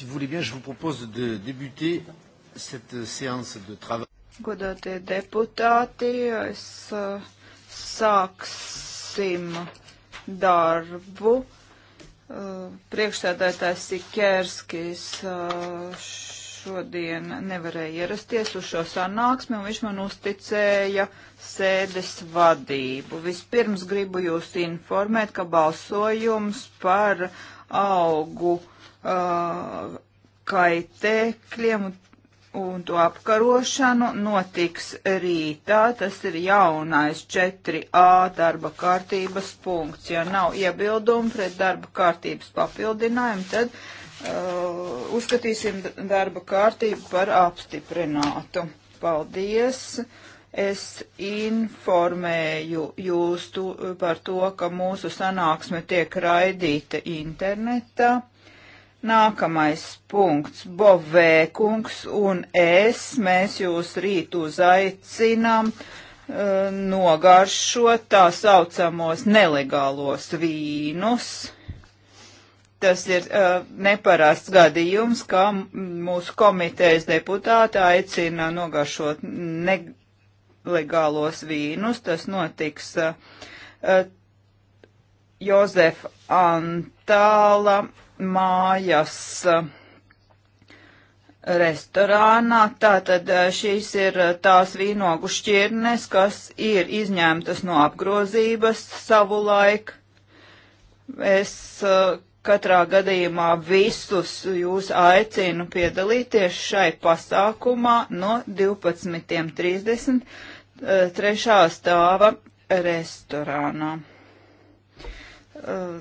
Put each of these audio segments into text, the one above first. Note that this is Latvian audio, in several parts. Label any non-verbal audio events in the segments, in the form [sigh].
Si vous voulez bien, je vous propose de débuter cette séance de travail. Godātie deputāti, es uh, sāksim darbu. Uh, priekšsēdētājs Sikerskis uh, šodien nevarēja ierasties uz šo sanāksmi, un viņš man uzticēja sēdes vadību. Vispirms gribu jūs informēt, ka balsojums par augu uh, uh, kaitēkļiem un to apkarošanu notiks rītā. Tas ir jaunais 4A darba kārtības punkts. Ja nav iebildumu pret darba kārtības papildinājumu, tad uh, uzskatīsim darba kārtību par apstiprinātu. Paldies! Es informēju jūs tu, par to, ka mūsu sanāksme tiek raidīta internetā Nākamais punkts. Bovē kungs un es, mēs jūs rīt uzaicinām uh, eh, nogaršot tā saucamos nelegālos vīnus. Tas ir uh, neparasts gadījums, kā mūsu komitejas deputāti aicina nogaršot nelegālos vīnus. Tas notiks uh, eh, Jozefa Antāla mājas eh, restorānā. Tātad eh, šīs ir eh, tās vīnogu šķirnes, kas ir izņemtas no apgrozības savulaik. Es katrā gadījumā visus jūs aicinu piedalīties šai pasākumā no 12.30 trešā stāva restorānā. Uh,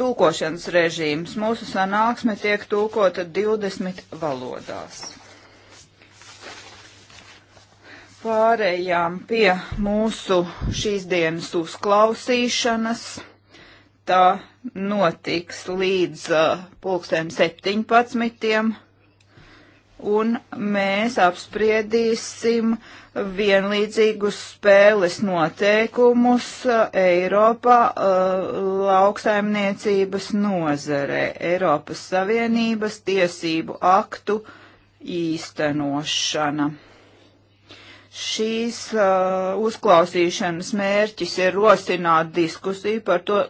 Tūkošanas režīms. Mūsu sanāksme tiek tūkota 20 valodās. Pārējām pie mūsu šīs dienas uzklausīšanas. Tā notiks līdz uh, pulkstēm 17 un mēs apspriedīsim vienlīdzīgus spēles noteikumus Eiropā uh, lauksaimniecības nozarē, Eiropas Savienības tiesību aktu īstenošana. Šīs uh, uzklausīšanas mērķis ir rosināt diskusiju par to,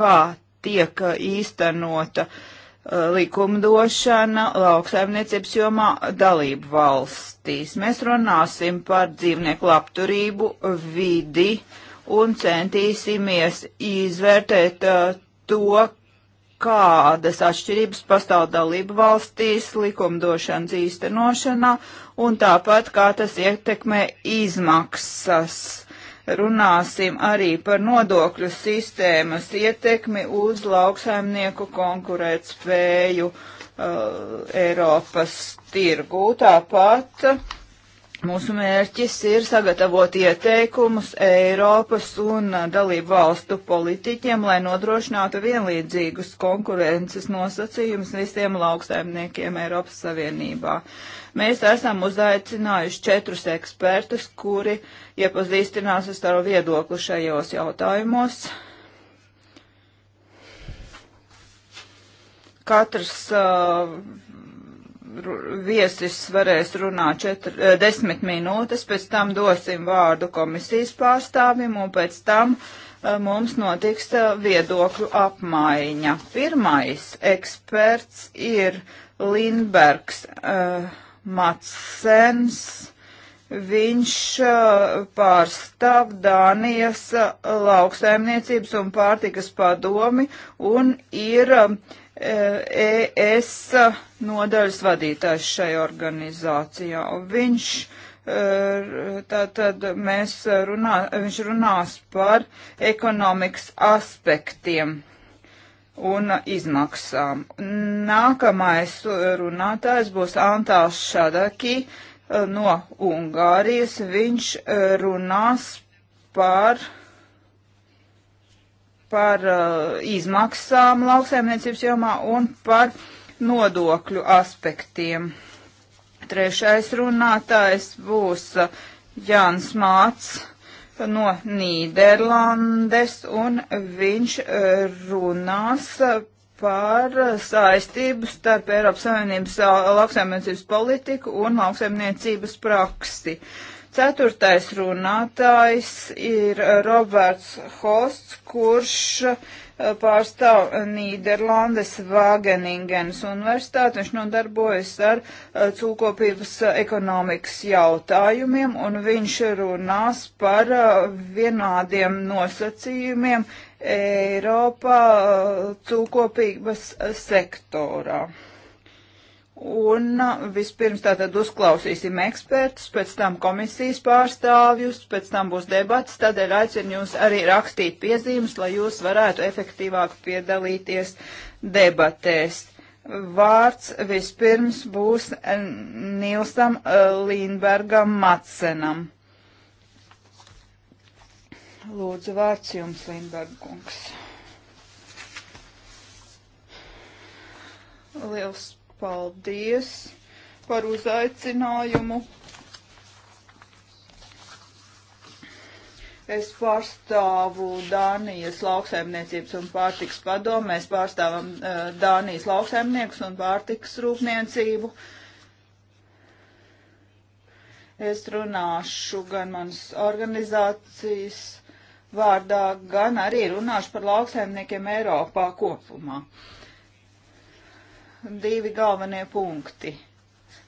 kā tiek īstenota uh, Uh, likumdošana lauksaimniecības jomā dalību valstīs. Mēs runāsim par dzīvnieku labturību, vidi un centīsimies izvērtēt uh, to, kādas atšķirības pastāv dalību valstīs likumdošanas īstenošanā un tāpat, kā tas ietekmē izmaksas runāsim arī par nodokļu sistēmas ietekmi uz lauksaimnieku konkurētspēju uh, Eiropas tirgū. Tāpat Mūsu mērķis ir sagatavot ieteikumus Eiropas un dalību valstu politiķiem, lai nodrošinātu vienlīdzīgus konkurences nosacījumus visiem lauksaimniekiem Eiropas Savienībā. Mēs esam uzaicinājuši četrus ekspertus, kuri iepazīstinās ar savu viedokli šajos jautājumos. Katrs uh, viesis varēs runāt četr, eh, desmit minūtes, pēc tam dosim vārdu komisijas pārstāvim un pēc tam eh, mums notiks eh, viedokļu apmaiņa. Pirmais eksperts ir Lindbergs uh, Matsens. Viņš pārstāv Dānijas lauksaimniecības un pārtikas padomi un ir uh, ES nodaļas vadītājs šai organizācijā. Viņš e, tātad mēs runā, viņš runās par ekonomikas aspektiem un izmaksām. Nākamais runātājs būs Antāls Šadaki e, no Ungārijas. Viņš e, runās par uh, par uh, izmaksām lauksaimniecības jomā un par nodokļu aspektiem. Trešais runātājs būs uh, Jānis Māts no Nīderlandes, un viņš uh, runās uh, par saistību starp Eiropas Savienības uh, lauksaimniecības politiku un lauksaimniecības praksi. Uh, Ceturtais runātājs ir eh, Roberts Hosts, kurš eh, pārstāv Nīderlandes Vāgeningenas universitāti. Viņš nodarbojas ar eh, cūkopības ekonomikas jautājumiem, un viņš runās par vienādiem nosacījumiem Eiropā cūkopības sektorā. Un uh, vispirms tātad uzklausīsim ekspertus, pēc tam komisijas pārstāvjus, pēc tam būs debats, tādēļ aicinu jūs arī rakstīt piezīmes, lai jūs varētu efektīvāk piedalīties debatēs. Vārds vispirms būs Nilsam uh, Līnbergam Matsenam. Lūdzu, vārds jums, Lindbergungs. Liels paldies par uzaicinājumu. Es pārstāvu Dānijas lauksaimniecības un pārtiks padomu. Mēs pārstāvam uh, Dānijas lauksaimniekus un pārtiks rūpniecību. Es runāšu gan manas organizācijas vārdā, gan arī runāšu par lauksaimniekiem Eiropā kopumā. Uh, divi galvenie punkti,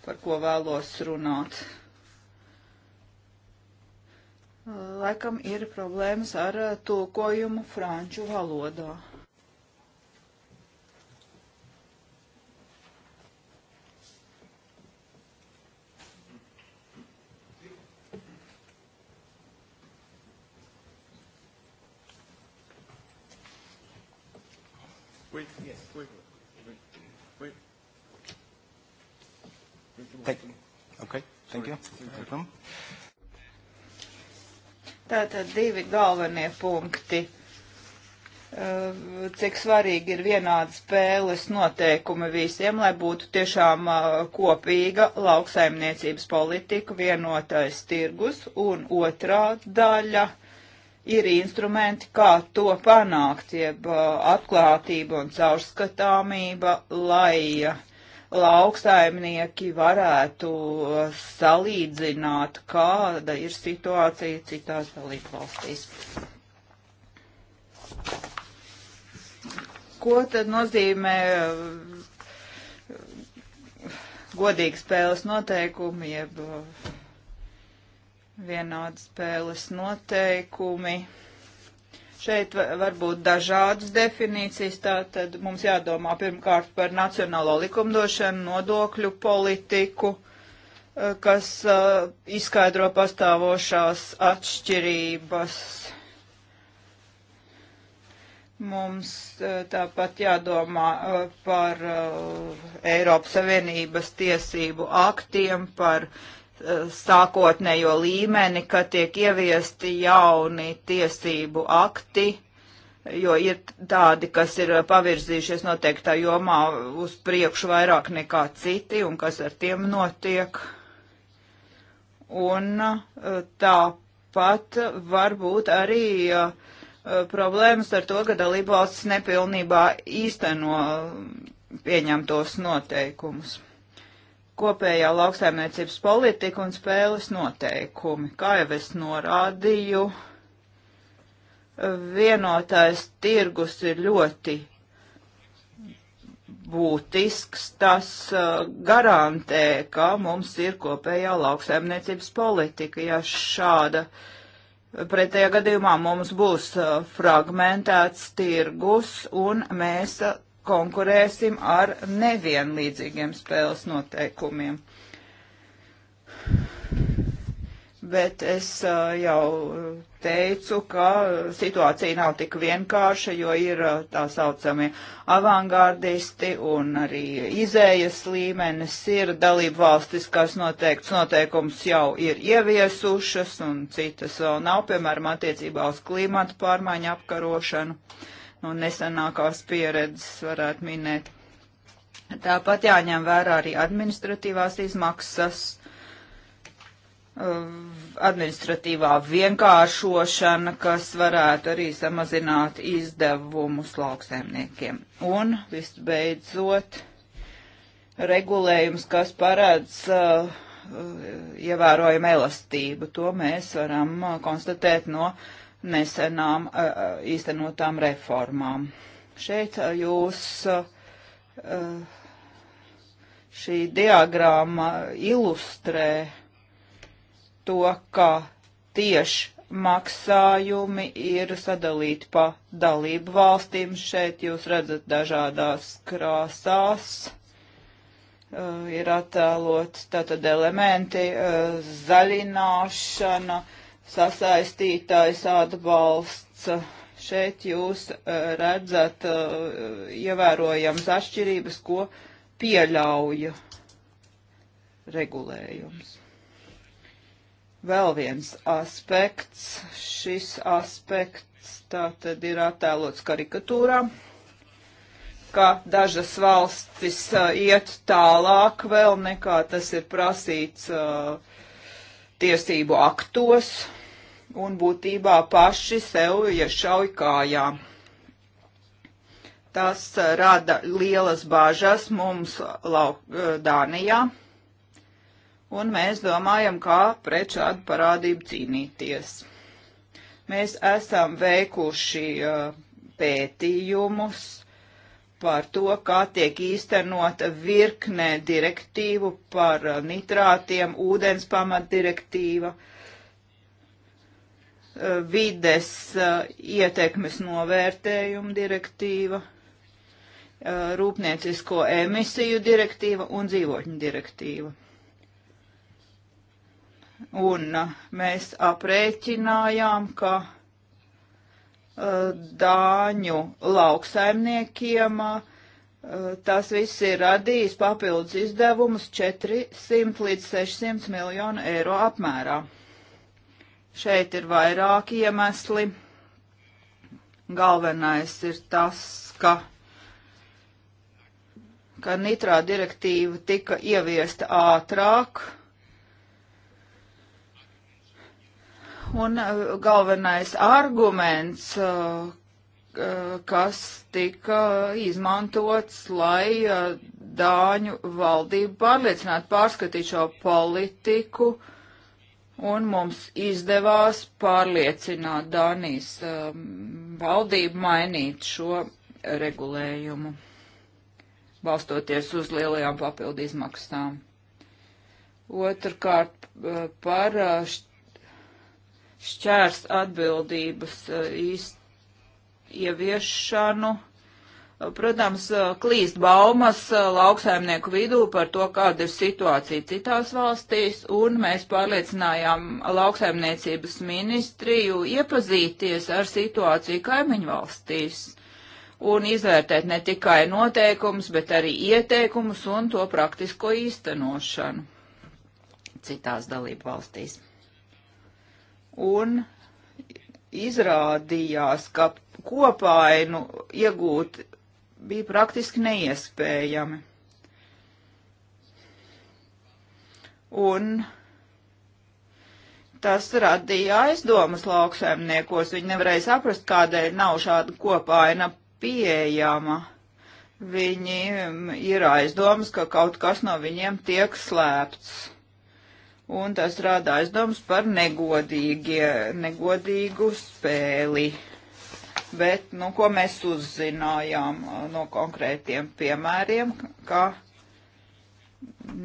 par ko vēlos runāt. Laikam ir problēmas ar tulkojumu franču valodā. Thank you. Welcome. Tātad divi galvenie punkti. Uh, cik svarīgi ir vienādi spēles noteikumi visiem, lai būtu tiešām uh, kopīga lauksaimniecības politika, vienotais tirgus, un otrā daļa ir instrumenti, kā to panākt, jeb uh, atklātība un caurskatāmība, lai lauksaimnieki varētu uh, salīdzināt, kāda ir situācija citās dalībvalstīs. Ko tad nozīmē uh, godīgi spēles noteikumi, jeb uh, vienādi spēles noteikumi? Šeit var būt dažādas definīcijas, tātad mums jādomā pirmkārt par nacionālo likumdošanu, nodokļu politiku, eh, kas eh, izskaidro pastāvošās atšķirības. Mums eh, tāpat jādomā par Eiropas Savienības tiesību aktiem, par Eh, sākotnējo līmeni, ka tiek ieviesti jauni tiesību akti, jo ir tādi, kas ir pavirzījušies noteiktā jomā uz priekšu vairāk nekā citi un kas ar tiem notiek. Un eh, tāpat varbūt arī eh, problēmas ar to, ka dalībvalstis nepilnībā īsteno pieņemtos noteikumus kopējā lauksaimniecības politika un spēles noteikumi. Kā jau es norādīju, vienotais tirgus ir ļoti būtisks. Tas uh, garantē, ka mums ir kopējā lauksaimniecības politika. Ja šāda pretējā gadījumā mums būs uh, fragmentēts tirgus un mēs uh, konkurēsim ar nevienlīdzīgiem spēles noteikumiem. Bet es jau teicu, ka situācija nav tik vienkārša, jo ir tā saucamie avangārdisti un arī izējas līmenis ir dalību valstis, kas noteikts noteikums jau ir ieviesušas un citas vēl nav, piemēram, attiecībā uz klimatu pārmaiņu apkarošanu. Uh, no nu, nesenākās pieredzes varētu minēt. Tāpat jāņem vērā arī administratīvās izmaksas, uh, administratīvā vienkāršošana, kas varētu arī samazināt izdevumus lauksēmniekiem. Un visbeidzot, regulējums, kas paredz uh, uh ievērojumu elastību. To mēs varam uh, konstatēt no uh, nesenām eh, eh, īstenotām reformām. Šeit eh, jūs šī diagrāma ilustrē to, ka tieši maksājumi ir sadalīti pa dalību valstīm. Šeit jūs redzat dažādās krāsās. Uh, ir attēlot tātad elementi, uh, zaļināšana, uh, sasaistītājs atbalsts. Šeit jūs eh, redzat eh, ievērojams atšķirības, ko pieļauju regulējums. Vēl viens aspekts, šis aspekts tā tad ir attēlots karikatūrā, ka dažas valstis uh, iet tālāk vēl nekā tas ir prasīts uh, tiesību aktos, un būtībā paši sev iešauj kājā. Tas uh, rada lielas bāžas mums lauk, uh, Dānijā, un mēs domājam, kā pret šādu parādību cīnīties. Mēs esam veikuši uh, pētījumus par to, kā tiek īstenota virknē direktīvu par nitrātiem, ūdens pamatdirektīva direktīva vides eh, ietekmes novērtējuma direktīva, eh, rūpniecisko emisiju direktīva un dzīvotņu direktīva. Un eh, mēs aprēķinājām, ka dāņu lauksaimniekiem tas viss ir radījis papildus izdevumus 400 līdz 600 miljonu eiro apmērā. Šeit ir vairāki iemesli. Galvenais ir tas, ka, ka nitrā direktīva tika ieviesta ātrāk, un uh, galvenais arguments, uh, uh, kas tika izmantots, lai Dāņu valdību pārliecinātu pārskatīt šo politiku, uh, un mums izdevās pārliecināt Dānijas um, valdību mainīt šo regulējumu, balstoties uz lielajām papildu izmaksām. Otrkārt par uh, šķērs atbildības īst uh, ieviešanu. Uh, Protams, eh, klīst baumas eh, lauksaimnieku vidū par to, kāda ir situācija citās valstīs, un mēs pārliecinājām lauksaimniecības ministriju iepazīties ar situāciju kaimiņu valstīs un izvērtēt ne tikai noteikumus, bet arī ieteikumus un to praktisko īstenošanu citās dalību valstīs. Un izrādījās, ka kopainu iegūt bija praktiski neiespējami. Un tas radīja aizdomas lauksaimniekos. Viņi nevarēja saprast, kādēļ nav šāda kopaina pieejama. Viņiem mm, ir aizdomas, ka kaut kas no viņiem tiek slēpts. Un tas rada aizdomas par negodīgie, negodīgu spēli bet, nu, ko mēs uzzinājām uh, no konkrētiem piemēriem, ka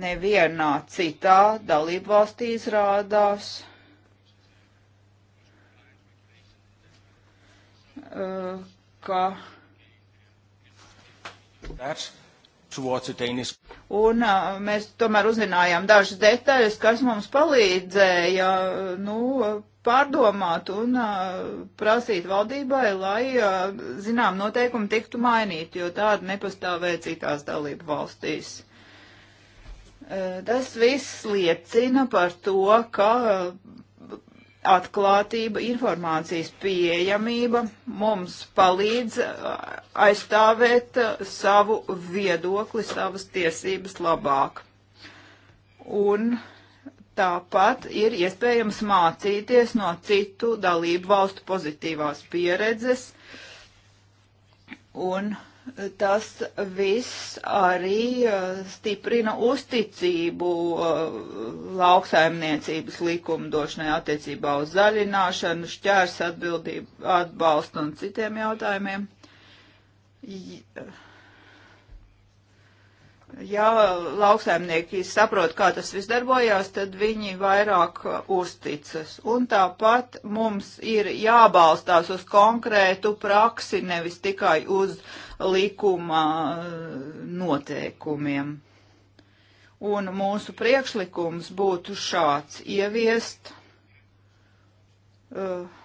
nevienā citā dalību valstī izrādās uh, ka That's Un mēs tomēr uzzinājām dažas detaļas, kas mums palīdzēja nu, pārdomāt un prasīt valdībai, lai zinām noteikumi tiktu mainīti, jo tāda nepastāvēja citās dalību valstīs. Tas viss liecina par to, ka atklātība, informācijas pieejamība mums palīdz uh, aizstāvēt uh, savu viedokli, savas tiesības labāk. Un tāpat ir iespējams mācīties no citu dalību valstu pozitīvās pieredzes un uh, tas viss arī eh, stiprina uzticību eh, lauksaimniecības likumdošanai attiecībā uz zaļināšanu, šķērs atbildību, atbalstu un citiem jautājumiem. Ja lauksaimnieki saprot, kā tas viss darbojās, tad viņi vairāk uzticas. Un tāpat mums ir jābalstās uz konkrētu praksi, nevis tikai uz uh, likuma eh, noteikumiem. Un mūsu priekšlikums būtu šāds - ieviest uh, eh,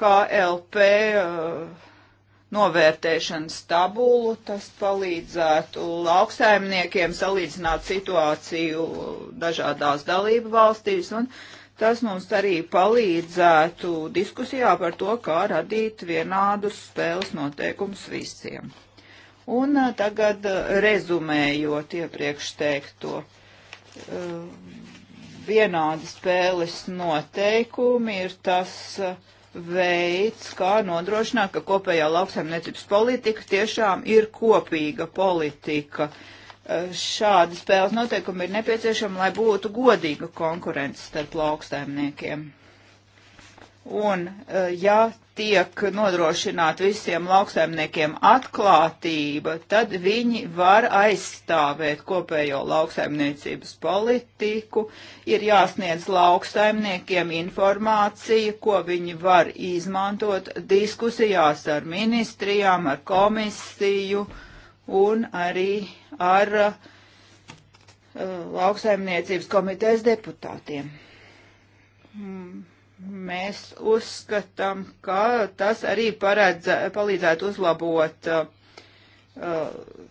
KLP uh, eh, novērtēšanas tabulu, tas palīdzētu lauksaimniekiem salīdzināt situāciju dažādās dalību valstīs un uh, Tas mums arī palīdzētu diskusijā par to, kā radīt vienādus spēles noteikumus visiem. Un uh, tagad uh, rezumējot iepriekš teikto, uh, vienādi spēles noteikumi ir tas, veids, kā nodrošināt, ka kopējā lauksaimniecības politika tiešām ir kopīga politika. Eh, šādi spēles noteikumi ir nepieciešami, lai būtu godīga konkurence starp lauksaimniekiem. Un eh, ja tiek nodrošināta visiem lauksaimniekiem atklātība, tad viņi var aizstāvēt kopējo lauksaimniecības politiku, ir jāsniedz lauksaimniekiem informācija, ko viņi var izmantot diskusijās ar ministrijām, ar komisiju, uh, un arī ar uh, lauksaimniecības komitejas deputātiem. Mm, mēs uzskatām, ka tas arī paredz, palīdzētu uzlabot uh, uh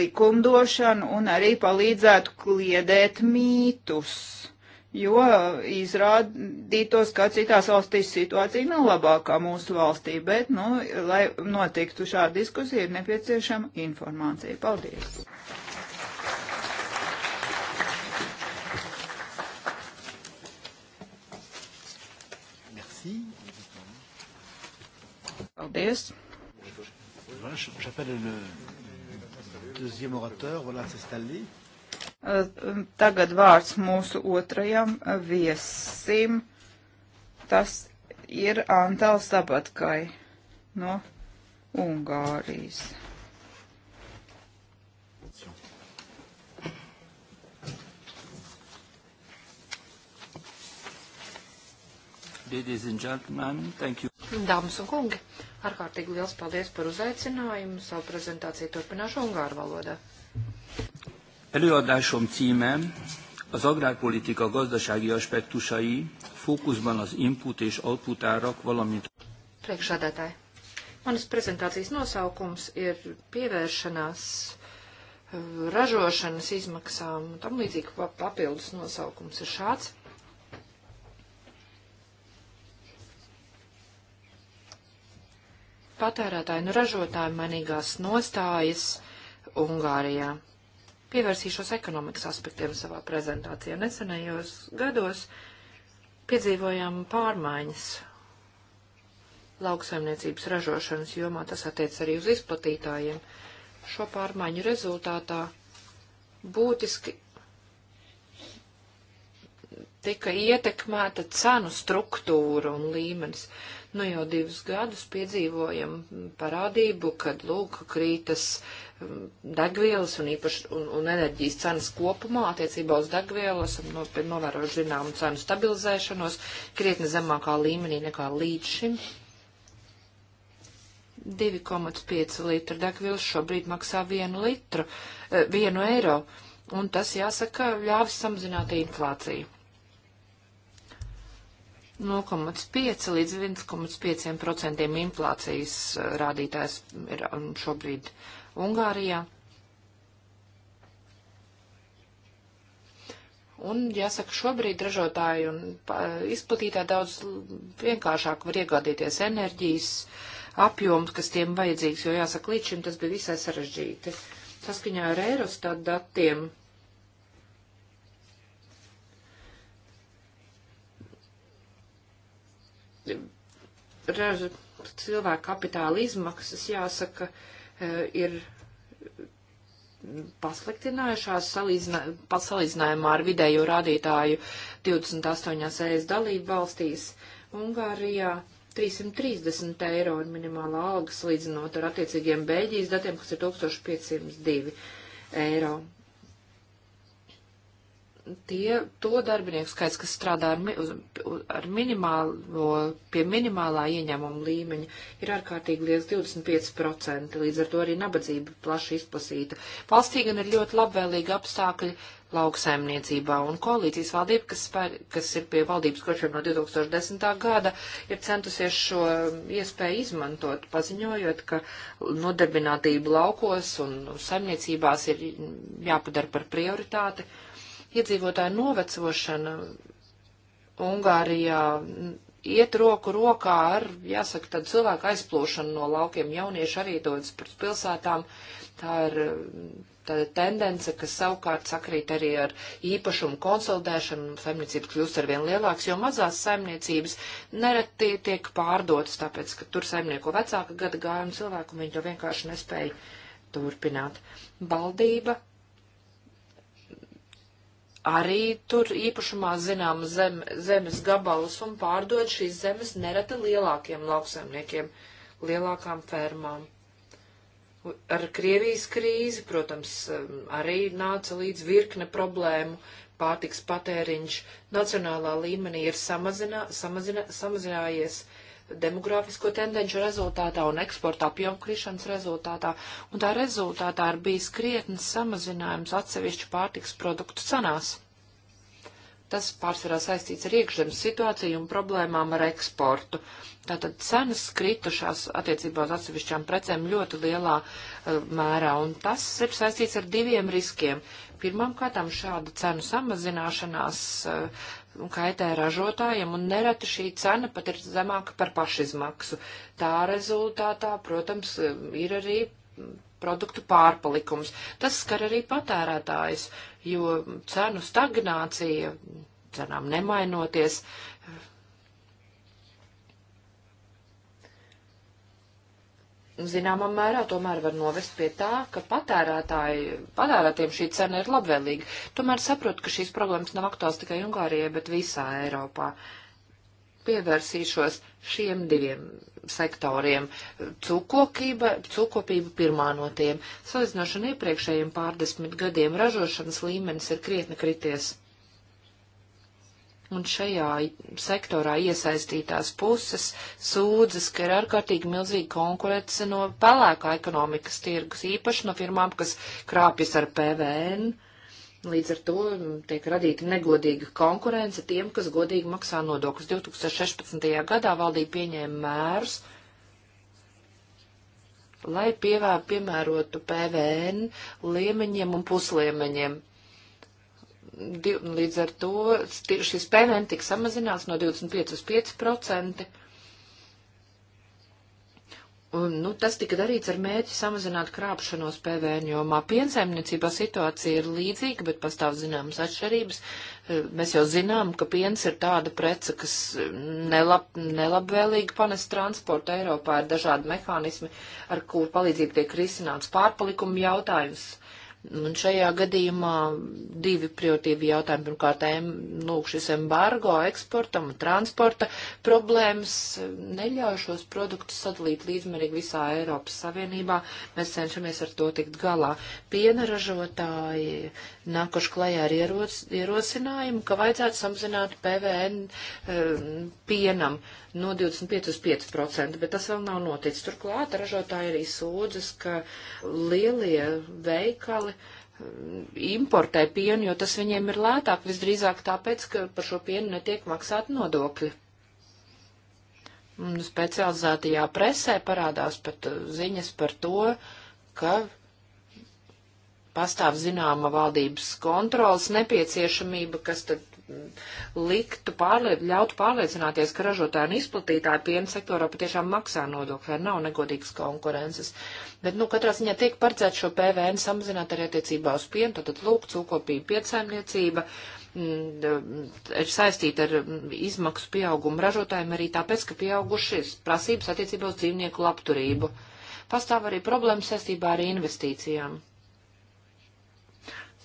likumdošanu un arī palīdzētu kliedēt mītus jo izrādītos, ka citās valstīs situācija nav labākā mūsu valstī, bet, nu, lai notiktu šāda diskusija, ir nepieciešama informācija. Paldies! Merci. Paldies! J'appelle le deuxième orateur, voilà, c'est Stanley. Tagad vārds mūsu otrajam viesim. Tas ir Antāls Sabatkai no Ungārijas. Ladies and gentlemen, thank you. Dāmas un kungi, ārkārtīgi liels paldies par uzaicinājumu. Savu prezentāciju turpināšu Ungāru valodā. Előadásom címe az agrárpolitika gazdasági aspektusai, fókuszban az input és output árak, valamint... Priekšādātāji, manas prezentācijas nosaukums ir pievēršanās ražošanas izmaksām, tam līdzīgi papildus nosaukums ir šāds. patērētāju un ražotāju mainīgās nostājas Ungārijā. Pievērsīšos ekonomikas aspektiem savā prezentācijā. Nesenajos gados piedzīvojām pārmaiņas lauksaimniecības ražošanas jomā, tas attiec arī uz izplatītājiem. Šo pārmaiņu rezultātā būtiski tika ietekmēta cenu struktūra un līmenis. Nu jau divus gadus piedzīvojam parādību, kad lūk krītas degvielas un, īpaši, un, un enerģijas cenas kopumā. Attiecībā uz degvielu esam no, novērojuši zināmu cenu stabilizēšanos krietni zemākā līmenī nekā līdz šim. 2,5 litru degvielas šobrīd maksā 1 litru, 1 eh, eiro, un tas, jāsaka, ļāvis samazināt inflāciju. 0,5 līdz 1,5% inflācijas eh, rādītājs ir um, šobrīd uh, Ungārijā. Un, jāsaka, šobrīd ražotāji un izplatītāji daudz vienkāršāk var iegādīties enerģijas apjoms, kas tiem vajadzīgs, jo, jāsaka, līdz šim tas bija visai sarežģīti. Saskaņā ar Eurostat datiem. Ražu cilvēku kapitāla izmaksas, jāsaka, uh, E, ir pasliktinājušās salīdzinā, salīdzinājumā ar vidējo rādītāju 28 ES dalību valstīs. Ungārijā 330 eiro ir minimālā alga, salīdzinot ar attiecīgiem Bēļģijas datiem, kas ir 1502 eiro tie, to darbinieku skaits, kas strādā ar, mi, uz, ar minimālo, pie minimālā ieņēmuma līmeņa, ir ārkārtīgi liels 25%, līdz ar to arī nabadzība plaši izplasīta. Valstī gan ir ļoti labvēlīgi apstākļi lauksaimniecībā, un koalīcijas valdība, kas, spēr, kas ir pie valdības košiem no 2010. gada, ir centusies šo iespēju izmantot, paziņojot, ka nodarbinātība laukos un saimniecībās ir jāpadara par prioritāti. Uh, Iedzīvotāju novecošana Ungārijā iet roku rokā ar, jāsaka, tad cilvēku aizplūšanu no laukiem. Jaunieši arī dodas pret pilsētām. Tā ir tāda tendence, kas savukārt sakrīt arī ar īpašumu konsolidēšanu. Saimniecība kļūst ar vien lielāks, jo mazās saimniecības nereti tiek pārdotas, tāpēc, ka tur saimnieko vecāka gada gājuma cilvēku viņi to vienkārši nespēja turpināt. Baldība arī tur īpašumā zinām zem, zemes gabalus un pārdod šīs zemes nereti lielākiem lauksaimniekiem, lielākām fermām. Ar Krievijas krīzi, protams, um, arī nāca līdz virkne problēmu, pārtiks patēriņš nacionālā līmenī ir samazinā, samazinā, samazinājies, demografisko tendenču rezultātā un eksporta apjomkrišanas rezultātā, un tā rezultātā ir bijis krietnes samazinājums atsevišķu pārtiks produktu cenās. Tas pārsvarā saistīts ar iekšzemes situāciju un problēmām ar eksportu. Tātad cenas kritušās attiecībā uz atsevišķām precēm ļoti lielā uh, mērā, un tas ir saistīts ar diviem riskiem. Pirmām kārtām šāda cenu samazināšanās uh, kaitē ražotājiem, un nereti šī cena pat ir zemāka par pašizmaksu. Tā rezultātā, protams, eh, ir arī produktu pārpalikums. Tas skar arī patērētājs, jo cenu stagnācija, cenām nemainoties, zināmā mērā tomēr var novest pie tā, ka patērētāji, patērētiem šī cena ir labvēlīga. Tomēr saprotu, ka šīs problēmas nav aktuāls tikai Ungārijai, bet visā Eiropā. Pievērsīšos šiem diviem sektoriem. Cūkokība, cūkopība pirmā no tiem. Salīdzinoši ar iepriekšējiem pārdesmit gadiem ražošanas līmenis ir krietni krities. Un šajā sektorā iesaistītās puses sūdzas, ka ir ārkārtīgi milzīga konkurence no pelēkā ekonomikas tirgus, īpaši no firmām, kas krāpjas ar PVN. Uh, Līdz ar to tiek radīta negodīga konkurence tiem, kas godīgi maksā nodokļus. 2016. gadā valdība pieņēma mērus, lai pievā, piemērotu PVN liemeņiem un pusliemeņiem. Div, līdz ar to šis PVN tika samazināts no 25 uz 5%. Un, nu, tas tika darīts ar mēķi samazināt krāpšanos PVN jomā. Piensaimniecībā situācija ir līdzīga, bet pastāv zināmas atšķirības. E, mēs jau zinām, ka piens ir tāda prece, kas nelab, nelabvēlīgi panes transportu Eiropā. Ir dažādi mehānismi, ar kur palīdzību tiek risināts pārpalikuma jautājums Un šajā gadījumā divi prioritīvi jautājumi. Pirmkārt, lūk, šis embargo eksportam un transporta problēmas neļauj šos produktus sadalīt līdzmērīgi visā Eiropas Savienībā. Mēs cenšamies ar to tikt galā. Piena ražotāji nākuši klajā ar ieros, ierosinājumu, ka vajadzētu samazināt PVN e, eh, pienam no 25 uz 5%, bet tas vēl nav noticis. Turklāt ražotāji arī sūdzas, ka lielie veikali mm, importē pienu, jo tas viņiem ir lētāk visdrīzāk tāpēc, ka par šo pienu netiek maksāti nodokļi. Un specializētajā presē parādās pat uh, ziņas par to, ka pastāv zināma valdības kontrolas nepieciešamība, kas tad liktu pārlie, ļautu pārliecināties, ka ražotāji un izplatītāji piena sektorā patiešām maksā nodokļu, vai nav negodīgas konkurences. Bet, nu, katrā ziņā tiek paredzēts šo PVN samazināt arī attiecībā uz pienu, tad lūk, cūkopība, piensaimniecība mm, ir saistīta ar mm, izmaksu pieaugumu ražotājiem arī tāpēc, ka pieaugušas prasības attiecībā uz dzīvnieku labturību. Pastāv arī problēmas saistībā ar investīcijām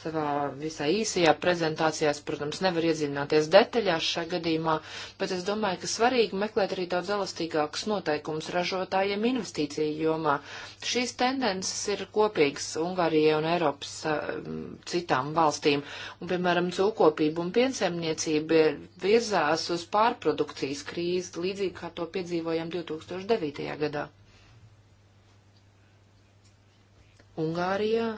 savā visai īsajā prezentācijās, protams, nevar iedziļināties detaļās šajā gadījumā, bet es domāju, ka svarīgi meklēt arī daudz elastīgākus noteikumus ražotājiem investīciju jomā. Šīs tendences ir kopīgas Ungārijai un Eiropas citām valstīm, un, piemēram, cūkopība un piensaimniecība virzās uz pārprodukcijas krīzi, līdzīgi kā to piedzīvojam 2009. gadā. Ungārijā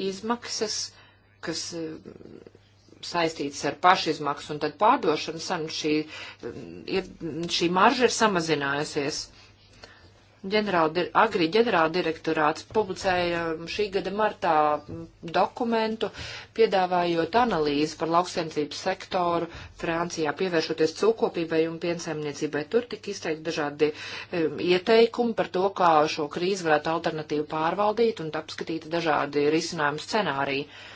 izmaksas, kas mm, saistītas ar pašizmaksu, un tad pārdošana, šī, mm, ir, šī marža ir samazinājusies ģenerāla, agri ģenerāldirektorāts publicēja um, šī gada martā mm, dokumentu, piedāvājot analīzi par lauksiemcības sektoru Francijā, pievēršoties cūkopībai un piensaimniecībai. Tur tika izteikti dažādi um, ieteikumi par to, kā šo krīzi varētu alternatīvi pārvaldīt un apskatīti dažādi risinājumu scenāriji. Uh,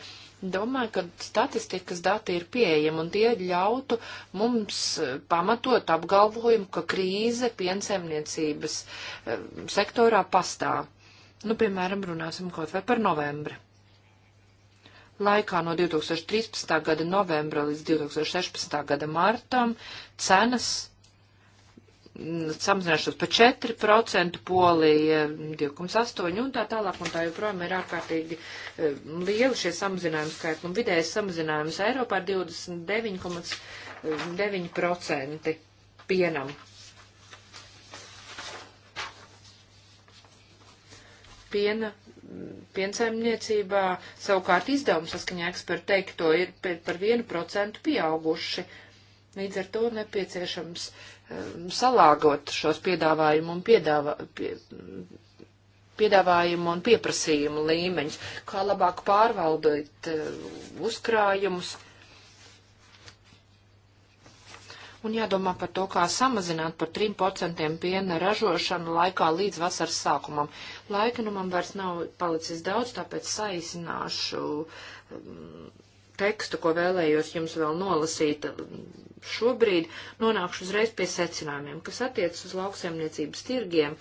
Domāju, ka statistikas dati ir pieejami un tie ļautu mums eh, pamatot apgalvojumu, ka krīze piensaimniecības eh, sektorā pastāv. Nu, piemēram, runāsim kaut vai par novembri. Laikā no 2013. gada novembra līdz 2016. gada martam cenas samazināšanos pa 4%, Polija 2,8% un tā tālāk, un tā joprojām ir ārkārtīgi e, lieli šie samazinājumi skaitli, un vidējais samazinājums Eiropā ir 29,9% e, pienam. Piena, piensaimniecībā savukārt izdevumi saskaņā ekspertu teikto ir par 1% pieauguši. Līdz ar to nepieciešams uh, Um, salāgot šos piedāvājumu un piedāvā, pie, piedāvājumu un pieprasījumu līmeņus, kā labāk pārvaldot uh, uzkrājumus. Un jādomā par to, kā samazināt par 3% piena ražošanu laikā līdz vasaras sākumam. Laika nu man vairs nav palicis daudz, tāpēc saīsināšu um, tekstu, ko vēlējos jums vēl nolasīt šobrīd, nonākšu uzreiz pie secinājumiem, kas attiecas uz lauksaimniecības tirgiem.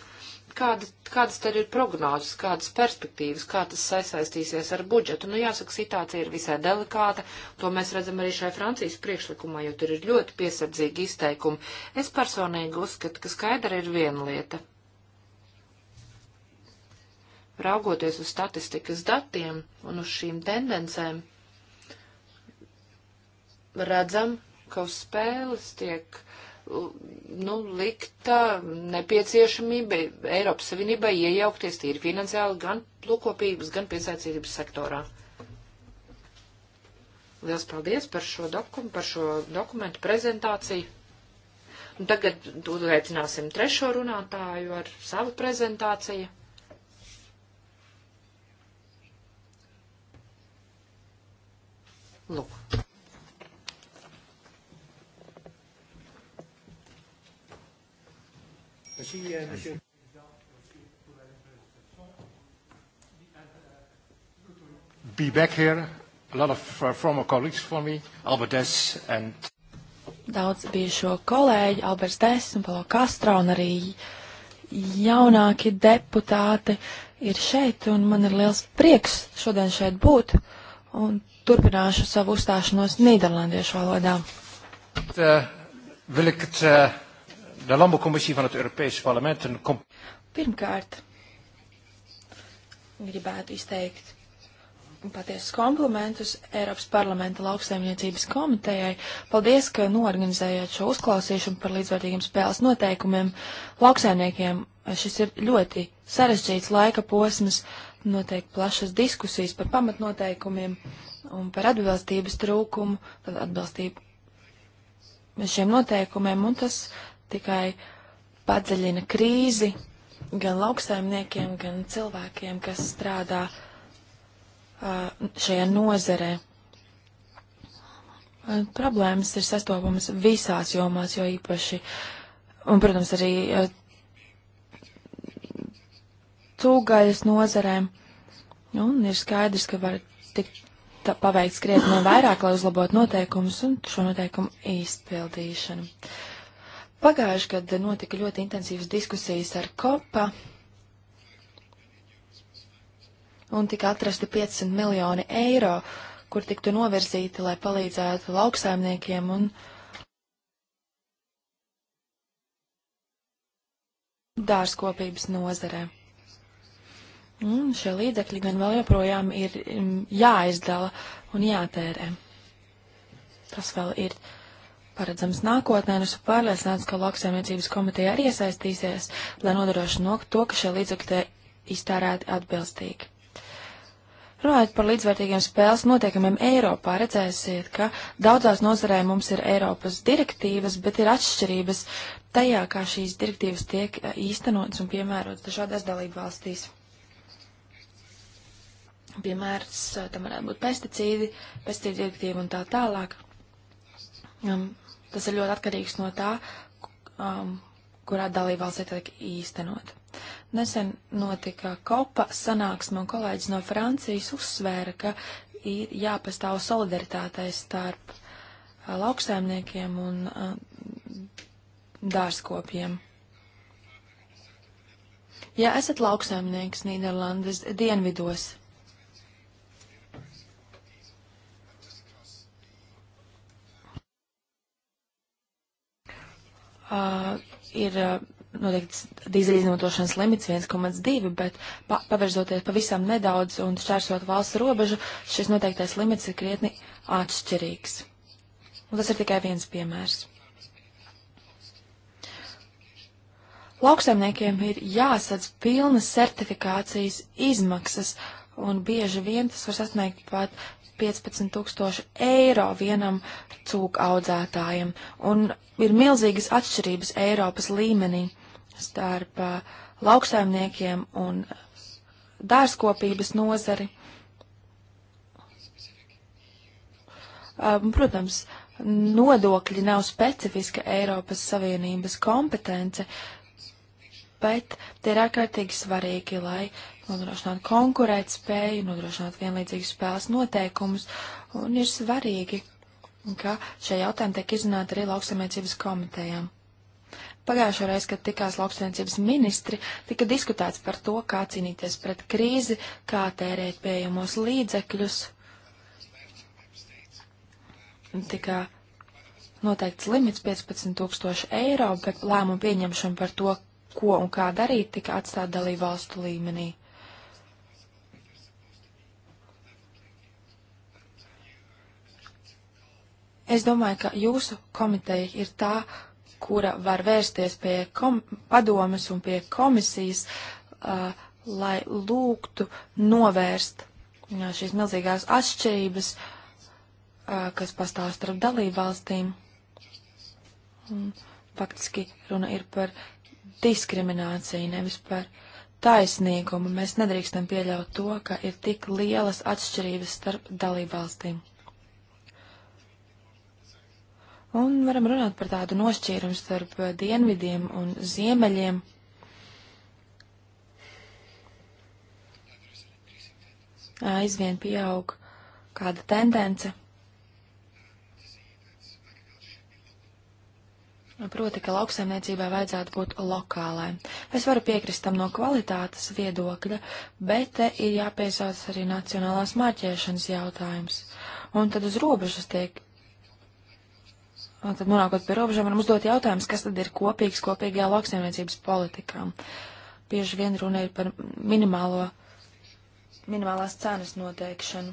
Kāda, kādas tad ir prognozes, kādas perspektīvas, kā tas sasaistīsies ar budžetu? Nu, jāsaka, situācija ir visai delikāta, to mēs redzam arī šai Francijas priekšlikumā, jo tur ir ļoti piesardzīgi izteikumi. Es personīgi uzskatu, ka skaidra ir viena lieta. Raugoties uz statistikas datiem un uz šīm tendencēm, redzam, ka uz spēles tiek nu, likta nepieciešamība Eiropas Savienībai iejaukties tīri finansiāli gan lūkopības, gan piesaistības sektorā. Liels paldies par šo, dokum, par šo dokumentu prezentāciju. Un tagad uzaicināsim trešo runātāju ar savu prezentāciju. Lūk. Merci, euh, Monsieur. Be back here. A lot of uh, former colleagues for me, Albert Dess and. Daudz bijušo kolēģi, Alberts Dess un Palo Castro, un arī jaunāki deputāti ir šeit, un man ir liels prieks šodien šeit būt, un turpināšu savu uzstāšanos Nīderlandiešu valodā. Uh, de landbouwcommissie van het Europese parlement een... Pirmkārt, gribētu izteikt patiesus komplimentus Eiropas parlamenta lauksaimniecības komitejai. Paldies, ka norganizējāt šo uzklausīšanu par līdzvērtīgiem spēles noteikumiem. Lauksaimniekiem šis ir ļoti sarežģīts laika posms, notiek plašas diskusijas par pamatnoteikumiem un par atbilstības trūkumu, tad atbilstību šiem noteikumiem, un tas tikai padziļina krīzi gan lauksaimniekiem, gan cilvēkiem, kas strādā uh, šajā nozerē. Uh, problēmas ir sastopamas visās jomās, jo īpaši, un, protams, arī uh, cūgaļas nozarēm. Un ir skaidrs, ka var tikt paveikt skrietni vairāk, lai uzlabotu noteikumus un šo noteikumu izpildīšanu. Uh, Pagājuši gadu notika ļoti intensīvas diskusijas ar kopa, un tika atrasti 500 miljoni eiro, kur tiktu novirzīti, lai palīdzētu lauksaimniekiem un dārzkopības nozarē. Un šie līdzekļi gan vēl joprojām ir mm, jāizdala un jātērē. Tas vēl ir paredzams nākotnē, un esmu pārliecināts, ka lauksaimniecības komiteja arī iesaistīsies, lai nodrošinātu to, ka šie līdzekļi iztērēti atbilstīgi. Runājot par līdzvērtīgiem spēles noteikumiem Eiropā, redzēsiet, ka daudzās nozarē mums ir Eiropas direktīvas, bet ir atšķirības tajā, kā šīs direktīvas tiek eh, īstenotas un piemērotas dažādās dalību valstīs. Piemērs eh, tam varētu būt pesticīdi, pesticīdu direktīva un tā tālāk. Um, Tas ir ļoti atkarīgs no tā, um, kurā dalībvalstī tiek īstenot. Nesen notika kopa sanāksme, un kolēģis no Francijas uzsvēra, ka ir jāpastāv solidaritātei starp uh, lauksaimniekiem un uh, dārzkopiem. Ja esat lauksaimnieks Nīderlandes dienvidos, uh, ir uh, noteikti dīzeļu izmantošanas limits 1,2, bet pa, pavirzoties pavisam nedaudz un šķērsot valsts robežu, šis noteiktais limits ir krietni atšķirīgs. Un tas ir tikai viens piemērs. Lauksaimniekiem ir jāsadz pilnas certifikācijas izmaksas, uh, un bieži vien tas var sasniegt pat 15 tūkstoši eiro vienam cūku audzētājam, un ir milzīgas atšķirības Eiropas līmenī starp uh, lauksaimniekiem un dārzkopības nozari. Um, protams, nodokļi nav specifiska Eiropas Savienības kompetence, bet tie ir ārkārtīgi svarīgi, lai nodrošināt konkurēt spēju, nodrošināt vienlīdzīgus spēles noteikumus, un ir svarīgi, ka šie jautājumi tiek izrunāti arī lauksaimniecības komitejām. Pagājušo reizi, kad tikās lauksaimniecības ministri, tika diskutēts par to, kā cīnīties pret krīzi, kā tērēt pieejamos līdzekļus. Tika noteikts limits 15 tūkstoši eiro, bet lēmumu pieņemšana par to, ko un kā darīt, tika atstāta dalību valstu līmenī. Es domāju, ka jūsu komiteja ir tā, kura var vērsties pie padomes un pie komisijas, uh, lai lūgtu novērst uh, šīs milzīgās atšķirības, uh, kas pastāv starp dalībvalstīm. Un, faktiski runa ir par diskrimināciju, nevis par taisnīgumu. Mēs nedrīkstam pieļaut to, ka ir tik lielas atšķirības starp dalībvalstīm. Un varam runāt par tādu nošķīrumu starp dienvidiem un ziemeļiem. Aizvien pieaug kāda tendence. Proti, ka lauksaimniecībai vajadzētu būt lokālai. Es varu piekrist tam no kvalitātes viedokļa, bet te ir jāpiesauc arī nacionālās marķēšanas jautājums. Un tad uz robežas tiek Un tad nonākot pie robežām, varam uzdot jautājumus, kas tad ir kopīgs kopīgajā lauksaimniecības politikā. Bieži vien runa ir par minimālo, minimālās cenas noteikšanu.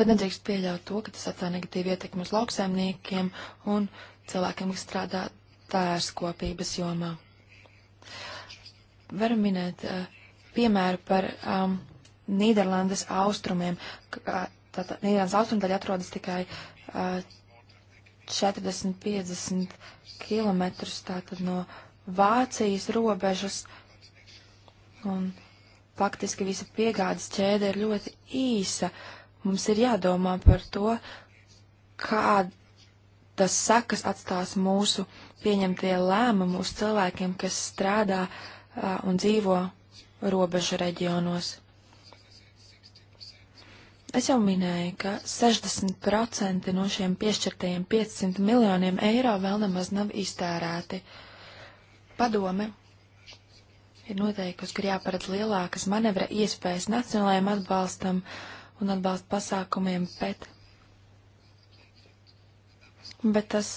Bet nedrīkst pieļaut to, ka tas atstāja negatīvu ietekmi uz lauksaimniekiem un cilvēkiem, kas strādā tērskopības jomā. Varam minēt uh, piemēru par um, Nīderlandes austrumiem, kā Tātad Nīderlandes austrumdaļa atrodas tikai uh, 40-50 km tātad no Vācijas robežas. Un faktiski visa piegādes ķēde ir ļoti īsa. Mums ir jādomā par to, kādas sekas atstās mūsu pieņemtie lēmumi uz cilvēkiem, kas strādā uh, un dzīvo robežu reģionos. Es jau minēju, ka 60% no šiem piešķirtajiem 500 miljoniem eiro vēl nemaz nav iztērēti. Padome ir noteikusi, ka ir jāparedz lielākas manevra iespējas nacionālajiem atbalstam un atbalsta pasākumiem, bet, bet tas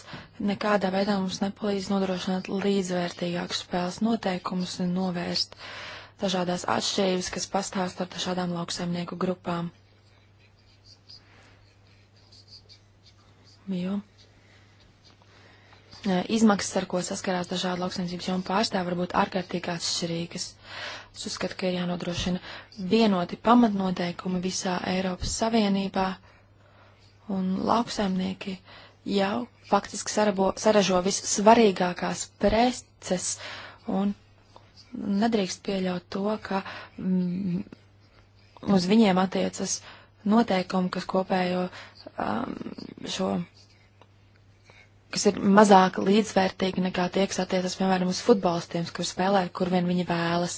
nekādā veidā mums nepalīdz nodrošināt līdzvērtīgākus spēles noteikumus un novērst dažādās atšķirības, kas pastāv starp dažādām lauksaimnieku grupām. jo e, izmaksas, ar ko saskarās dažādi lauksaimniecības jomu pārstāvi, var būt ārkārtīgi atšķirīgas. Es uzskatu, ka ir jānodrošina vienoti pamatnoteikumi visā Eiropas Savienībā, un lauksaimnieki jau faktiski sarabo, saražo vissvarīgākās preces, un nedrīkst pieļaut to, ka mm, uz viņiem attiecas noteikumi, kas kopējo um, šo kas ir mazāk līdzvērtīgi nekā tie, kas attiecas, piemēram, uz futbolistiem, kur spēlē, kur vien viņi vēlas.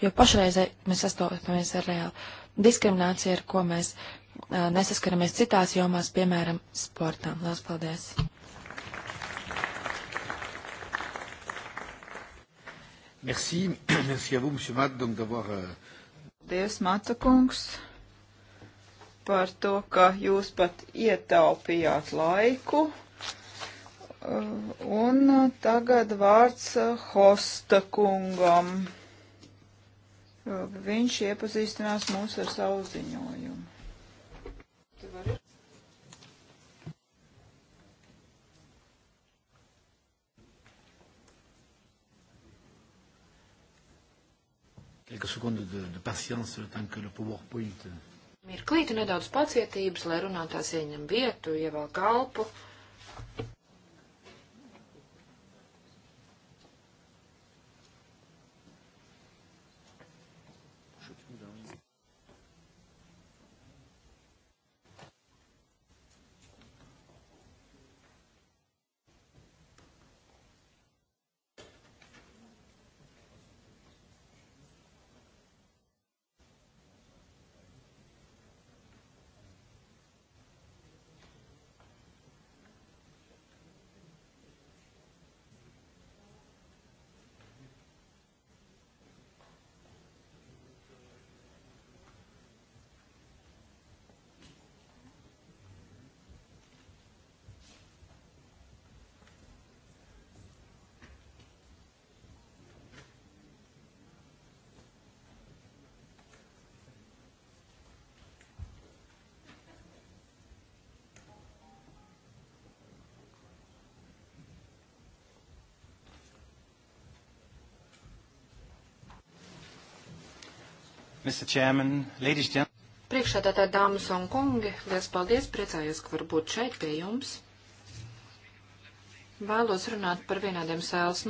Jo pašreizē mēs sastopamies ar reāli diskrimināciju, ar ko mēs uh, nesaskaramies citās jomās, piemēram, sportā. Lielas paldies! Merci, [clears throat] merci à vous, monsieur Matt, donc d'avoir. Euh, paldies, Mata kungs, par to, ka jūs pat ietaupījāt laiku. Eh, un eh, tagad vārds eh, Hosta kungam. Viņš iepazīstinās mūs ar savu ziņojumu. Quelques secondes de, de patience, le temps que le PowerPoint. Euh, Mirklīti nedaudz pacietības, lai runātājs ieņem vietu, ievelk kalpu. Ja Mr. Chairman, ladies and gentlemen. Priekšādātāji dāmas un kungi, liels paldies, priecājos, ka var būt šeit pie jums. Vēlos runāt par vienādiem sēles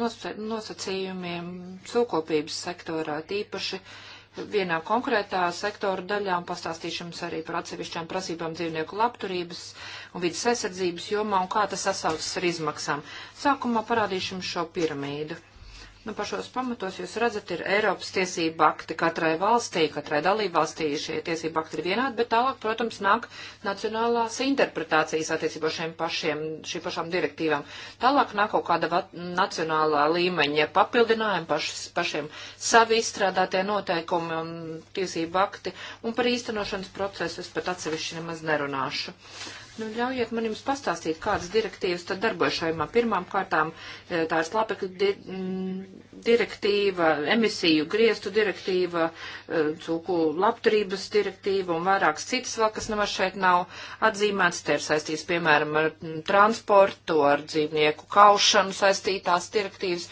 nosacījumiem sūkopības sektorā, tīpaši vienā konkrētā sektora daļā un pastāstīšu jums arī par atsevišķām prasībām dzīvnieku labturības un vidas aizsardzības jomā un kā tas sasaucas ar izmaksām. Sākumā parādīšu jums šo piramīdu. Nu, pašos pamatos jūs redzat, ir Eiropas tiesība akti katrai valstī, katrai dalībvalstī šie tiesība akti ir vienādi, bet tālāk, protams, nāk nacionālās interpretācijas attiecībā šiem pašiem, šī pašām direktīvām. Tālāk nāk kaut kāda nacionālā līmeņa papildinājuma, paš, pašiem savi izstrādātie noteikumi un tiesība akti, un par īstenošanas procesu es pat atsevišķi nemaz nerunāšu. Uh, Nu, ļaujiet man jums pastāstīt, kādas direktīvas tad darbojas šajumā. Pirmām kārtām e, tā ir slapekļu di direktīva, emisiju griestu direktīva, e, cūku labturības direktīva un vairākas citas vēl, kas nemaz šeit nav atzīmētas. Te ir saistīts, piemēram, ar transportu, ar dzīvnieku kaušanu saistītās direktīvas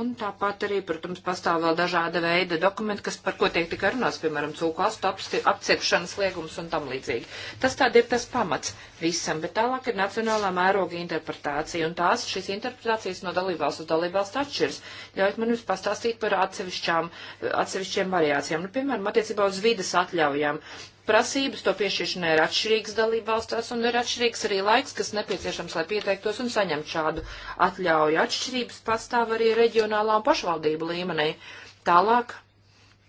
Un tāpat arī, protams, pastāv vēl dažāda veida dokumenti, kas par ko tiek tikai runāts, piemēram, cūku astu apciepšanas liegums un tam līdzīgi. Tas tād ir tas pamats visam, bet tālāk ir nacionālā mēroga interpretācija, un tās šīs interpretācijas no dalībvalsts uz dalībvalsts atšķiras. Ļaujiet man jums pastāstīt par atsevišķām, atsevišķiem variācijām. Nu, piemēram, attiecībā uz vidas atļaujām prasības to piešķiršanai ir atšķirīgas dalība valstās un ir atšķirīgs arī laiks, kas nepieciešams, lai pieteiktos un saņemtu šādu atļauju. Atšķirības pastāv arī reģionālā un pašvaldību līmenī. Tālāk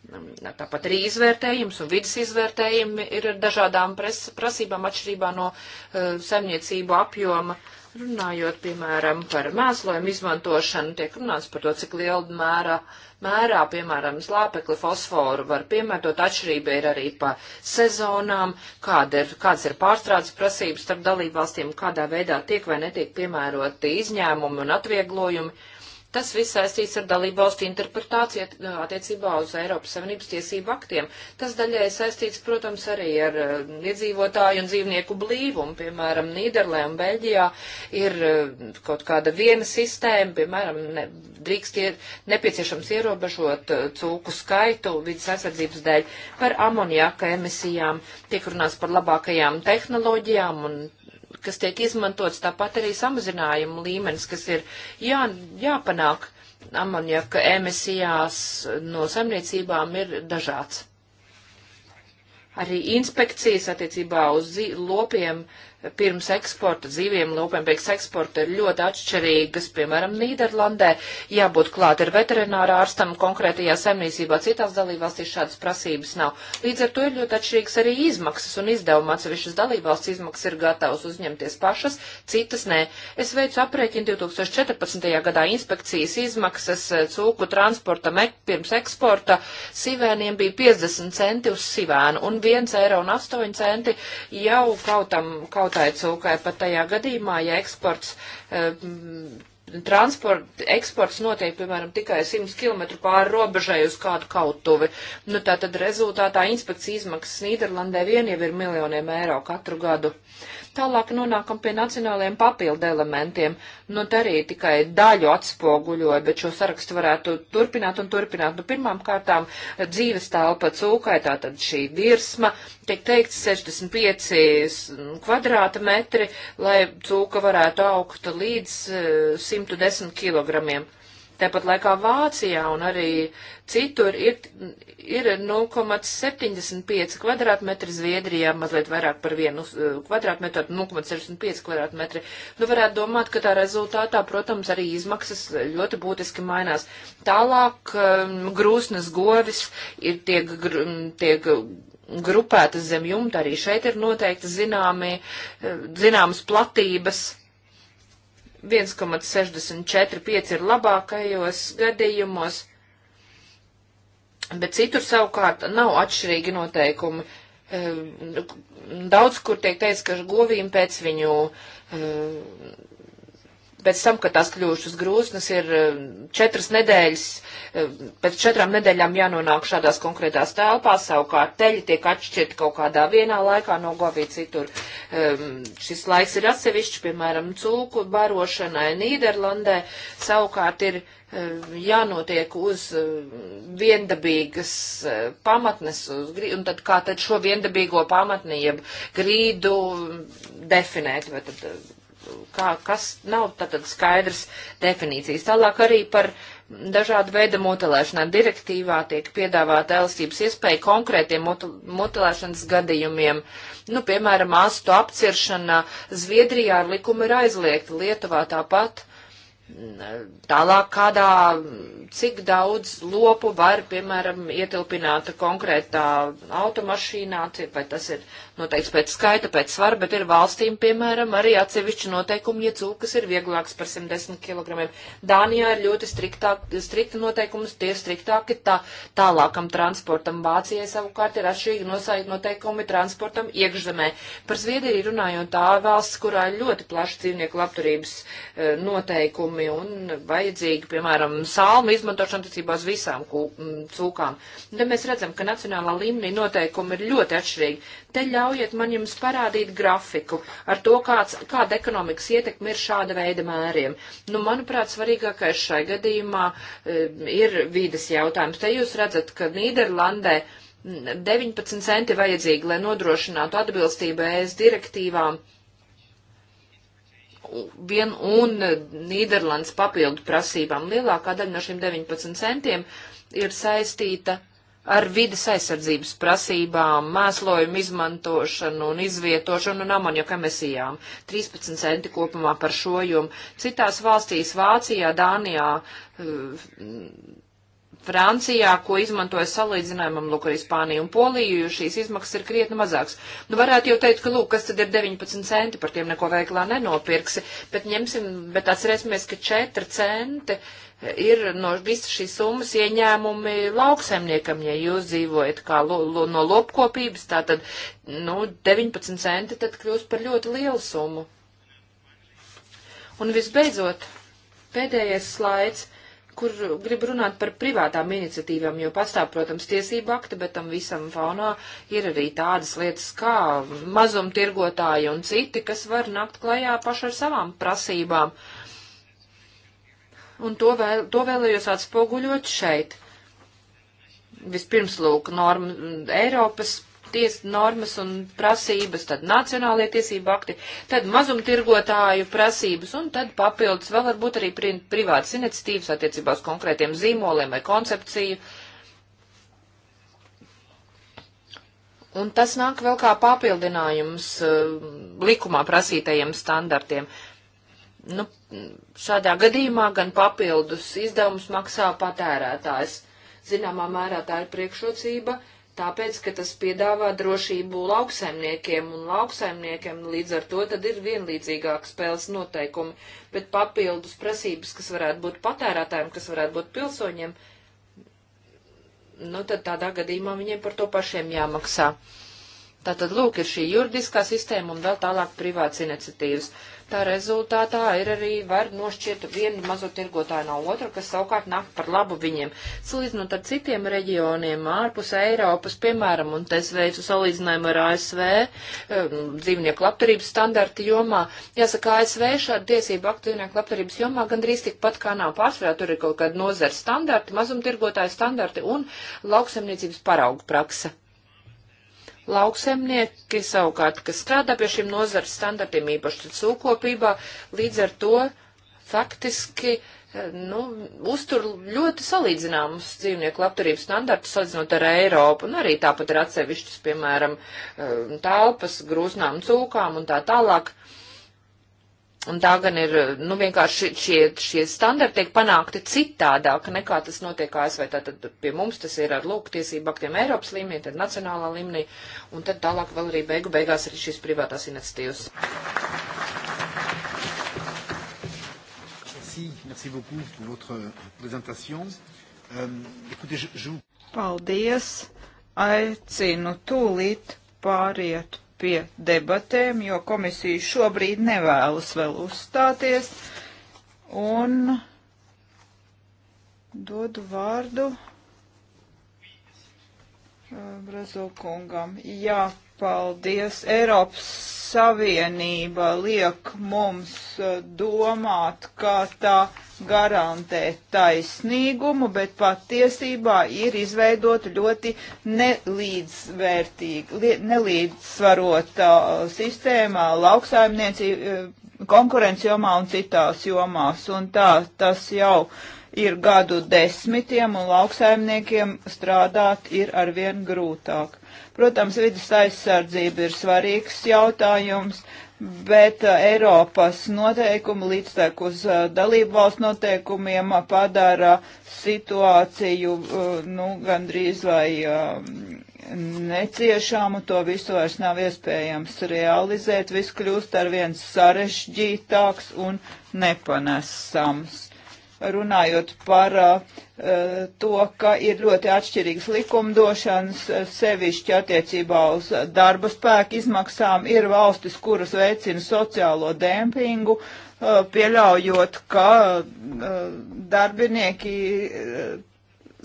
mm, Tāpat arī izvērtējums un vidas izvērtējumi ir ar dažādām pres, prasībām atšķirībā no uh, saimniecību apjoma. Runājot, piemēram, par mēslojumu izmantošanu, tiek runāts par to, cik liela mērā, mērā piemēram, slāpekli fosforu var piemērtot. Atšķirība ir arī pa sezonām, kāda ir, kāds ir pārstrādes prasības starp dalībvalstīm, kādā veidā tiek vai netiek piemēroti izņēmumi un atvieglojumi. Tas viss saistīts ar dalību valstu interpretāciju attiecībā uz Eiropas Savienības tiesību aktiem. Tas daļai saistīts, protams, arī ar iedzīvotāju un dzīvnieku blīvumu. Piemēram, Nīderlē un Beļģijā ir kaut kāda viena sistēma, piemēram, ne, drīkst ir nepieciešams ierobežot cūku skaitu vidas aizsardzības dēļ par amoniaka emisijām. Tiek runāts par labākajām tehnoloģijām un kas tiek izmantots, tāpat arī samazinājuma līmenis, kas ir jā, jāpanāk amoniaka emisijās no saimniecībām ir dažāds. Arī inspekcijas attiecībā uz lopiem pirms eksporta dzīviem lopiem, pēc eksporta ir ļoti atšķirīgas, piemēram, Nīderlandē, jābūt klāt ir veterinārā ārstam konkrētajā saimniecībā, citās dalībvalstīs šādas prasības nav. Līdz ar to ir ļoti atšķirīgs arī izmaksas un izdevuma atsevišķas dalībvalsts izmaksas ir gatavas uzņemties pašas, citas nē. Es veicu aprēķinu 2014. gadā inspekcijas izmaksas eh, cūku transportam ek pirms eksporta sivēniem bija 50 centi uz sivēnu un 1,08 eiro jau kautam, kaut lielai cūkai pat tajā gadījumā, ja eksports. Um, transport, eksports notiek, piemēram, tikai 100 km pāri robežai uz kādu kautuvi. Nu, tā tad rezultātā inspekcijas izmaksas Nīderlandē vien jau ir miljoniem eiro katru gadu. Uh, Tālāk nonākam pie nacionālajiem papildu elementiem. Nu, te arī tikai daļu atspoguļoja, bet šo sarakstu varētu turpināt un turpināt. Nu, pirmām kārtām dzīves telpa cūkai, tātad šī virsma, tiek teikts 65 mm, kvadrāta metri, lai cūka varētu augt līdz 110 eh, kilogramiem. Tāpat laikā Vācijā un arī citur ir, ir 0,75 kvadrātmetri, Zviedrijā mazliet vairāk par vienu eh, kvadrātmetru, 0,65 kvadrātmetri. Nu, varētu domāt, ka tā rezultātā, protams, arī izmaksas ļoti būtiski mainās. Tālāk eh, grūsnes govis ir tiek, tiek grupētas zem jumta, arī šeit ir noteikti zināmi, eh, zināmas platības 1,64,5 ir labākajos gadījumos, bet citur savukārt nav atšķirīgi noteikumi. Ehm, daudz, kur tiek teicis, ka govīm pēc viņu, ehm, pēc tam, kad tās kļūšas grūznas, ir ehm, četras nedēļas pēc četrām nedēļām jānonāk šādās konkrētās telpās, savukārt teļi tiek atšķirti kaut kādā vienā laikā no govī citur. Šis laiks ir atsevišķi, piemēram, cūku barošanai Nīderlandē, savukārt ir jānotiek uz viendabīgas eh, pamatnes, uz, un tad kā tad šo viendabīgo pamatni, jeb grīdu definēt, vai tad eh, kā, kas nav tātad skaidrs definīcijas. Tālāk arī par uh, dažādu veidu mutilēšanai. Direktīvā tiek piedāvāta elastības iespēja konkrētiem mutilēšanas gadījumiem. Nu, piemēram, astu apciršana Zviedrijā ar likumu ir aizliegta, Lietuvā tāpat. Tālāk kādā, cik daudz lopu var, piemēram, ietilpināt konkrētā automašīnā, vai tas ir noteikts pēc skaita, pēc svara, bet ir valstīm, piemēram, arī atsevišķi noteikumi, ja cūkas ir vieglāks par 110 kg. Dānijā ir ļoti striktāk, strikti noteikumi, tie striktāki tā, tālākam transportam. Vācijai savukārt ir atšķirīgi nosaikti noteikumi transportam iekšzemē. Par Zviedriju runājot, tā valsts, kurā ir ļoti plaši dzīvnieku labturības eh, noteikumi noteikumi un vajadzīgi, piemēram, salmu izmantošana attiecībā uz visām cūkām. Un te mēs redzam, ka nacionālā līmenī noteikumi ir ļoti atšķirīgi. Te ļaujiet man jums parādīt grafiku ar to, kāds, kāda ekonomikas ietekme ir šāda veida mēriem. Nu, manuprāt, svarīgākais šai gadījumā e, ir vīdes jautājums. Te jūs redzat, ka Nīderlandē 19 centi vajadzīgi, lai nodrošinātu atbilstību ES direktīvām vien un Nīderlandes papildu prasībām. Lielākā daļa no šiem 19 centiem ir saistīta ar vidas aizsardzības prasībām, mēslojumu izmantošanu un izvietošanu un amonjaka emisijām. 13 centi kopumā par šo, jo citās valstīs, Vācijā, Dānijā, eh, Francijā, ko izmantoja salīdzinājumam, lūk, arī Spānija un Polija, jo šīs izmaksas ir krietni mazāks. Nu, varētu jau teikt, ka, lūk, kas tad ir 19 centi, par tiem neko veiklā nenopirksi, bet ņemsim, bet atcerēsimies, ka 4 centi ir no visas šīs summas ieņēmumi lauksaimniekam, ja jūs dzīvojat kā lo, lo, no lopkopības, tā tad, nu, 19 centi tad kļūst par ļoti lielu summu. Un visbeidzot, pēdējais slaids kur grib runāt par privātām iniciatīvām, jo pastāv, protams, tiesība akti, bet tam visam faunā ir arī tādas lietas kā mazumtirgotāji un citi, kas var nakt klajā paši ar savām prasībām. Un to, vēl, to vēlējos atspoguļot šeit vispirms lūk norma Eiropas tiesas normas un prasības, tad nacionālie tiesību akti, tad mazumtirgotāju prasības un tad papildus vēl varbūt arī pri privātas iniciatīvas attiecībā uz konkrētiem zīmoliem vai koncepciju. Un tas nāk vēl kā papildinājums uh, likumā prasītajiem standartiem. Nu, šādā gadījumā gan papildus izdevums maksā patērētājs. Zināmā mērā tā ir priekšrocība, uh, tāpēc, ka tas piedāvā drošību lauksaimniekiem un lauksaimniekiem līdz ar to tad ir vienlīdzīgāk spēles noteikumi, bet papildus prasības, kas varētu būt patērētājiem, kas varētu būt pilsoņiem, nu tad tādā gadījumā viņiem par to pašiem jāmaksā. Tātad, lūk, ir šī juridiskā sistēma un vēl tālāk privāts iniciatīvas. Uh, Tā rezultātā ir arī var nošķirt vienu mazo tirgotāju no otra, kas savukārt nāk par labu viņiem. Salīdzinot ar citiem reģioniem ārpus Eiropas, piemēram, un es veicu salīdzinājumu ar ASV eh, dzīvnieku labturības standarti jomā, jāsaka, ASV šāda tiesība aktu dzīvnieku labturības jomā gandrīz tikpat kā nav pārsvarā, tur ir kaut kāda nozara standarti, mazumtirgotāju standarti un lauksemniecības paraugu praksa. Lauksemnieki savukārt, kas strādā pie šiem nozares standartiem, īpaši cūkopībā, līdz ar to faktiski eh, nu, uztur ļoti salīdzināmus dzīvnieku labturības standartus, salīdzinot ar Eiropu, un arī tāpat ir atsevišķas, piemēram, eh, telpas grūznām cūkām un tā tālāk. Uh, Un tā gan ir, nu, vienkārši šie, šie standarti tiek panākti citādāk, nekā tas notiek ASV. Tātad pie mums tas ir ar lūgtiesību aktiem Eiropas līmenī, tad nacionālā līmenī, un tad tālāk vēl arī beigu beigās arī šīs privātās iniciatīvas. Euh, Paldies! Aicinu tūlīt pāriet pie debatēm, jo komisija šobrīd nevēlas vēl uzstāties. Un dodu vārdu uh, Brazokungam. Jā, Paldies! Eiropas Savienība liek mums eh, domāt, kā tā garantē taisnīgumu, bet patiesībā ir izveidota ļoti nelīdzvērtīga, li, nelīdzsvarota eh, sistēmā lauksaimniecība eh, konkurence jomā un citās jomās. Un tā tas jau ir gadu desmitiem, un lauksaimniekiem strādāt ir arvien grūtāk Protams, vidus aizsardzība ir svarīgs jautājums, bet uh, Eiropas noteikumi līdztekus uh, dalību valsts noteikumiem uh, padara situāciju, nu, gandrīz vai um, neciešāmu, to visu vairs nav iespējams realizēt, viss kļūst ar viens sarežģītāks un nepanesams runājot par uh, to, ka ir ļoti atšķirīgas likumdošanas, uh, sevišķi attiecībā uz darba spēku izmaksām, ir valstis, kuras veicina sociālo dempingu, uh, pieļaujot, ka uh, darbinieki uh,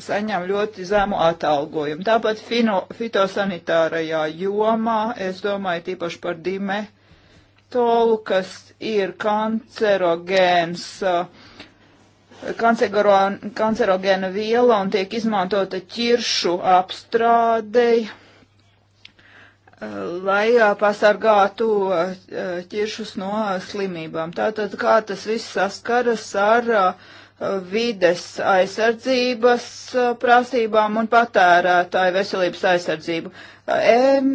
saņem ļoti zemu atalgojumu. Tāpat fino, fitosanitārajā jomā, es domāju, tīpaši par dimetolu, kas ir kancerogēns uh, kancerogēna viela un tiek izmantota ķiršu apstrādei, eh, lai eh, pasargātu eh, ķiršus no slimībām. Tātad kā tas viss saskaras ar vides aizsardzības prasībām un patērētāju veselības aizsardzību. Em,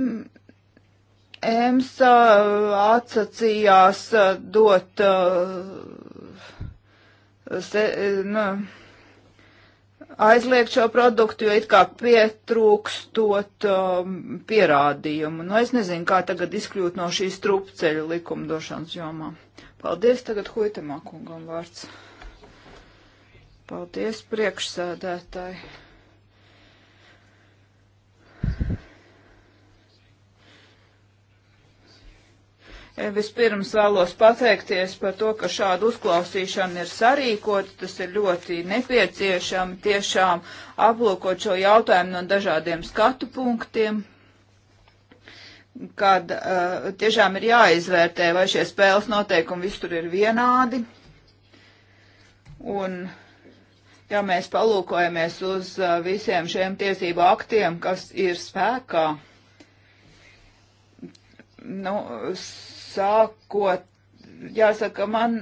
EMSA atsacījās dot uh, se, nu, aizliegt šo produktu, jo it kā pietrūkstot um, pierādījumu. Nu, es nezinu, kā tagad izkļūt no šīs trupceļa likumdošanas jomā. Paldies tagad Hoitamā kungam vārds. Paldies priekšsēdētāji. Vispirms vēlos pateikties par to, ka šāda uzklausīšana ir sarīkota, tas ir ļoti nepieciešami tiešām aplūkot šo jautājumu no dažādiem skatu punktiem, kad uh, tiešām ir jāizvērtē, vai šie spēles noteikumi visur ir vienādi. Un, ja mēs palūkojamies uz uh, visiem šiem tiesību aktiem, kas ir spēkā, nu, sākot, jāsaka, man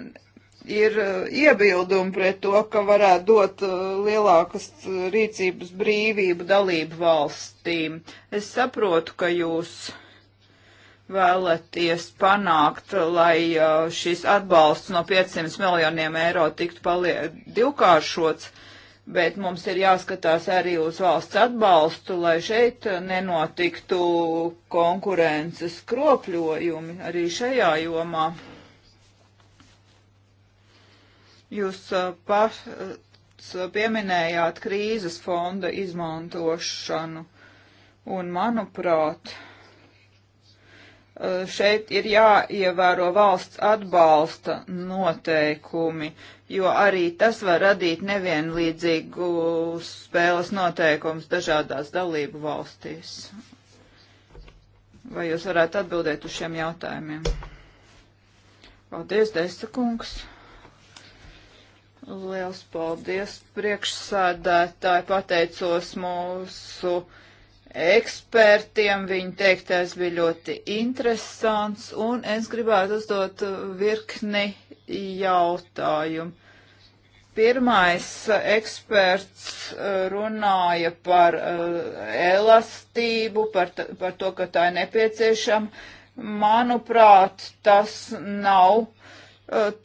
ir uh, iebildumi pret to, ka varētu dot uh, lielākas uh, rīcības brīvību dalību valstīm. Es saprotu, ka jūs vēlaties panākt, lai šis atbalsts no 500 miljoniem eiro tiktu palie divkāršots bet mums ir jāskatās arī uz valsts atbalstu, lai šeit nenotiktu konkurences kropļojumi arī šajā jomā. Jūs uh, pats uh, pieminējāt krīzes fonda izmantošanu, un manuprāt, uh, šeit ir jāievēro valsts atbalsta noteikumi, jo arī tas var radīt nevienlīdzīgu spēles noteikumus dažādās dalību valstīs. Vai jūs varētu atbildēt uz šiem jautājumiem? Paldies, Desta kungs! Liels paldies priekšsādātāji, pateicos mūsu ekspertiem, viņu teiktais bija ļoti interesants, un es gribētu uzdot virkni jautājumu. Pirmais uh, eksperts uh, runāja par uh, elastību, par, par to, ka tā ir nepieciešama. Manuprāt, tas nav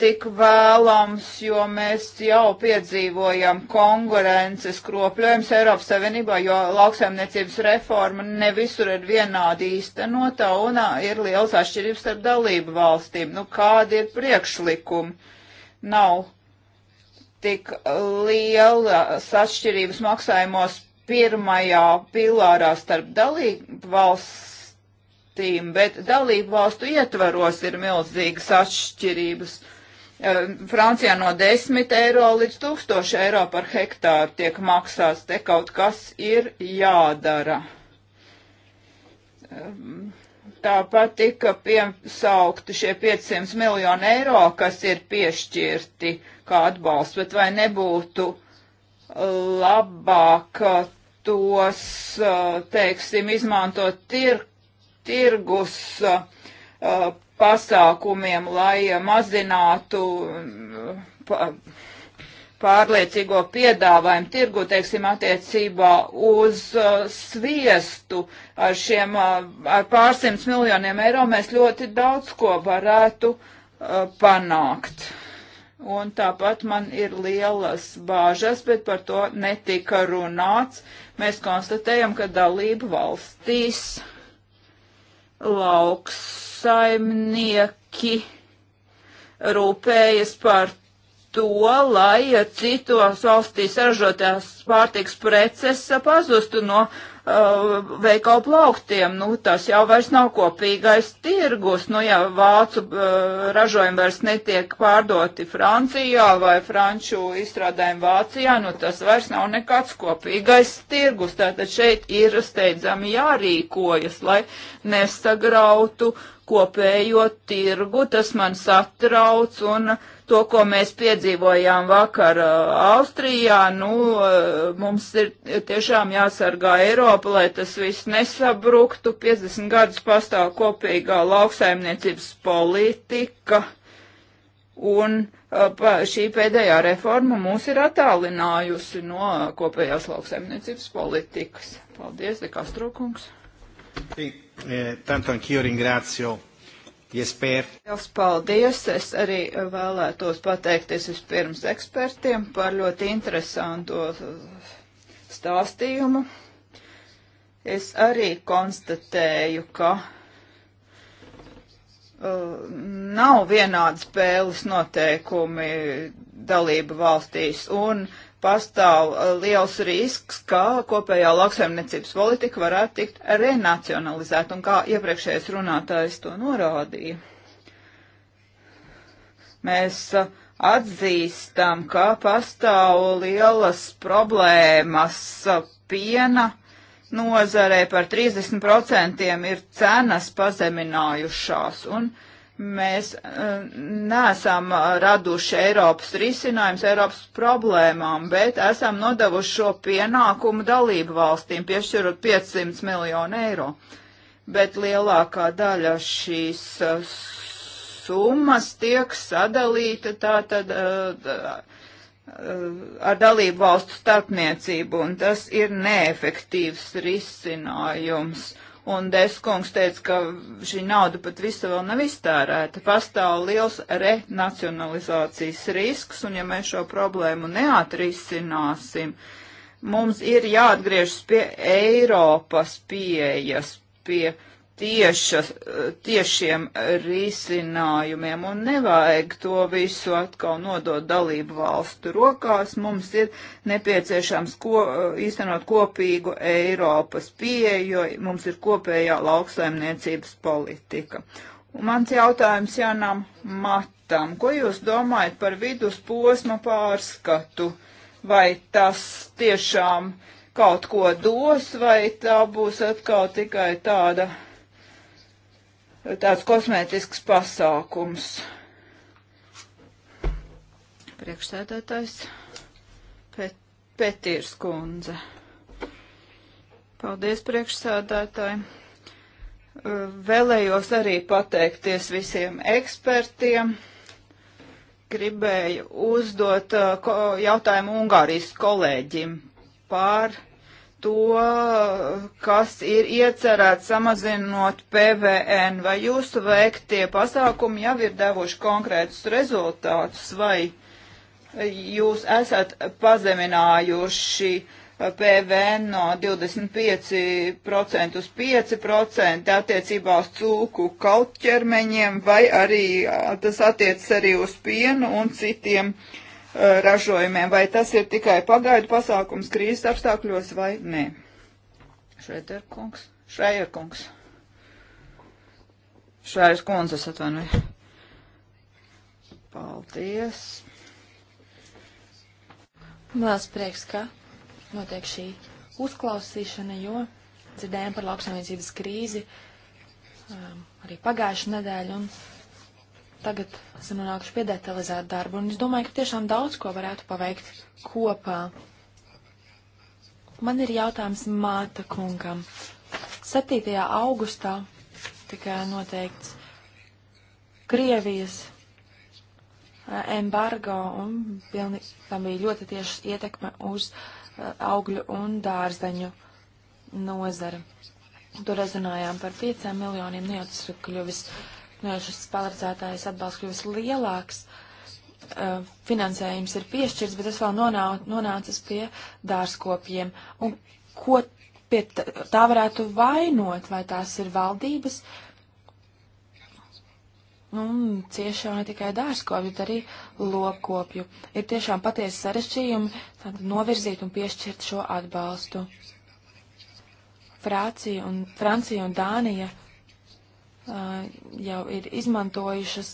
tik vēlams, jo mēs jau piedzīvojam konkurences kropļojums Eiropas Savienībā, jo lauksaimniecības reforma ne visur ir vienādi īstenota un ir liels atšķirības starp dalību valstīm. Nu, kādi ir priekšlikumi? Nav tik lielas atšķirības maksājumos pirmajā pilārā starp dalību valstīm, bet dalību valstu ietvaros ir milzīgas atšķirības. Eh, Francijā no 10 eiro līdz 1000 eiro par hektāru tiek maksāts, te kaut kas ir jādara. Um, Tāpat tika piesaukti šie 500 miljoni eiro, kas ir piešķirti kā atbalsts, bet vai nebūtu uh, labāk tos, uh, teiksim, izmantot tir, tirgus uh, pasākumiem, lai mazinātu mm, pārliecīgo piedāvājumu tirgu, teiksim, attiecībā uz uh, sviestu ar šiem uh, ar pārsimts miljoniem eiro mēs ļoti daudz ko varētu uh, panākt. Un tāpat man ir lielas bāžas, bet par to netika runāts. Mēs konstatējam, ka dalība valstīs lauksaimnieki rūpējas par to, lai eh, citos valstīs ražotās pārtiks preces eh, pazustu no uh, veikalu plauktiem. Nu, tas jau vairs nav kopīgais tirgus. Nu, ja vācu uh, ražojumi vairs netiek pārdoti Francijā vai franču izstrādājumi Vācijā, nu, tas vairs nav nekāds kopīgais tirgus. Tātad šeit ir steidzami jārīkojas, lai nesagrautu kopējo tirgu. Tas man satrauc un uh, to, ko mēs piedzīvojām vakar uh, Austrijā, nu, uh, mums ir tiešām jāsargā Eiropa, lai tas viss nesabruktu. 50 gadus pastāv kopīgā lauksaimniecības politika. Un uh, šī pēdējā reforma mūs ir attālinājusi no kopējās lauksaimniecības politikas. Paldies, Dekastrokungs. Eh, tanto anch'io ringrazio Liels paldies! Es arī vēlētos pateikties vispirms ekspertiem par ļoti interesanto stāstījumu. Es arī konstatēju, ka Uh, nav vienādi spēles noteikumi dalība valstīs, un pastāv uh, liels risks, ka kopējā lauksaimniecības politika varētu tikt renacionalizēta, un kā iepriekšējais runātājs to norādīja. Mēs uh, atzīstam, ka pastāv lielas problēmas uh, piena nozarē par 30% ir cenas pazeminājušās, un uh, Mēs eh, neesam eh, raduši Eiropas risinājums Eiropas problēmām, bet esam nodevuši šo pienākumu dalību valstīm, piešķirot 500 miljonu eiro. Bet lielākā daļa šīs eh, summas tiek sadalīta tātad. Uh, ar dalību valstu starpniecību, un tas ir neefektīvs risinājums. Uh, un Deskungs teica, ka šī nauda pat visa vēl nav iztērēta. Pastāv liels renacionalizācijas risks, un ja mēs šo problēmu neatrisināsim, mums ir jāatgriežas pie Eiropas pieejas, pie tieša, tiešiem risinājumiem un nevajag to visu atkal nodot dalību valstu rokās. Mums ir nepieciešams ko, īstenot kopīgu Eiropas pieeju, jo mums ir kopējā lauksaimniecības politika. Un mans jautājums Janam Matam, ko jūs domājat par vidusposma pārskatu? Vai tas tiešām kaut ko dos, vai tā būs atkal tikai tāda tāds kosmētisks pasākums. Priekšsēdētājs Pet Petīrs kundze. Paldies priekšsēdētājiem vēlējos arī pateikties visiem ekspertiem. Gribēju uzdot uh, ko, jautājumu Ungārijas kolēģim par to, kas ir iecerēts samazinot PVN, vai jūsu veiktie pasākumi jau ir devuši konkrētus rezultātus, vai jūs esat pazeminājuši PVN no 25% uz 5% attiecībā uz cūku kaut ķermeņiem, vai arī tas attiec arī uz pienu un citiem uh, Eh, ražojumiem, vai tas ir tikai pagaidu pasākums krīzes apstākļos vai nē. Šreier kungs. Šreier kungs. Šreier kundzes atvainoju. Paldies. Liels prieks, ka notiek šī uzklausīšana, jo dzirdējām par lauksaimniecības krīzi um, arī pagājušu nedēļu un Tagad esam nonākuši pie detalizētu darbu, un es domāju, ka tiešām daudz ko varētu paveikt kopā. Man ir jautājums Māta kungam. 7. augustā tika noteikts Krievijas eh, embargo, un pilni, tam bija ļoti tieši ietekme uz uh, augļu un dārzeņu nozara. Tur runājām par 5 miljoniem, nu jau tas ir kļuvis šis polarizētājs atbalsts kļūs lielāks, uh, finansējums ir piešķirts, bet tas vēl nonau, nonācis pie dārzkopiem. Un ko pie tā varētu vainot, vai tās ir valdības? Nu, ciešā ne tikai dārzkopju, bet arī lopkopju. Ir tiešām patiesi sarešķījumi novirzīt un piešķirt šo atbalstu. Francija un, Francija un Dānija Uh, jau ir izmantojušas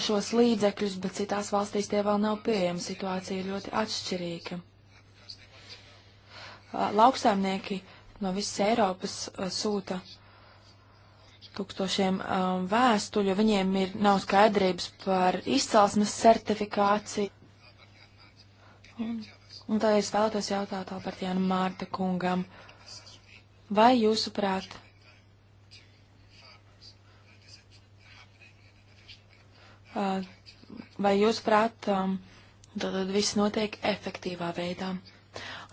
šos līdzekļus, bet citās valstīs tie vēl nav pieejami. Situācija ir ļoti atšķirīga. Uh, lauksaimnieki no visas Eiropas uh, sūta tūkstošiem um, vēstuļu, viņiem ir nav skaidrības par izcelsmes certifikāciju. Un, un tad es vēlētos jautāt Albertjānu Mārta kungam, vai jūsuprāt vai jūs prāt, um, tad viss notiek efektīvā veidā.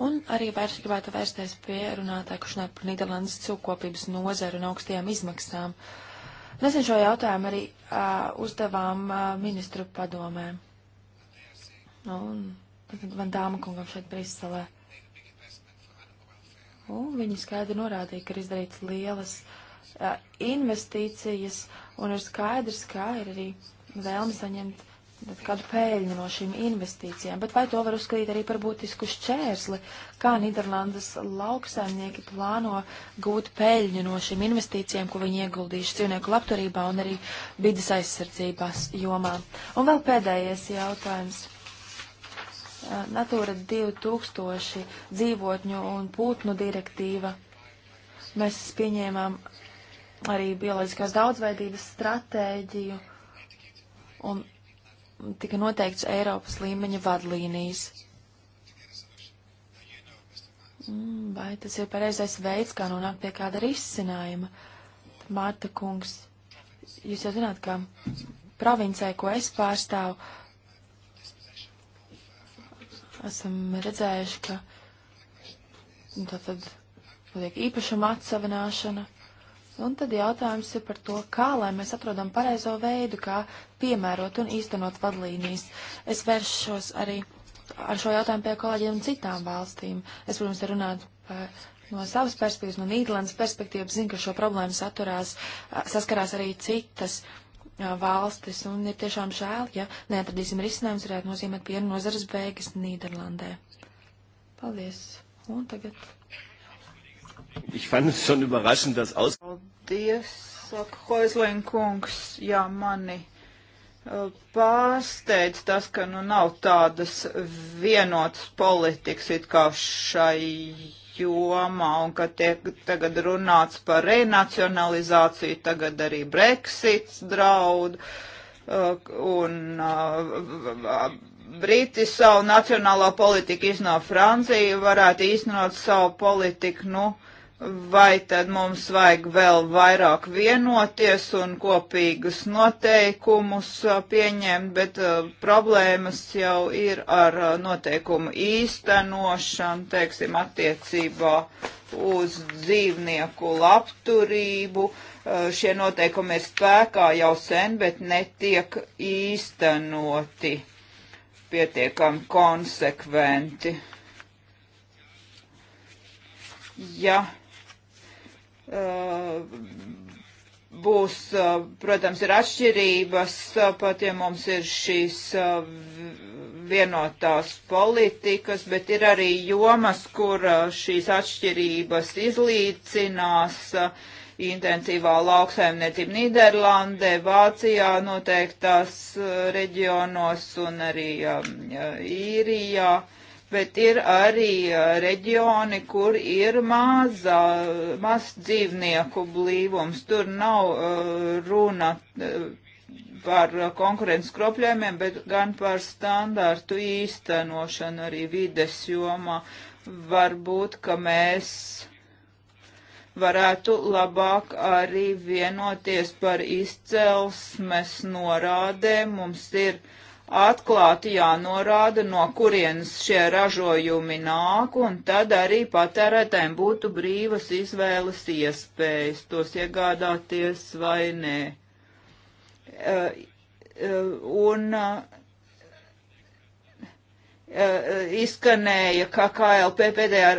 Un arī vairs gribētu vērsties pie runātāja, kurš runāja par Nīderlandes cūkopības nozaru un augstajām izmaksām. Nesen šo jautājumu arī uh, uzdevām uh, ministru padomē. Un tad man dāma kungam šeit Briselē. Un viņi skaidri norādīja, ka ir izdarīts lielas uh, investīcijas, un ir skaidrs, kā ir arī uh, vēlmi saņemt kādu pēļņu no šīm investīcijām, bet vai to var uzskatīt arī par būtisku šķērsli, kā Nīderlandes lauksaimnieki plāno gūt pēļņu no šīm investīcijām, ko viņi ieguldījuši dzīvnieku labturībā un arī vidas aizsardzībās jomā. Un vēl pēdējais jautājums. Natūra 2000 dzīvotņu un putnu direktīva. Mēs pieņēmām arī bioloģiskās daudzveidības stratēģiju un tika noteikts Eiropas līmeņa vadlīnijas. Mm, vai tas ir pareizais veids, kā nonākt pie kāda risinājuma? Mārta kungs, jūs jau zināt, ka provincē, ko es pārstāvu, esam redzējuši, ka tātad nu, tiek īpašuma atsavināšana. Un tad jautājums ir par to, kā lai mēs atrodam pareizo veidu, kā piemērot un īstenot vadlīnijas. Es vēršos arī ar šo jautājumu pie kolēģiem no citām valstīm. Es, protams, runāju par, no savas perspektīvas, no Nīderlandes perspektīvas, zinu, ka šo problēmu saturās, saskarās arī citas valstis, un ir tiešām žēl, ja neatradīsim risinājums, varētu nozīmēt piena nozares beigas Nīderlandē. Paldies! Un tagad. Ich fand es schon überraschend, dass aus. Paldies, saka Hoizlinkungs, jā, mani pārsteidz tas, ka nu nav tādas vienotas politikas it kā šai jomā un ka tiek tagad runāts par renacionalizāciju, tagad arī Brexits draud un Briti savu nacionālo politiku izno Francija varētu īstenot savu politiku, nu, uh, vai tad mums vajag vēl vairāk vienoties un kopīgus noteikumus uh, pieņemt, bet uh, problēmas jau ir ar uh, noteikumu īstenošanu, teiksim, attiecībā uz dzīvnieku labturību. Uh, šie noteikumi ir spēkā jau sen, bet netiek īstenoti pietiekami konsekventi. Ja Eh, būs, eh, protams, ir atšķirības, eh, pat ja mums ir šīs vienotās politikas, bet ir arī jomas, kur šīs atšķirības izlīdzinās. Intensīvā lauksaimniecība Nīderlandē, Vācijā noteiktās reģionos un arī Īrijā. Ja, bet ir arī reģioni, kur ir maza, maz dzīvnieku blīvums. Tur nav uh, runa par konkurences kropļēmiem, bet gan par standārtu īstenošanu arī vides jomā. Varbūt, ka mēs varētu labāk arī vienoties par izcelsmes norādēm. Mums ir atklāti jānorāda, no kurienes šie ražojumi nāk, un tad arī patērētēm būtu brīvas izvēles iespējas tos iegādāties vai nē. E, e, un e, izskanēja, ka KLP pēdējā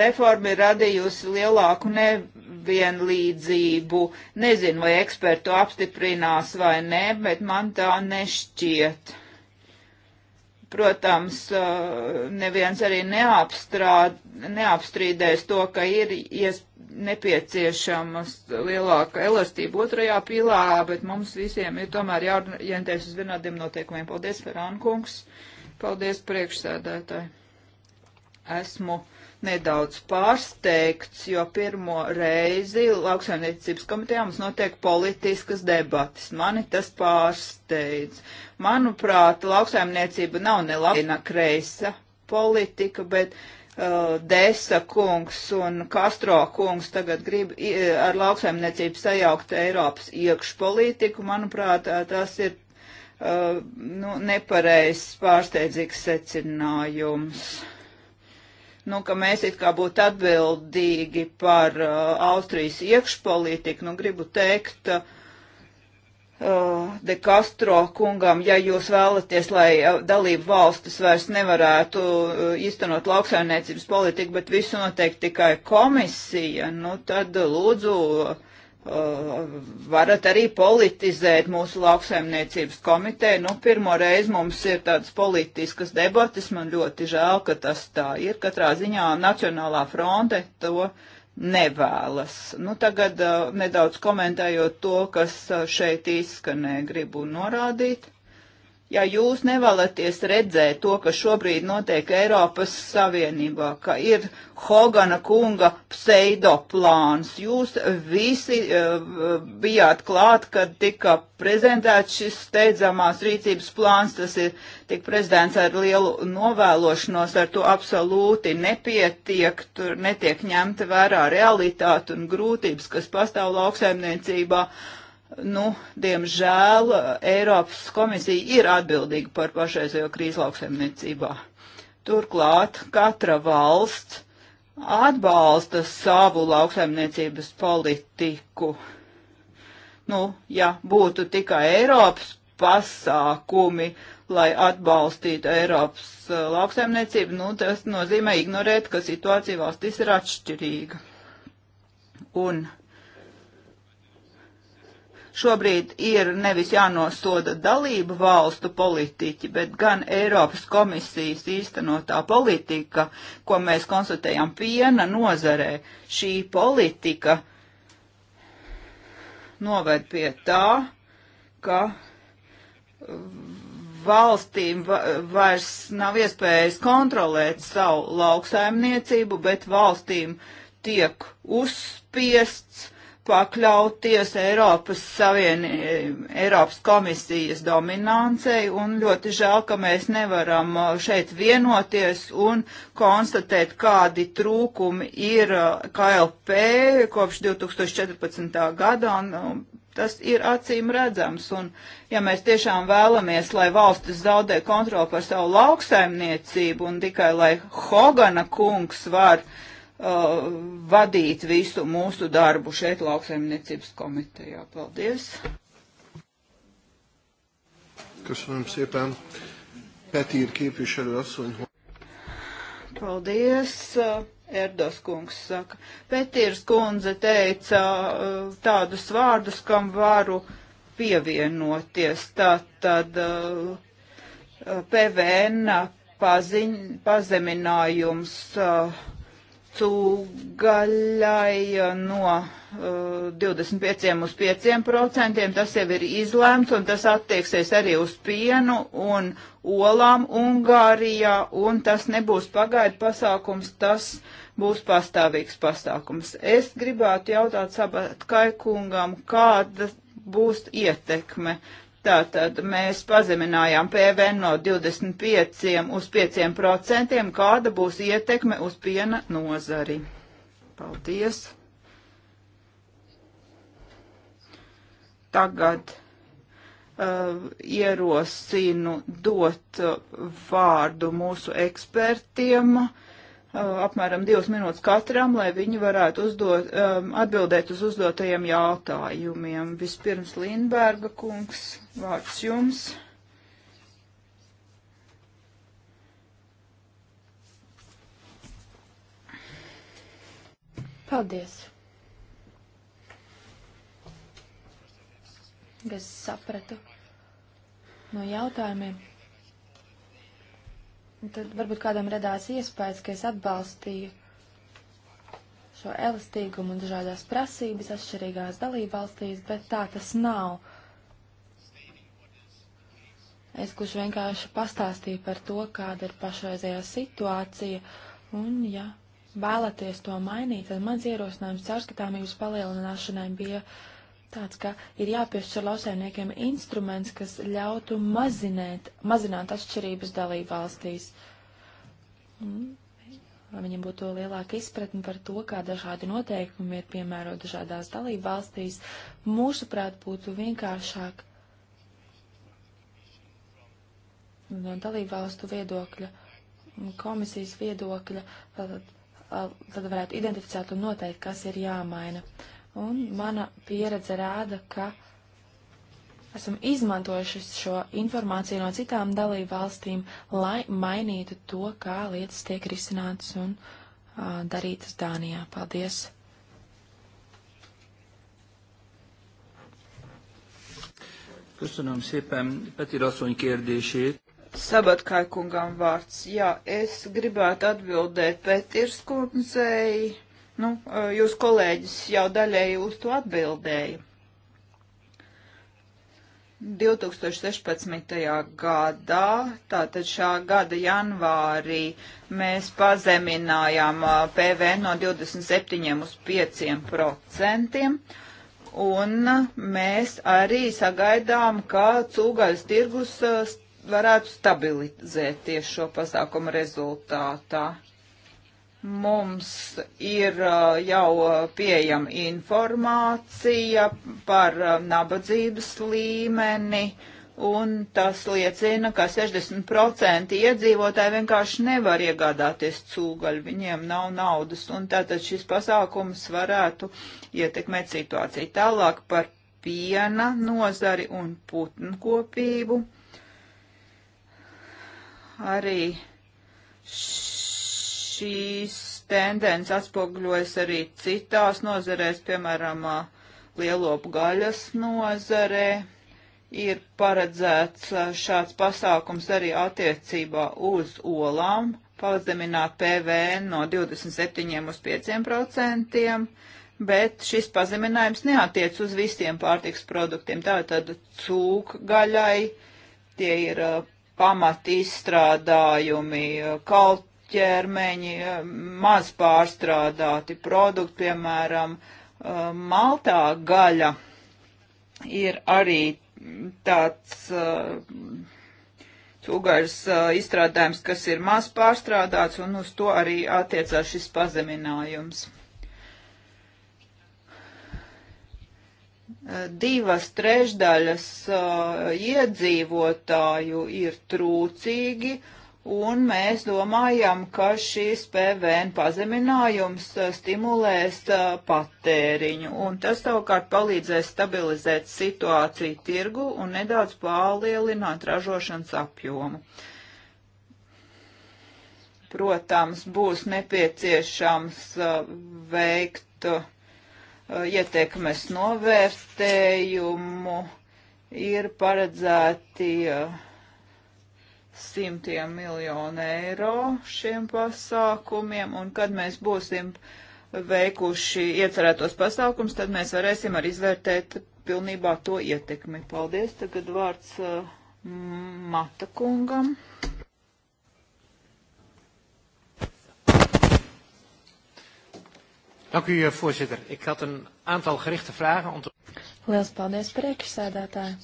reforma ir radījusi lielāku nevienlīdzību. Nezinu, vai ekspertu apstiprinās vai nē, bet man tā nešķiet. Protams, eh, neviens arī neapstrād, neapstrīdēs to, ka ir ies, nepieciešamas lielāka elastība otrajā pīlā, bet mums visiem ir tomēr jāorientēs uz vienādiem noteikumiem. Paldies, Ferānkungs! Paldies, priekšsēdētāji! Esmu nedaudz pārsteigts, jo pirmo reizi lauksaimniecības komitejā mums notiek politiskas debatas. Mani tas pārsteidz. Manuprāt, lauksaimniecība nav ne labina kreisa politika, bet uh, Desa kungs un Kastro kungs tagad grib ar lauksaimniecību sajaukt Eiropas iekšpolitiku. Manuprāt, uh, tas ir uh, nu, nepareizs pārsteidzīgs secinājums nu, ka mēs it kā būtu atbildīgi par uh, Austrijas iekšpolitiku, nu, gribu teikt, uh, De Castro kungam, ja jūs vēlaties, lai uh, dalību valstis vairs nevarētu uh, īstenot lauksaimniecības politiku, bet visu noteikti tikai komisija, nu tad lūdzu uh, Eh, varat arī politizēt mūsu lauksaimniecības komiteju. Nu, pirmo reizi mums ir tādas politiskas debatas, man ļoti žēl, ka tas tā ir. Katrā ziņā Nacionālā fronte to nevēlas. Nu, tagad eh, nedaudz komentējot to, kas eh, šeit izskanē, gribu norādīt Ja jūs nevēlaties redzēt to, kas šobrīd notiek Eiropas Savienībā, ka ir Hogana kunga pseidoplāns, jūs visi uh, bijāt klāt, kad tika prezentēts šis steidzamās rīcības plāns, tas ir tik prezidents ar lielu novēlošanos, ar to absolūti nepietiek, tur netiek ņemta vērā realitāte un grūtības, kas pastāv lauksaimniecībā. Uh, Nu, diemžēl eh, Eiropas komisija ir atbildīga par pašreizējo krīzi lauksaimniecībā. Turklāt katra valsts atbalsta savu lauksaimniecības politiku. Nu, ja būtu tikai Eiropas pasākumi, lai atbalstītu Eiropas uh, lauksaimniecību, nu, tas nozīmē ignorēt, ka situācija valstīs ir atšķirīga. Un šobrīd ir nevis jānosoda dalību valstu politiķi, bet gan Eiropas komisijas īstenotā politika, ko mēs konstatējam piena nozarē. Šī politika noved pie tā, ka valstīm vairs nav iespējas kontrolēt savu lauksaimniecību, bet valstīm tiek uzspiests pakļauties Eiropas Savienībai, Eiropas komisijas dominancei, un ļoti žēl, ka mēs nevaram uh, šeit vienoties un konstatēt, kādi trūkumi ir uh, KLP kopš 2014. gada, un uh, tas ir acīm redzams, un ja mēs tiešām vēlamies, lai valstis zaudē kontroli par savu lauksaimniecību, un tikai lai Hogana kungs var uh, uh, vadīt visu mūsu darbu šeit lauksaimniecības komitejā. Paldies! Köszönöm szépen. Petír képviselő asszony. Paldies, uh, Erdos kungs saka. Petīrs kundze teica uh, tādus vārdus, kam varu pievienoties. Tātad uh, PVN paziņ, pazeminājums uh, gaļai eh, no uh, eh, 25 uz 5 procentiem. Tas jau ir izlēmts un tas attieksies arī uz pienu un olām Ungārijā un tas nebūs pagaidu pasākums, tas būs pastāvīgs pasākums. Es gribētu jautāt Sabatkai kungam, kāda būs ietekme Tātad mēs pazeminājām PVN no 25 uz 5 procentiem. Kāda būs ietekme uz piena nozari? Paldies! Tagad uh, ierosinu dot uh, vārdu mūsu ekspertiem. Uh, apmēram divas minūtes katram, lai viņi varētu uzdot, atbildēt uz uzdotajiem jautājumiem. Vispirms Lindberga kungs, vārds jums. Paldies! Es sapratu no jautājumiem, Tad varbūt kādam radās iespējas, ka es atbalstīju šo elastīgumu un dažādās prasības atšķirīgās dalībvalstīs, bet tā tas nav. Es kurš vienkārši pastāstīju par to, kāda ir pašreizējā situācija, un ja vēlaties to mainīt, tad mans ierosinājums caurskatāmības palielināšanai bija uh, tāds, ka ir jāpiešķir lausēmniekiem instruments, kas ļautu mazinēt, mazināt atšķirības dalību valstīs. Lai viņiem būtu lielāka izpratne par to, kā dažādi noteikumi ir piemēroti dažādās dalību valstīs, mūsuprāt, būtu vienkāršāk no dalību valstu viedokļa, komisijas viedokļa, tad, tad varētu identificēt un noteikt, kas ir jāmaina. Uh, un mana pieredze rāda, ka esam izmantojuši šo informāciju no citām dalību valstīm, lai mainītu to, kā lietas tiek risinātas un uh, darītas Dānijā. Paldies! Köszönöm szépen Petir asszony kérdését. Szabadkáj kungam vārds. Jā, es gribētu atbildēt Petirs kundzei Nu, jūs kolēģis jau daļēji uz to atbildēja. 2016. gadā, tātad šā gada janvārī, mēs pazeminājām PVN no 27 uz 5 procentiem un mēs arī sagaidām, ka cūgaļas tirgus varētu stabilizēties šo pasākumu rezultātā. Mums ir uh, jau pieejama informācija par uh, nabadzības līmeni, un tas liecina, ka 60% iedzīvotāji vienkārši nevar iegādāties cūgaļu, viņiem nav naudas, un tātad šis pasākums varētu ietekmēt situāciju. Tālāk par piena nozari un putnkopību. Arī š šīs tendences atspoguļojas arī citās nozerēs, piemēram, lielopu gaļas nozarē. Ir paredzēts šāds pasākums arī attiecībā uz olām, pazemināt PVN no 27 uz 5 procentiem, bet šis pazeminājums neatiec uz visiem pārtiks produktiem. Tātad cūkgaļai tie ir pamat izstrādājumi, kalt ķermeņi, eh, maz pārstrādāti produkti, piemēram, eh, maltā gaļa ir arī tāds eh, cūgaļas izstrādājums, kas ir maz pārstrādāts, un uz to arī attiecās šis pazeminājums. divas trešdaļas uh, iedzīvotāju ir trūcīgi, Un mēs domājam, ka šīs PVN pazeminājums uh, stimulēs uh, patēriņu, un tas savukārt palīdzēs stabilizēt situāciju tirgu un nedaudz palielināt ražošanas apjomu. Protams, būs nepieciešams uh, veikt ietekmes novērtējumu, ir paredzēti uh, simtiem miljonu eiro šiem pasākumiem, un kad mēs būsim veikuši iecerētos pasākums, tad mēs varēsim arī izvērtēt pilnībā to ietekmi. Paldies, tagad vārds uh, Mata kungam. Dank u, eh, voorzitter. Ik had een aantal gerichte vragen om te... Liels paldies, priekšsēdētāji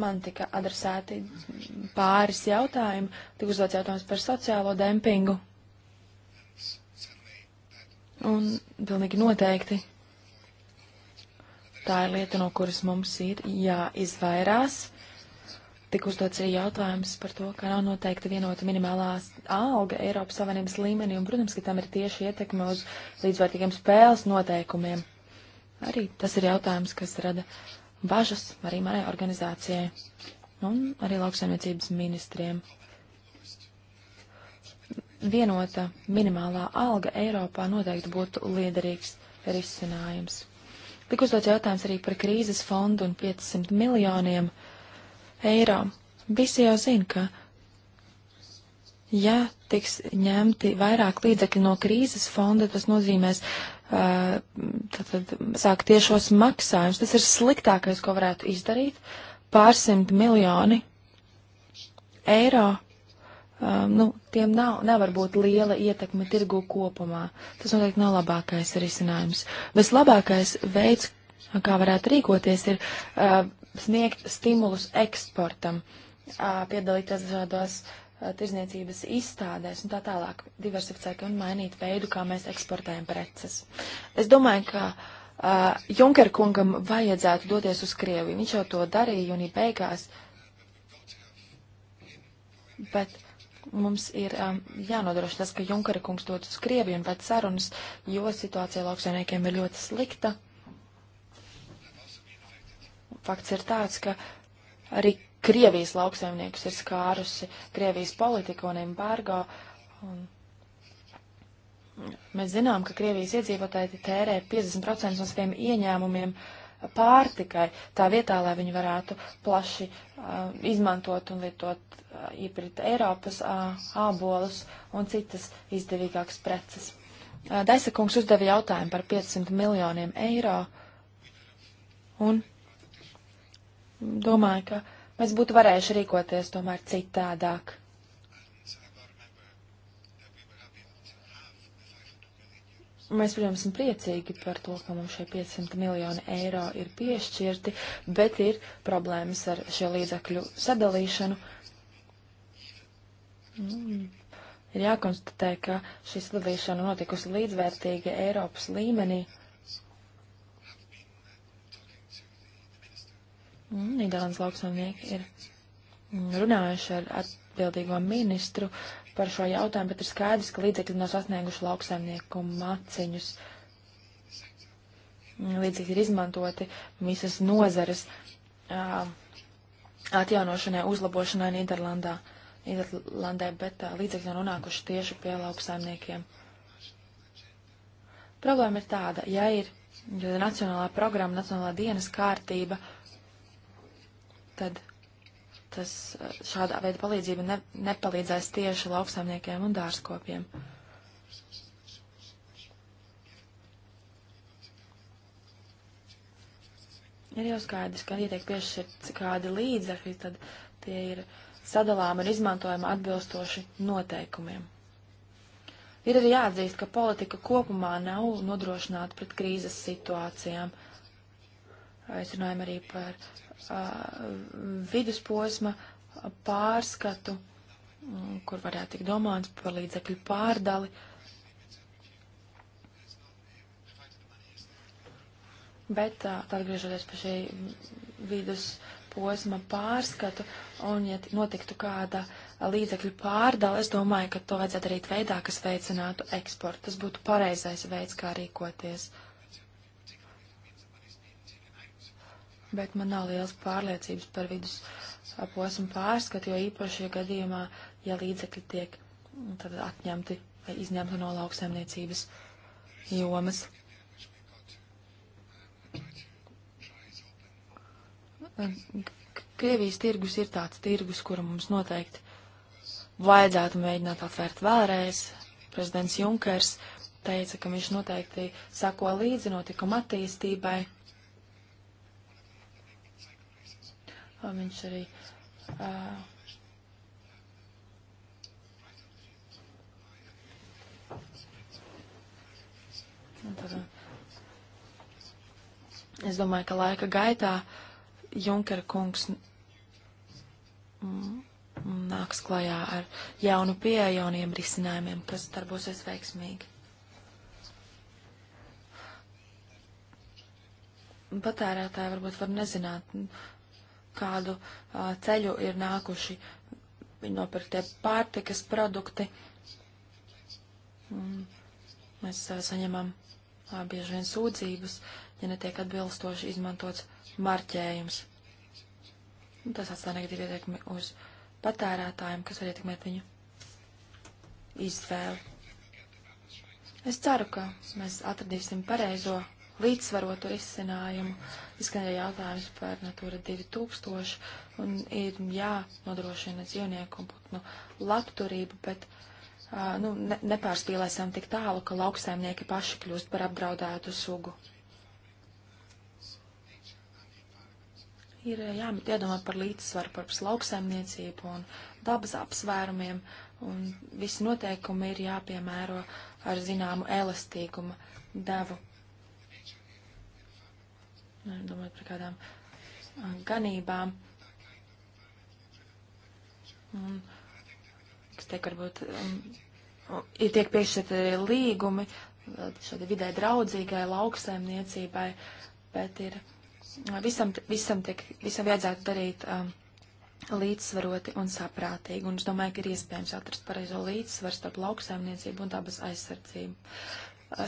man tika adresēti pāris jautājumi. Tik uzdots jautājums par sociālo dempingu. Un pilnīgi noteikti tā ir lieta, no kuras mums ir jāizvairās. Tik uzdots arī jautājums par to, ka nav noteikti vienota minimālā alga Eiropas Savienības līmenī, un, protams, ka tam ir tieši ietekme uz līdzvērtīgiem spēles noteikumiem. Arī tas ir jautājums, kas rada uh, bažas arī manai organizācijai un arī lauksaimniecības ministriem. Vienota minimālā alga Eiropā noteikti būtu liederīgs risinājums. Tik uzdots jautājums arī par krīzes fondu un 500 miljoniem eiro. Visi jau zina, ka ja tiks ņemti vairāk līdzekļi no krīzes fonda, tas nozīmēs tātad sāk tiešos maksājumus. Tas ir sliktākais, ko varētu izdarīt. Pārsimt miljoni eiro. Um, nu, tiem nav, nevar būt liela ietekme tirgu kopumā. Tas noteikti nav labākais risinājums. Vislabākais veids, kā varētu rīkoties, ir uh, sniegt stimulus eksportam, uh, piedalīties dažādos uh, Eh, tirzniecības izstādēs un tā tālāk diversificēt un mainīt veidu, kā mēs eksportējam preces. Es domāju, ka uh, eh, Junkerkungam vajadzētu doties uz Krieviju. Viņš jau to darīja un ir beigās. Bet mums ir um, jānodrošina tas, ka Junkerkungs dod uz Krieviju un pēc sarunas, jo situācija lauksainiekiem ir ļoti slikta. Fakts ir tāds, ka arī Krievijas lauksaimniekus ir skārusi Krievijas politika un embargo. Un mēs zinām, ka Krievijas iedzīvotāji tērē 50% no saviem ieņēmumiem pārtikai, tā vietā, lai viņi varētu plaši uh, izmantot un lietot uh, iepirkt Eiropas uh, ābolus un citas izdevīgākas preces. Uh, Daisa kungs uzdeva jautājumu par 500 miljoniem eiro un domāju, ka uh, Mēs būtu varējuši rīkoties tomēr citādāk. Mēs, protams, esam priecīgi par to, ka mums šie 500 miljoni eiro ir piešķirti, bet ir problēmas ar šo līdzakļu sadalīšanu. Mm. Ir jākonstatē, ka šī sadalīšana notikusi līdzvērtīga Eiropas līmenī. Uh, Mm, Nīderlandes lauksaimnieki ir mm, runājuši ar atbildīgo ministru par šo jautājumu, bet ir skaidrs, ka līdzekļi nav sasnieguši lauksaimnieku maciņus. Mm, līdzekļi ir izmantoti visas nozares uh, atjaunošanai, uzlabošanai Nīderlandā, Nīderlandē, bet uh, līdzekļi nav nonākuši tieši pie lauksaimniekiem. Problēma ir tāda, ja ir nacionālā programma, nacionālā dienas kārtība, uh, tad tas eh, šādā veida palīdzība ne, nepalīdzēs tieši lauksaimniekiem un dārzkopiem. Ir jau skaidrs, ka, ja tiek piešķirt kādi līdzekļi, tad tie ir sadalām un izmantojama atbilstoši noteikumiem. Ir arī jāatzīst, ka politika kopumā nav nodrošināta pret krīzes situācijām. Es runāju arī par Uh, vidusposma pārskatu, mm, kur varētu tikt domāts par līdzekļu pārdali. Bet uh, atgriežoties pie šī vidus posma pārskatu, un ja notiktu kāda līdzekļu pārdala, es domāju, ka to vajadzētu darīt veidā, kas veicinātu eksportu. Tas būtu pareizais veids, kā rīkoties. Uh, bet man nav liels pārliecības par vidus posmu pārskatu, jo īpaši gadījumā, ja līdzekļi tiek nu, tad, atņemti vai izņemti no lauksaimniecības jomas. Krievijas tirgus ir tāds tirgus, kuru mums noteikti vajadzētu mēģināt atvērt vēlreiz. Prezidents Junkers teica, ka viņš noteikti sako līdzi notikuma attīstībai Viņš arī uh, Tad, es domāju, ka laika gaitā Junkera kungs nāks klajā ar jaunu pieeju, jauniem risinājumiem, kas darbosies veiksmīgi. Patērētāji varbūt var nezināt, kādu a, ceļu ir nākuši nopirktie pārtikas produkti. Un mm, mēs a, saņemam a, bieži vien sūdzības, ja netiek atbilstoši izmantots marķējums. Un tas atstāja negatīvi ietekmi uz patērētājiem, kas var ietekmēt viņu izvēli. Es ceru, ka mēs atradīsim pareizo līdzsvarotu risinājumu. Izskanēja jautājums par Natura 2000 un ir jānodrošina dzīvnieku un putnu labturību, bet uh, nu, ne, nepārspīlēsim tik tālu, ka lauksaimnieki paši kļūst par apdraudētu sugu. Ir jādomā par līdzsvaru, par lauksaimniecību un dabas apsvērumiem, un visi noteikumi ir jāpiemēro ar zināmu elastīgumu devu. Nu, domājot par kādām ganībām. Un, kas tiek varbūt, um, ir tiek piešķirt arī līgumi šādai vidē draudzīgai lauksaimniecībai, bet ir visam, visam, tiek, visam vajadzētu darīt um, līdzsvaroti un saprātīgi. Un es domāju, ka ir iespējams atrast pareizo līdzsvaru starp lauksaimniecību un dabas aizsardzību.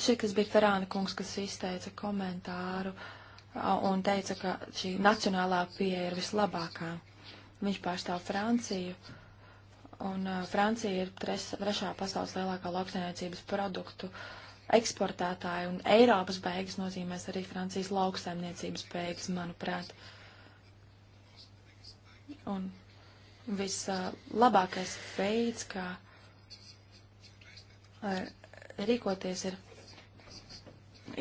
Šī, kas bija Ferāna kungs, kas izteica komentāru uh, un teica, ka šī nacionālā pieeja ir vislabākā. Viņš pārstāv Franciju, un uh, Francija ir tres, trešā pasaules lielākā lauksaimniecības produktu eksportētāja, un Eiropas beigas nozīmēs arī Francijas lauksaimniecības beigas, manuprāt. Un vislabākais uh, veids, kā uh, rīkoties, ir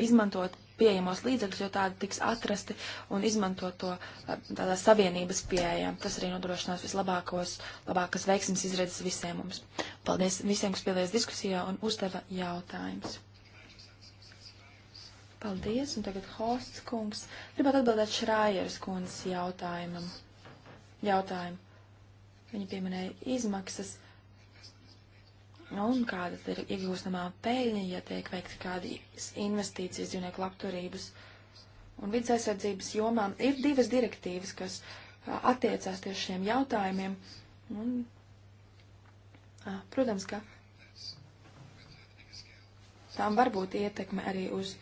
izmantot pieejamos līdzekļus, jo tādi tiks atrasti un izmantot to eh, tādā savienības pieejām. Tas arī nodrošinās vislabākos, labākas veiksmes izredzes visiem mums. Paldies visiem, kas piedalījās diskusijā un uzdeva jautājumus. Paldies, un tagad hosts kungs. Gribētu atbildēt Šrājeras kundzes jautājumam. Jautājumu. Viņa pieminēja izmaksas. Uh, Nu, un kāda ir iegūstamā peļņa, ja tiek veikti kādas investīcijas dzīvnieku labturības un vidas aizsardzības jomā. Ir divas direktīvas, kas attiecās tieši šiem jautājumiem. Un, protams, ka tām var būt ietekme arī uz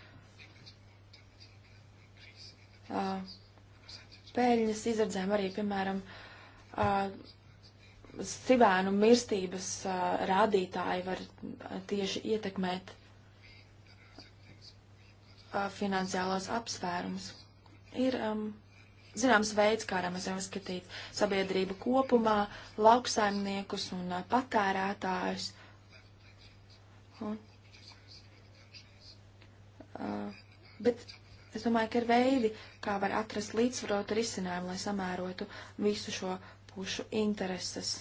pēļņas izredzēm, arī, piemēram, sivēnu mirstības uh, rādītāji var tieši ietekmēt uh, finansiālos apsvērumus. Ir um, zināms veids, kā mēs varam skatīt sabiedrību kopumā, lauksaimniekus un uh, patērētājus. Un, uh, bet es domāju, ka ir veidi, kā var atrast līdzsvarotu risinājumu, lai samērotu visu šo pušu intereses.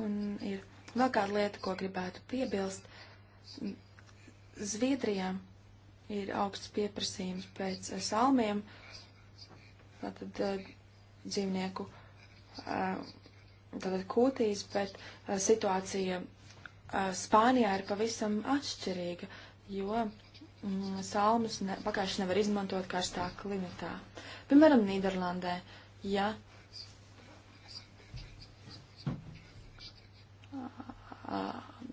Un ir vēl kāda lieta, ko gribētu piebilst. Zviedrijā ir augsts pieprasījums pēc eh, salmiem, tātad eh, dzīvnieku, eh, tātad kūtīs, bet situācija Spānijā ir pavisam atšķirīga, jo mm, salmus ne, pagājuši nevar izmantot karstā klimatā. Piemēram, Nīderlandē, ja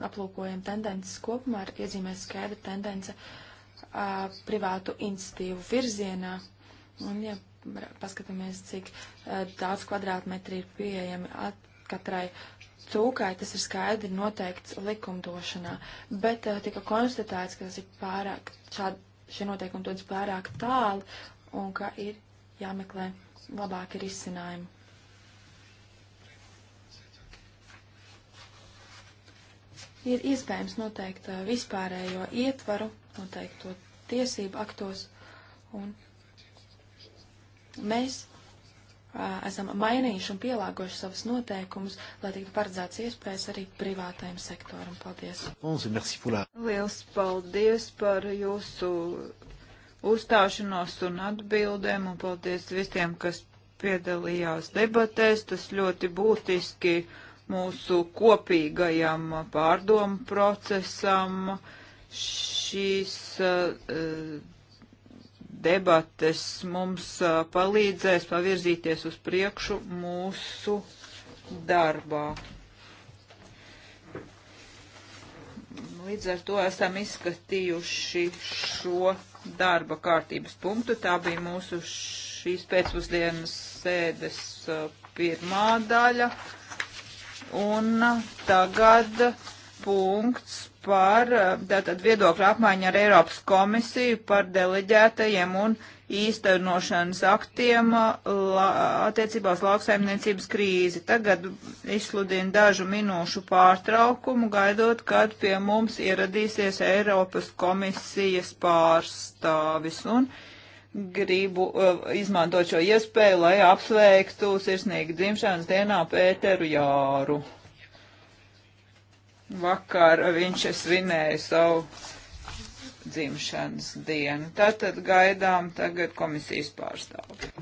aplūkojam tendences kopumā, ir iezīmēs skaidra tendence a, privātu institīvu virzienā. Un, ja paskatāmies, cik a, daudz kvadrātmetri ir pieejami katrai cūkai, tas ir skaidri noteikts likumdošanā. Bet a, tika konstatēts, ka tas ir pārāk, šādi, šie noteikumi dodas pārāk tālu un ka ir jāmeklē labāki risinājumi. ir iespējams noteikt uh, vispārējo ietvaru, noteikt to tiesību aktos, un mēs a, uh, esam mainījuši un pielāgojuši savus noteikumus, lai tiktu paredzēts iespējas arī privātajam sektoram. Paldies! Liels paldies par jūsu uzstāšanos un atbildēm, un paldies visiem, kas piedalījās debatēs. Tas ļoti būtiski mūsu kopīgajam pārdomu procesam. Šīs eh, debates mums eh, palīdzēs pavirzīties uz priekšu mūsu darbā. Līdz ar to esam izskatījuši šo darba kārtības punktu. Tā bija mūsu šīs pēcpusdienas sēdes eh, pirmā daļa. Un tagad punkts par tātad viedokļu apmaiņu ar Eiropas komisiju par deleģētajiem un īstenošanas aktiem la, attiecībā uz lauksaimniecības krīzi. Tagad izsludinu dažu minūšu pārtraukumu, gaidot, kad pie mums ieradīsies Eiropas komisijas pārstāvis. Un, uh, gribu uh, izmantot šo iespēju, lai apsveiktu sirsnīgi dzimšanas dienā Pēteru Jāru. Vakar viņš svinēja savu dzimšanas dienu. Tātad gaidām tagad komisijas pārstāvi.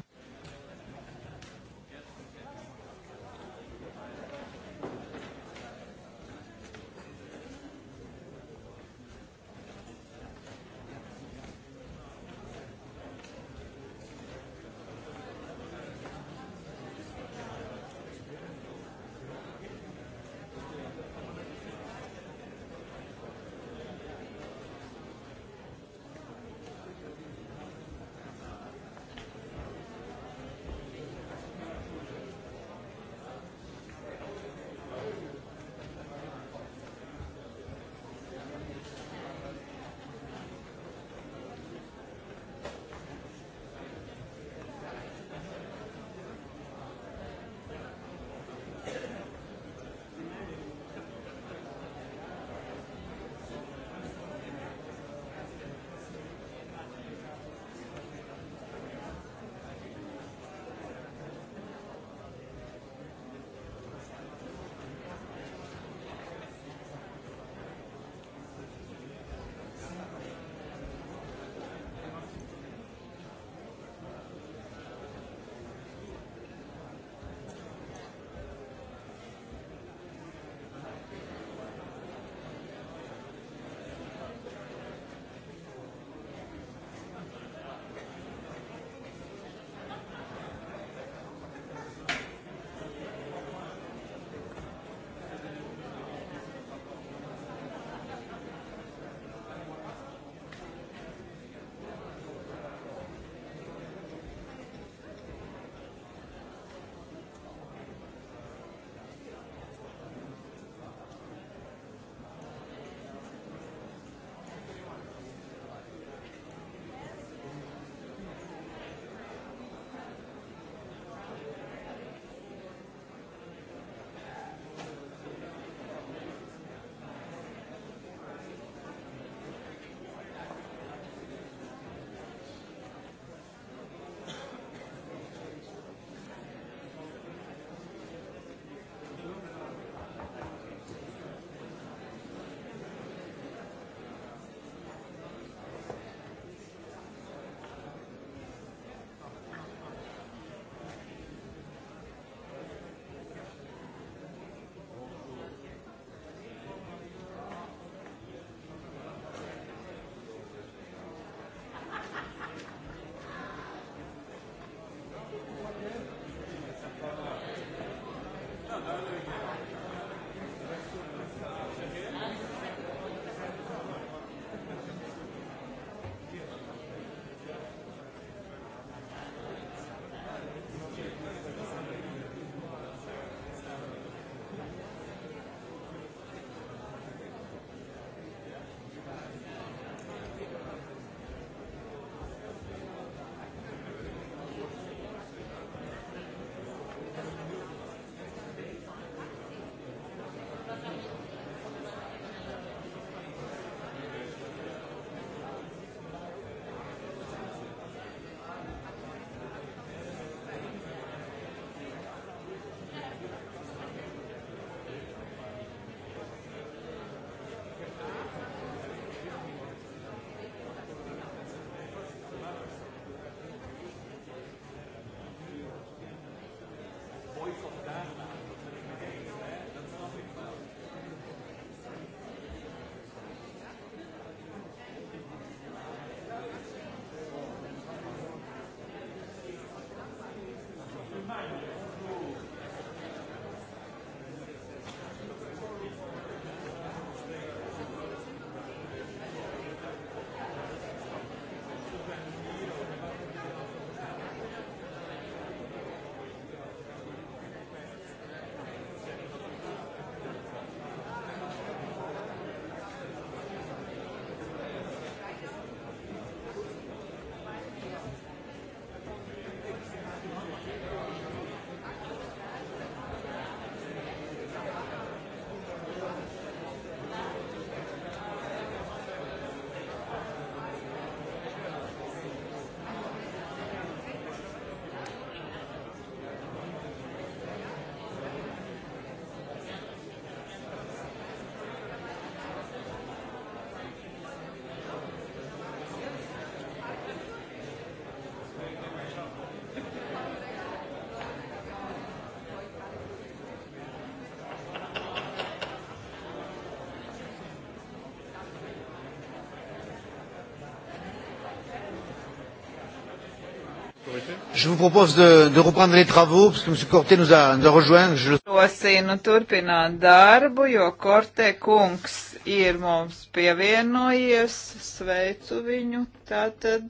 Je vous propose de, de reprendre les travaux, parce que M. Corté nous a, nous a rejoint. Je... Rosinu turpināt darbu, jo Korte kungs ir mums pievienojies. Sveicu viņu. Tātad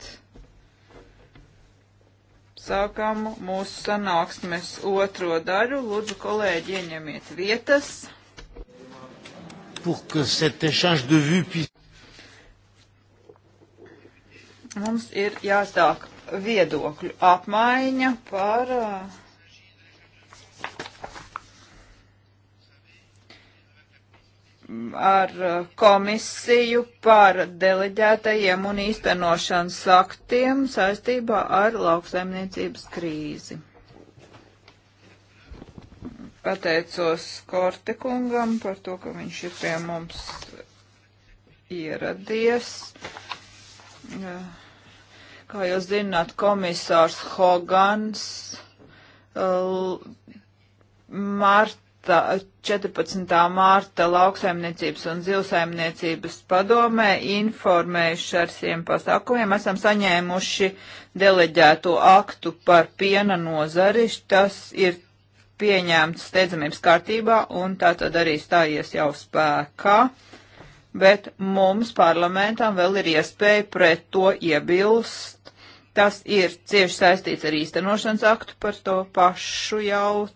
sākam mūsu sanāksmes otro daļu. Lūdzu, kolēģi, ieņemiet vietas. Pour que cet échange de vues puisse... Mums ir jāsāk viedokļu apmaiņa par uh, ar komisiju par deleģētajiem un īstenošanas aktiem saistībā ar lauksaimniecības krīzi. Pateicos Kortekungam par to, ka viņš ir pie mums ieradies. Yeah. Uh, Kā jūs zināt, komisārs Hogans uh, marta, 14. mārta lauksaimniecības un zilsaimniecības padomē informējuši ar šiem pasākumiem. Esam saņēmuši deleģēto aktu par piena nozari. Tas ir pieņēmts steidzamības kārtībā un tā tad arī stājies jau spēkā bet mums parlamentam vēl ir iespēja pret to iebilst Tas ir cieši saistīts ar īstenošanas aktu par to pašu jautājumu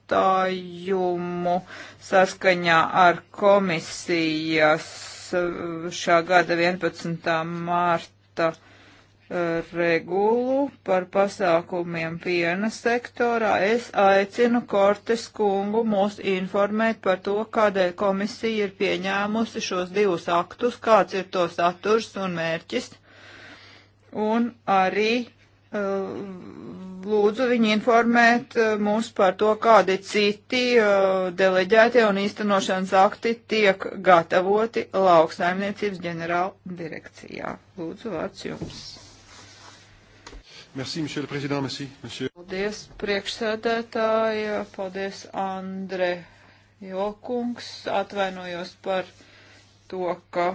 saskaņā ar komisijas uh, šā gada 11. mārta uh, regulu par pasākumiem piena sektorā. Es aicinu Kortes kungu mūs informēt par to, kādēļ komisija ir pieņēmusi šos divus aktus, kāds ir to saturs un mērķis. Un arī Eh, lūdzu viņu informēt eh, mūs par to, kādi citi eh, deleģētie un īstenošanas akti tiek gatavoti lauksaimniecības ģenerāla direkcijā. Lūdzu, vārds jums. Merci, monsieur le président, merci, monsieur. Paldies, priekšsēdētāji, paldies, Andre Jokungs, atvainojos par to, ka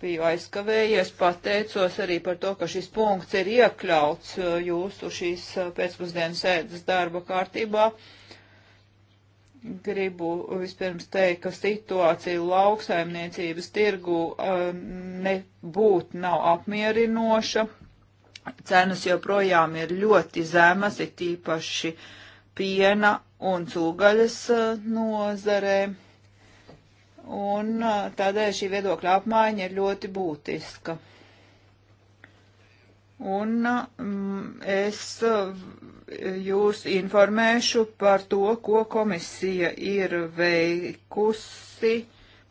biju aizkavējies, pateicos arī par to, ka šis punkts ir iekļauts uh, jūsu šīs uh, pēcpusdienas sēdes darba kārtībā. Gribu vispirms teikt, ka situācija lauksaimniecības tirgu um, nebūt nav apmierinoša. Cenas joprojām ir ļoti zemas, ir tīpaši piena un cūgaļas uh, nozarē. No Un tādēļ šī viedokļa apmaiņa ir ļoti būtiska. Un mm, es jūs informēšu par to, ko komisija ir veikusi,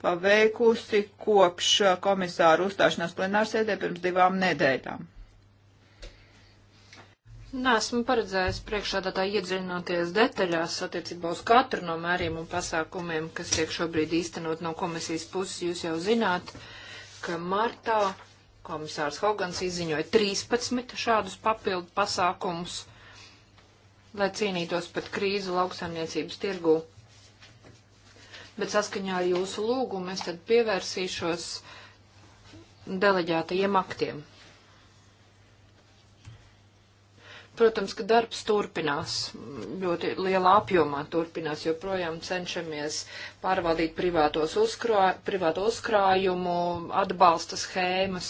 paveikusi kopš komisāra uzstāšanās plenārsēdē pirms divām nedēļām. Nesmu paredzējis priekšādātāji iedziļināties detaļās attiecībā uz katru no mēriem un pasākumiem, kas tiek šobrīd īstenot no komisijas puses. Jūs jau zināt, ka martā komisārs Hogans izziņoja 13 šādus papildu pasākumus, lai cīnītos pret krīzu lauksaimniecības tirgū. Bet saskaņā ar jūsu lūgumu es tad pievērsīšos deleģētajiem aktiem. Protams, ka darbs turpinās, ļoti lielā apjomā turpinās, joprojām cenšamies pārvaldīt privātos uzkrā, privāto uzkrājumu, atbalsta schēmas,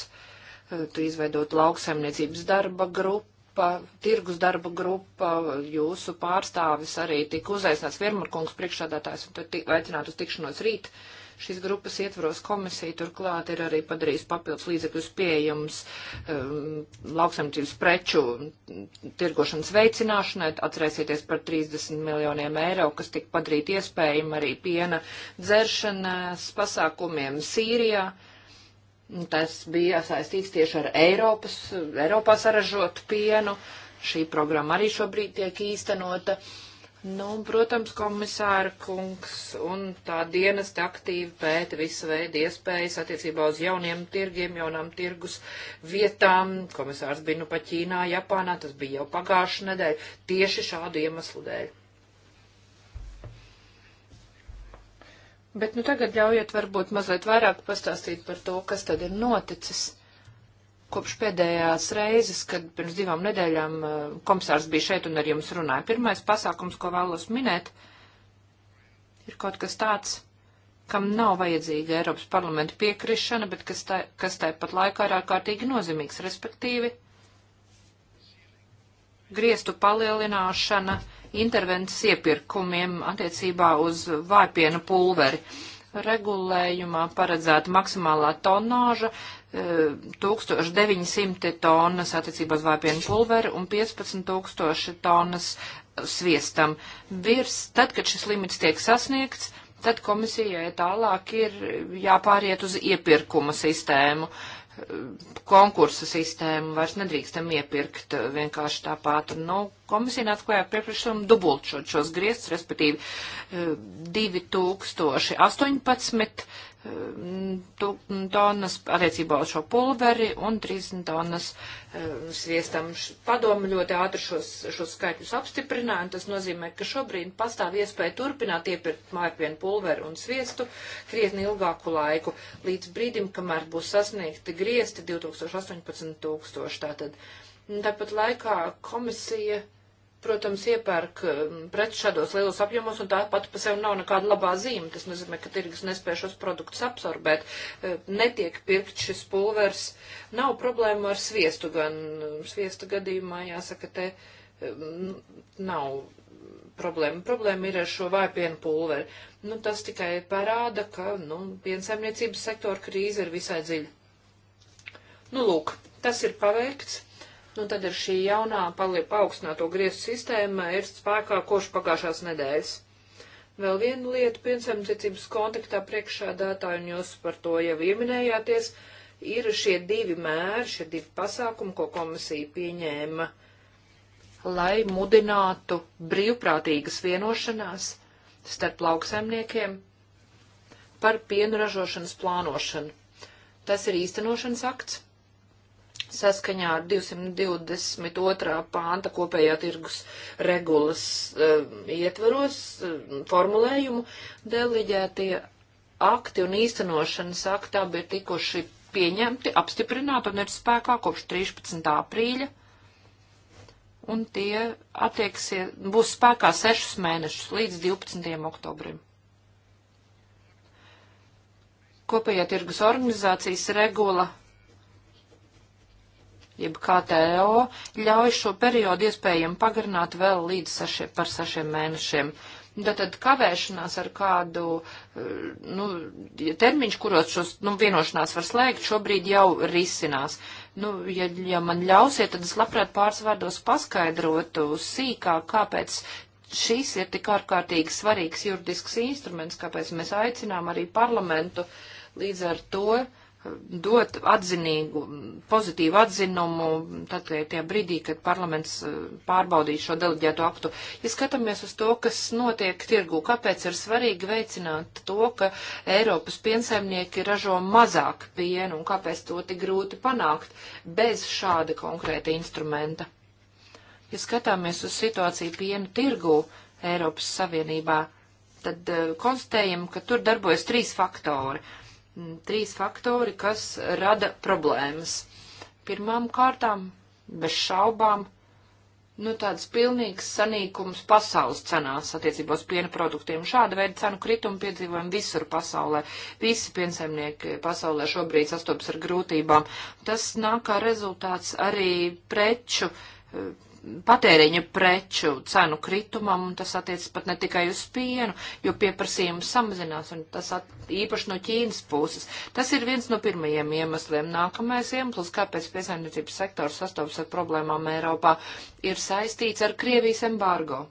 izveidot lauksaimniecības darba grupu grupa, tirgus darba grupa, jūsu pārstāvis arī tika uzaicināts Viermarkungs priekšādātājs un tad aicināt uz tikšanos rīt. Uh, Šīs grupas ietvaros komisija turklāt ir arī padarījusi papildus līdzekļus pieejams um, lauksamtības preču tirgošanas veicināšanai. Atcerēsieties par 30 miljoniem eiro, kas tika padarīti iespējami arī piena dzeršanas pasākumiem Sīrijā. Tas bija saistīts tieši ar Eiropas, Eiropā saražotu pienu. Šī programma arī šobrīd tiek īstenota. Uh, Nu, protams, komisāra kungs un tā dienas aktīvi pēta visu veidu iespējas attiecībā uz jauniem tirgiem, jaunām tirgus vietām. Komisārs bija nu pa Ķīnā, Japānā, tas bija jau pagājušajā nedēļā, tieši šādu iemeslu dēļ. Bet nu tagad ļaujiet varbūt mazliet vairāk pastāstīt par to, kas tad ir noticis kopš pēdējās reizes, kad pirms divām nedēļām eh, komisārs bija šeit un ar jums runāja. Pirmais pasākums, ko vēlos minēt, ir kaut kas tāds, kam nav vajadzīga Eiropas parlamenta piekrišana, bet kas, tā, kas tāpat laikā ir ārkārtīgi nozīmīgs, respektīvi griestu palielināšana intervences iepirkumiem attiecībā uz vāpienu pulveri. Uh, regulējumā paredzēta maksimālā tonāža 1900 e, tonnas attiecībā uz vāpienu pulveri un 15 000 tonnas sviestam. Virs, tad, kad šis limits tiek sasniegts, tad komisijai tālāk ir jāpāriet uz iepirkuma sistēmu. Uh, konkursu sistēmu vairs nedrīkstam iepirkt vienkārši tāpat. Nu, komisija nāca klajā priekšlikumu dubult šo, šos griestus, respektīvi 2018 eh, tonnas attiecībā uz šo pulveri un 30 tonnas eh, sviestam. Padomu ļoti ātri šos, šos skaitļus apstiprināja, un tas nozīmē, ka šobrīd pastāv iespēja turpināt iepirkt mārpienu pulveri un sviestu krietni ilgāku laiku, līdz brīdim, kamēr būs sasniegti griesti 2018 tūkstoši. Tātad, tāpat laikā komisija protams, iepērk um, preci šādos lielos apjomos, un tā pati pa sevi nav nekāda labā zīme. Tas nozīmē, ka tirgus nespēj šos produktus absorbēt, uh, netiek pirkt šis pulvers. Nav problēma ar sviestu, gan um, sviesta gadījumā, jāsaka, te um, nav problēma. Problēma ir ar šo vājpienu pulveri. Nu, tas tikai parāda, ka, nu, piensaimniecības sektora krīze ir visai dziļa. Nu, lūk, tas ir paveikts Nu, tad ir šī jaunā paaugstināto griezu sistēma, ir spēkā koši pagājušās nedēļas. Vēl viena lieta piensaimniecības kontaktā priekšādātāju, un jūs par to jau ieminējāties, ir šie divi mēri, šie divi pasākumi, ko komisija pieņēma, lai mudinātu brīvprātīgas vienošanās starp lauksaimniekiem par pienu ražošanas plānošanu. Tas ir īstenošanas akts saskaņā ar 222. pānta kopējā tirgus regulas uh, eh, ietveros uh, eh, formulējumu deliģētie akti un īstenošanas akti abi ir tikuši pieņemti, apstiprināti un ir spēkā kopš 13. aprīļa. Un tie attieksie, būs spēkā sešus mēnešus līdz 12. oktobrim. Kopējā tirgus organizācijas regula jeb KTO, e ļauj šo periodu iespējami pagarināt vēl līdz saši, par sešiem mēnešiem. Tātad kavēšanās ar kādu eh, nu, termiņš, kuros šos nu, vienošanās var slēgt, šobrīd jau risinās. Nu, ja, ja man ļausiet, tad es labprāt pāris vārdos paskaidrotu sīkāk, kāpēc šis ir tik ārkārtīgi svarīgs juridisks instruments, kāpēc mēs aicinām arī parlamentu līdz ar to dot atzinīgu, pozitīvu atzinumu, tad eh, tie brīdī, kad parlaments eh, pārbaudīs šo deleģēto aktu. Ja skatāmies uz to, kas notiek tirgu, kāpēc ir svarīgi veicināt to, ka Eiropas piensaimnieki ražo mazāk pienu un kāpēc to tik grūti panākt bez šāda konkrēta instrumenta. Ja skatāmies uz situāciju pienu tirgu Eiropas Savienībā, tad uh, konstatējam, ka tur darbojas trīs faktori. Uh, Mm, trīs faktori, kas rada problēmas. Pirmām kārtām, bez šaubām, nu tāds pilnīgs sanīkums pasaules cenās attiecībā uz piena produktiem. Šāda veida cenu kritumu piedzīvojam visur pasaulē. Visi piensaimnieki pasaulē šobrīd sastopas ar grūtībām. Tas nāk kā rezultāts arī preču eh, patēriņa preču cenu kritumam, un tas attiec pat ne tikai uz pienu, jo pieprasījums samazinās, un tas at, īpaši no Ķīnas puses. Tas ir viens no pirmajiem iemesliem. Nākamais iemesls, kāpēc piesaimniecības sektors sastopas ar problēmām Eiropā, ir saistīts ar Krievijas embargo.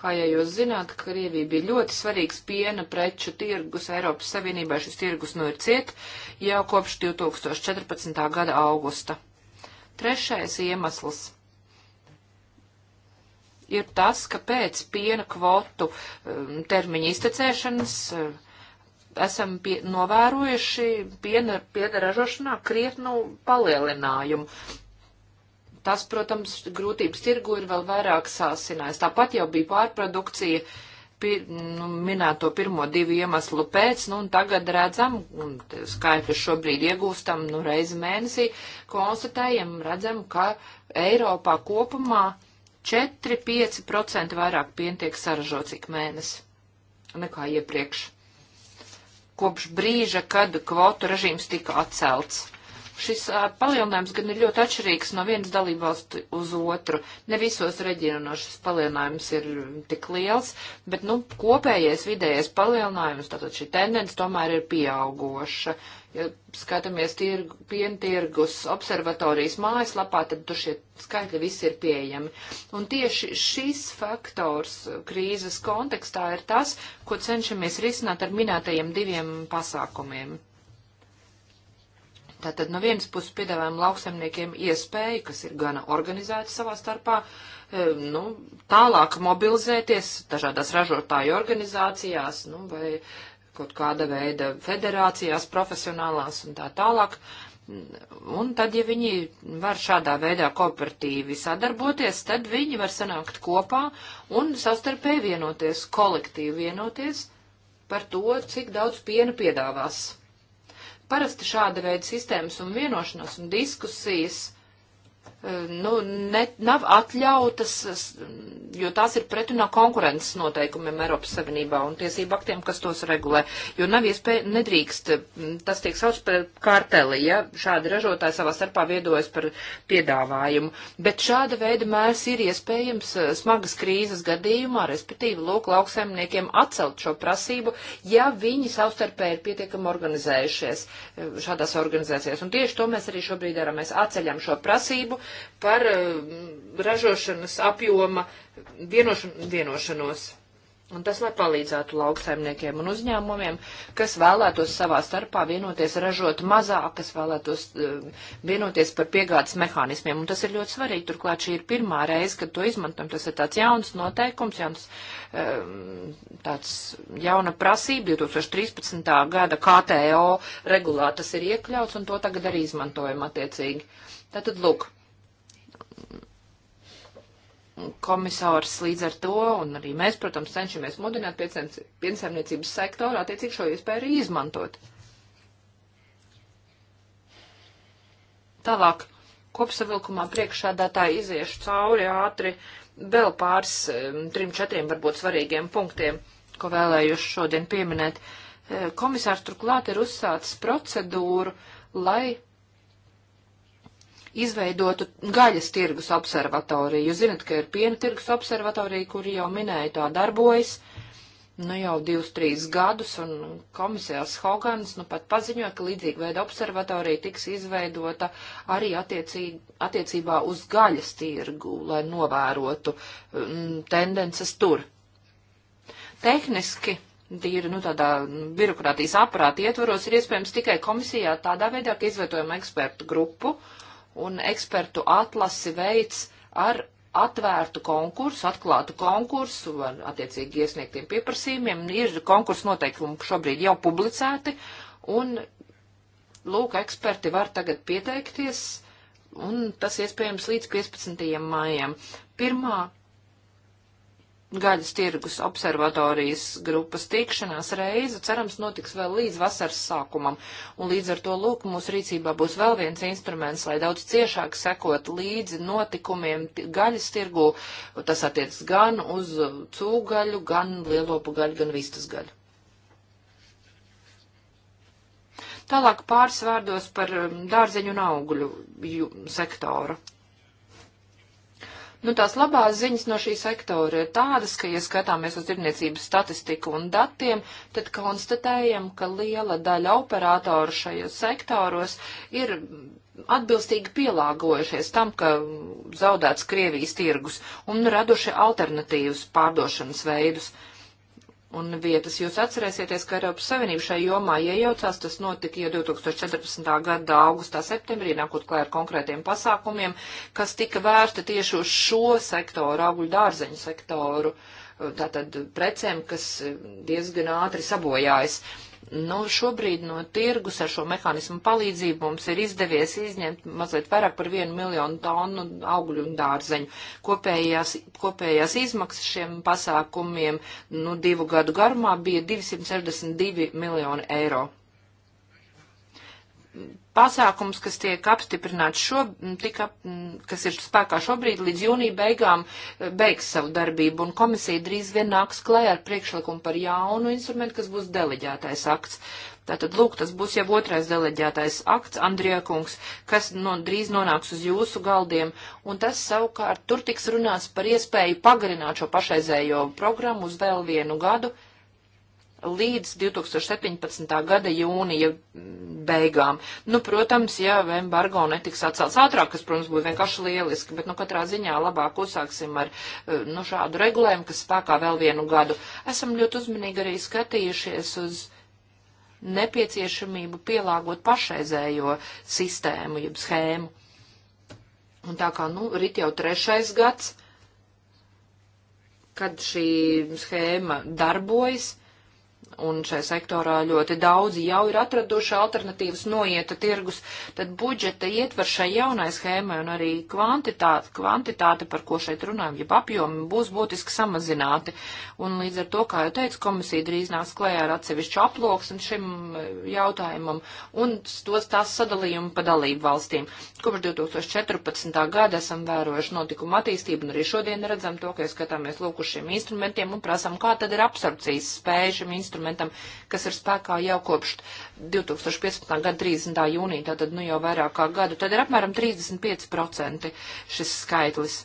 Kā jau jūs zināt, Krievija bija ļoti svarīgs piena preču tirgus Eiropas Savienībā, šis tirgus nu ir ciet jau kopš 2014. gada augusta. Trešais iemesls ir tas, ka pēc piena kvotu um, termiņa iztecēšanas uh, esam pie, novērojuši piena, piena ražošanā krietnu palielinājumu. Tas, protams, grūtības tirgu ir vēl vairāk sāsinājis. Tāpat jau bija pārprodukcija pir, nu, minēto pirmo divu iemeslu pēc, nu, un tagad redzam, un skaitļus šobrīd iegūstam, nu, reizi mēnesī, konstatējam, redzam, ka Eiropā kopumā 4-5% vairāk piena tiek saražots ik mēnesi nekā iepriekš, kopš brīža, kad kvotu režīms tika atcelts šis palielinājums gan ir ļoti atšķirīgs no vienas dalībvalsts uz otru. Ne visos reģionos šis palielinājums ir tik liels, bet, nu, kopējais vidējais palielinājums, tātad šī tendence tomēr ir pieaugoša. Ja skatāmies tirgu, pientirgus observatorijas mājaslapā, tad tur šie skaitļi visi ir pieejami. Un tieši šis faktors krīzes kontekstā ir tas, ko cenšamies risināt ar minētajiem diviem pasākumiem. Tātad no vienas puses piedāvājam lauksaimniekiem iespēju, kas ir gana organizēta savā starpā, e, nu, tālāk mobilizēties dažādās ražotāju organizācijās, nu, vai kaut kāda veida federācijās, profesionālās un tā tālāk. Un tad, ja viņi var šādā veidā kooperatīvi sadarboties, tad viņi var sanākt kopā un savstarpēji vienoties, kolektīvi vienoties par to, cik daudz piena piedāvās Parasti šāda veida sistēmas un vienošanos un diskusijas Eh, nu, ne, nav atļautas, jo tās ir pretunā konkurences noteikumiem Eiropas Savienībā un tiesību aktiem, kas tos regulē. Jo nav iespēja, nedrīkst, mm, tas tiek sauc par karteli, ja šādi ražotāji savā starpā viedojas par piedāvājumu. Bet šāda veida mērs ir iespējams eh, smagas krīzes gadījumā, respektīvi, lūk, lauksaimniekiem atcelt šo prasību, ja viņi savstarpēji ir pietiekami organizējušies eh, šādās organizācijās. Un tieši to mēs arī šobrīd darām. Mēs atceļam šo prasību par eh, ražošanas apjoma vienošan vienošanos. Un tas, lai palīdzētu lauksaimniekiem un uzņēmumiem, kas vēlētos savā starpā vienoties ražot mazāk, kas vēlētos eh, vienoties par piegādes mehānismiem. Un tas ir ļoti svarīgi. Turklāt šī ir pirmā reize, kad to izmantojam. Tas ir tāds jauns noteikums, jauns, eh, tāds jauna prasība. 2013. gada KTO regulā tas ir iekļauts un to tagad arī izmantojam attiecīgi. Tātad, lūk, komisārs līdz ar to, un arī mēs, protams, cenšamies mudināt piensaimniecības sektoru attiecīgi šo iespēju arī izmantot. Tālāk, kopsavilkumā priekšādātāji iziešu cauri ātri vēl pāris, trim, četriem varbūt svarīgiem punktiem, ko vēlējuši šodien pieminēt. E, komisārs turklāt ir uzsācis procedūru, lai izveidotu gaļas tirgus observatoriju. Jūs zinat, ka ir piena tirgus observatorija, kur jau minēja tā darbojas, nu jau divus, trīs gadus, un komisārs Hogans nu pat paziņoja, ka līdzīga veida observatorija tiks izveidota arī attiecī, attiecībā uz gaļas tirgu, lai novērotu mm, tendences tur. Tehniski tīri, nu, tādā birokrātijas aparāta ietvaros ir iespējams tikai komisijā tādā veidā, ka izvietojam ekspertu grupu, uh, un ekspertu atlasi veids ar atvērtu konkursu, atklātu konkursu ar attiecīgi iesniegtiem pieprasījumiem. Ir konkursu noteikumi šobrīd jau publicēti, un lūk, eksperti var tagad pieteikties, un tas iespējams līdz 15. maijam. Pirmā gaļas tirgus observatorijas grupas tikšanās reize, cerams, notiks vēl līdz vasaras sākumam. Un līdz ar to lūk, mūsu rīcībā būs vēl viens instruments, lai daudz ciešāk sekot līdzi notikumiem gaļas tirgu. Tas attiec gan uz cūgaļu, gan lielopu gaļu, gan vistas gaļu. Tālāk pāris vārdos par um, dārzeņu un augļu sektoru. Nu, tās labās ziņas no šī sektora ir tādas, ka, ja skatāmies uz tirniecības statistiku un datiem, tad konstatējam, ka liela daļa operātoru šajos sektoros ir atbilstīgi pielāgojušies tam, ka zaudēts Krievijas tirgus un raduši alternatīvas pārdošanas veidus. Uh, un vietas. Jūs atcerēsieties, ka Eiropas Savienība šai jomā iejaucās, tas notika jau 2014. gada augustā, septembrī, nākot klāt ar konkrētiem pasākumiem, kas tika vērsta tieši uz šo sektoru, augļu dārzeņu sektoru, tātad precēm, kas diezgan ātri sabojājas. Uh, Nu, šobrīd no tirgus ar šo mehānismu palīdzību mums ir izdevies izņemt mazliet vairāk par vienu miljonu tonu augļu un dārzeņu. Kopējās, kopējās izmaksas šiem pasākumiem nu, divu gadu garumā bija 262 miljoni eiro pasākums, kas tiek apstiprināts šo, tika, kas ir spēkā šobrīd, līdz jūnija beigām e, beigs savu darbību, un komisija drīz vien nāks klajā ar priekšlikumu par jaunu instrumentu, kas būs deleģētais akts. Tātad, lūk, tas būs jau otrais deleģētais akts, Andriekungs, kas no, drīz nonāks uz jūsu galdiem, un tas savukārt tur tiks runāts par iespēju pagarināt šo pašreizējo programmu uz vēl vienu gadu, līdz 2017. gada jūnija beigām. Nu, protams, ja embargo netiks atcelts ātrāk, kas, protams, būtu vienkārši lieliski, bet, nu, katrā ziņā labāk uzsāksim ar, eh, nu, šādu regulējumu, kas spēkā vēl vienu gadu. Esam ļoti uzmanīgi arī skatījušies uz nepieciešamību pielāgot pašreizējo sistēmu, jeb schēmu. Un tā kā, nu, rit jau trešais gads, kad šī schēma darbojas, un šajā sektorā ļoti daudzi jau ir atraduši alternatīvas noieta tirgus, tad budžeta ietver šai jaunai schēmai un arī kvantitāte, kvantitāte, par ko šeit runājam, jeb apjomi, būs būtiski samazināti. Un līdz ar to, kā jau teicu, komisija drīz nāks klējā ar atsevišķu aploksni šim e, jautājumam un tos tās sadalījumu pa dalību valstīm. Kopš 2014. gada esam vērojuši notikumu attīstību un arī šodien redzam to, ka skatāmies lūk uz šiem instrumentiem un prasam, kā tad ir absorpcijas spēja šim instrumentam reglamentam, kas ir spēkā jau kopš 2015. gada 30. jūnija, tātad nu jau vairāk kā gadu, tad ir apmēram 35% šis skaitlis.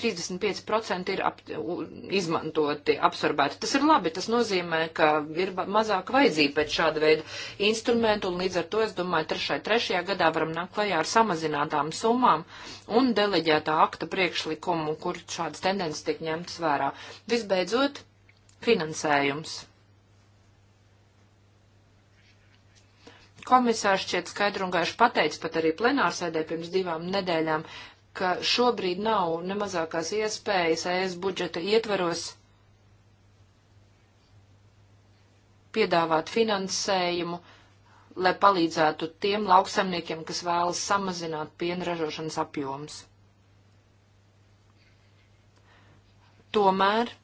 35% ir ap, izmantoti, absorbēti. Tas ir labi, tas nozīmē, ka ir mazāk vajadzība pēc šāda veida instrumentu, un līdz ar to, es domāju, trešai, trešajā gadā varam nākt klajā ar samazinātām summām un deleģētā akta priekšlikumu, kur šādas tendences tiek ņemtas vērā. Visbeidzot, finansējums. komisārs šķiet skaidru un gaišu pateicis pat arī plenārsēdē pirms divām nedēļām, ka šobrīd nav nemazākās iespējas ES budžeta ietvaros piedāvāt finansējumu, lai palīdzētu tiem lauksamniekiem, kas vēlas samazināt pienražošanas apjoms. Tomēr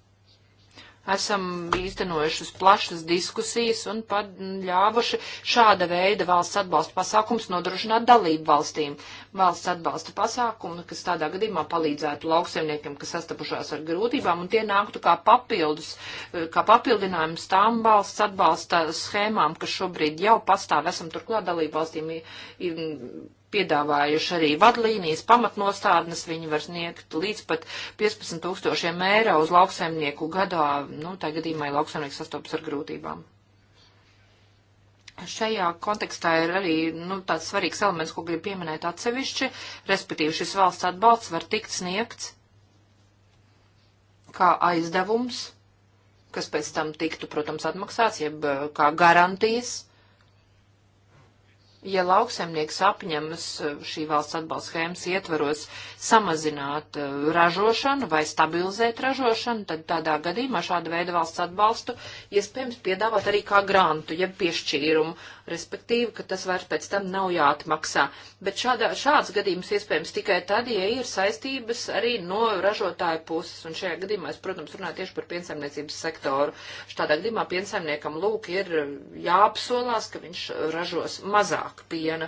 esam īstenojušas plašas diskusijas un pat ļāvuši šāda veida valsts atbalsta pasākums nodrošināt dalību valstīm. Valsts atbalsta pasākumu, kas tādā gadījumā palīdzētu lauksaimniekiem, kas sastapušās ar grūtībām, un tie nāktu kā papildus, eh, kā papildinājums tām valsts atbalsta schēmām, kas šobrīd jau pastāv, esam turklāt dalību valstīm piedāvājuši arī vadlīnijas pamatnostādnes, viņi var sniegt līdz pat 15 tūkstošiem eiro uz lauksaimnieku gadā, nu, tā gadījumā, ja lauksaimnieks sastopas ar grūtībām. Šajā kontekstā ir arī nu, tāds svarīgs elements, ko gribu pieminēt atsevišķi, respektīvi šis valsts atbalsts var tikt sniegts kā aizdevums, kas pēc tam tiktu, protams, atmaksāts, jeb uh, kā garantijas ja lauksemnieks apņemas eh, šī valsts atbalsta schēmas ietvaros samazināt eh, ražošanu vai stabilizēt ražošanu, tad tādā gadījumā šāda veida valsts atbalstu iespējams piedāvāt arī kā grantu, jeb ja piešķīrumu, respektīvi, ka tas vairs pēc tam nav jāatmaksā. Bet šādā, šāds gadījums iespējams tikai tad, ja ir saistības arī no ražotāja puses, un šajā gadījumā es, protams, runāju tieši par piensaimniecības sektoru. Šādā gadījumā piensaimniekam lūk ir eh, jāapsolās, ka viņš ražos mazāk mazāk piena.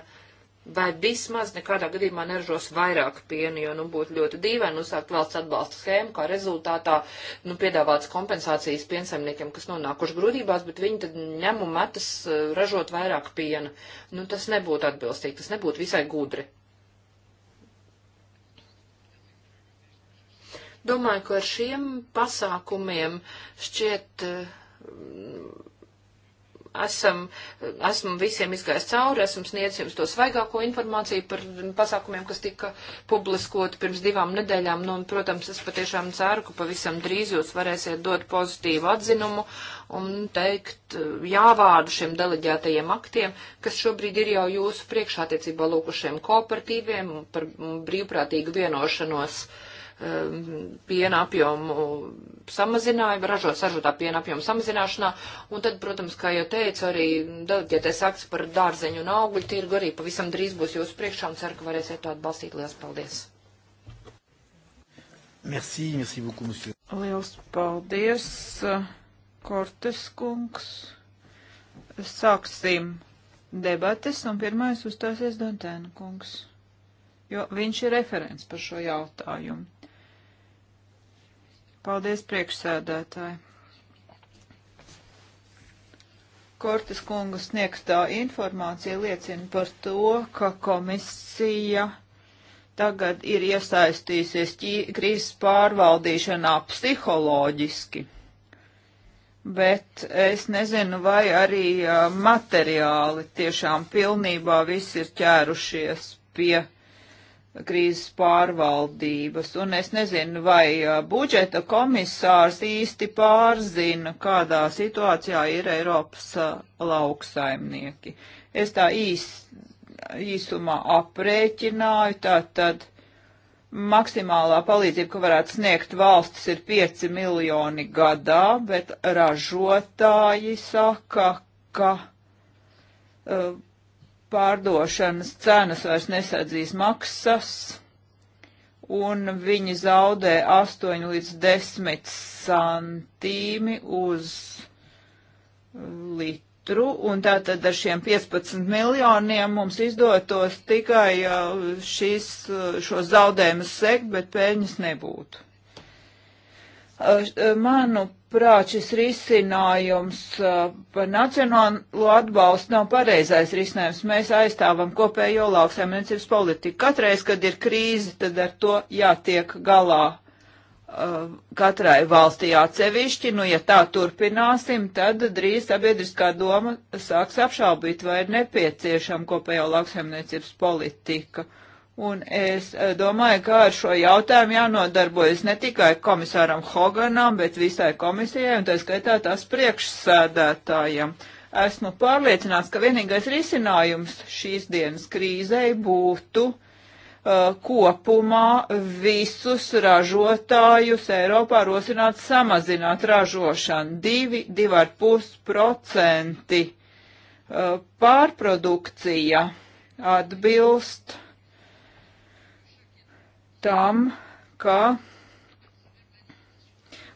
Vai vismaz nekādā gadījumā neražos vairāk piena, jo, nu, būtu ļoti dīvaini uzsākt valsts atbalsta schēmu, kā rezultātā, nu, piedāvāts kompensācijas piensaimniekiem, kas nonākuši grūtībās, bet viņi tad ņem un metas eh, ražot vairāk piena. Nu, tas nebūtu atbilstīgi, tas nebūtu visai gudri. domāju, ka ar šiem pasākumiem šķiet eh, esam, esmu visiem izgājis cauri, esmu sniedzis jums to svaigāko informāciju par pasākumiem, kas tika publiskoti pirms divām nedēļām. Nu, un, protams, es patiešām ceru, ka pavisam drīz jūs varēsiet dot pozitīvu atzinumu un teikt uh, jāvārdu šiem deleģētajiem aktiem, kas šobrīd ir jau jūsu priekšā attiecībā lūkušiem kooperatīviem par brīvprātīgu vienošanos. Uh, Um, piena apjomu samazinājumu, ražot sažūtā piena apjomu samazināšanā, un tad, protams, kā jau teicu, arī deleģētais akts par dārzeņu un augļu tirgu arī pavisam drīz būs jūsu priekšā un ceru, ka varēsiet to atbalstīt. Lielas paldies! Merci, merci beaucoup, monsieur. Lielas paldies, Kortes uh, kungs. Sāksim debates, un pirmais uzstāsies Dantēna kungs, jo viņš ir referents par šo jautājumu. Paldies, priekšsēdētāji. Kortes kunga sniegtā informācija liecina par to, ka komisija tagad ir iesaistījusies krīzes pārvaldīšanā psiholoģiski, bet es nezinu, vai arī materiāli tiešām pilnībā viss ir ķērušies pie krīzes pārvaldības. Un es nezinu, vai budžeta komisārs īsti pārzina, kādā situācijā ir Eiropas lauksaimnieki. Es tā īs, īsumā aprēķināju, tātad maksimālā palīdzība, ko varētu sniegt valstis, ir 5 miljoni gadā, bet ražotāji saka, ka. Uh, pārdošanas cenas vairs nesadzīs maksas, un viņi zaudē 8 līdz 10 santīmi uz litru, un tātad ar šiem 15 miljoniem mums izdotos tikai šis, šos zaudējumus sekt, bet pēļņas nebūtu. Manu prāt, šis risinājums uh, par nacionālo atbalstu nav pareizais risinājums. Mēs aizstāvam kopējo lauksaimniecības politiku. Katreiz, kad ir krīze, tad ar to jātiek galā uh, katrai valstī atsevišķi. Nu, ja tā turpināsim, tad drīz sabiedriskā doma sāks apšaubīt, vai ir nepieciešama kopējo lauksaimniecības politika. Uh, Un es e, domāju, ka ar šo jautājumu jānodarbojas ne tikai komisāram Hoganam, bet visai komisijai, un tā skaitā tās priekšsēdētājiem. Esmu pārliecināts, ka vienīgais risinājums šīs dienas krīzei būtu uh, kopumā visus ražotājus Eiropā rosināt samazināt ražošanu 2,5% uh, e, pārprodukcija atbilst tam, ka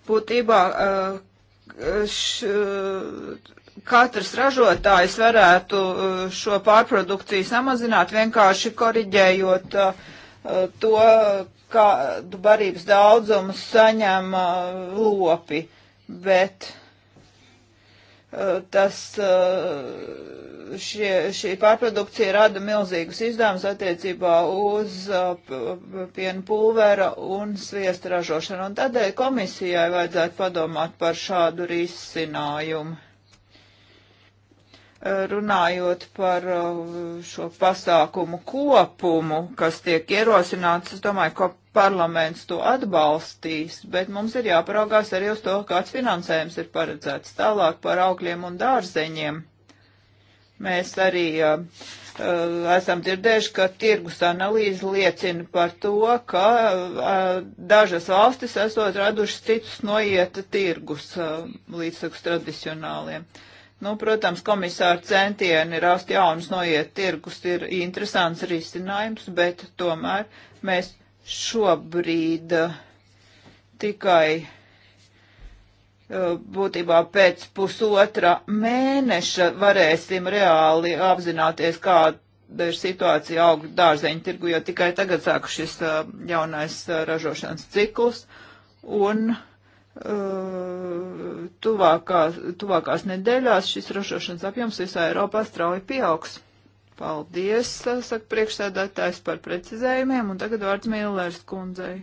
būtībā uh, š, uh, katrs ražotājs varētu uh, šo pārprodukciju samazināt vienkārši koriģējot to, kādu barības daudzumu saņem lopi, bet tas, eh, šie, šī pārprodukcija rada milzīgus izdevumus attiecībā uz eh, piena pulvera un sviesta ražošanu. Un tādēļ komisijai vajadzētu padomāt par šādu risinājumu runājot par uh, šo pasākumu kopumu, kas tiek ierosināts, es domāju, ka parlaments to atbalstīs, bet mums ir jāparaugās arī uz to, kāds finansējums ir paredzēts tālāk par augļiem un dārzeņiem. Mēs arī uh, uh esam dzirdējuši, ka tirgus analīze liecina par to, ka uh, dažas valstis esot radušas citus noieta tirgus uh, līdz tradicionāliem. Uh, Nu, protams, komisāra centieni rast jaunus noiet tirgus ir interesants risinājums, bet tomēr mēs šobrīd eh, tikai eh, būtībā pēc pusotra mēneša varēsim reāli apzināties, kāda ir situācija augļu dārzeņu tirgu, jo tikai tagad sāk šis eh, jaunais ražošanas cikls. Un uh, Uh, tuvākās, tuvākās nedēļās šis ražošanas apjoms visā Eiropā strauji pieaugs. Paldies, uh, saka priekšsēdētājs par precizējumiem, un tagad vārds Millers kundzei.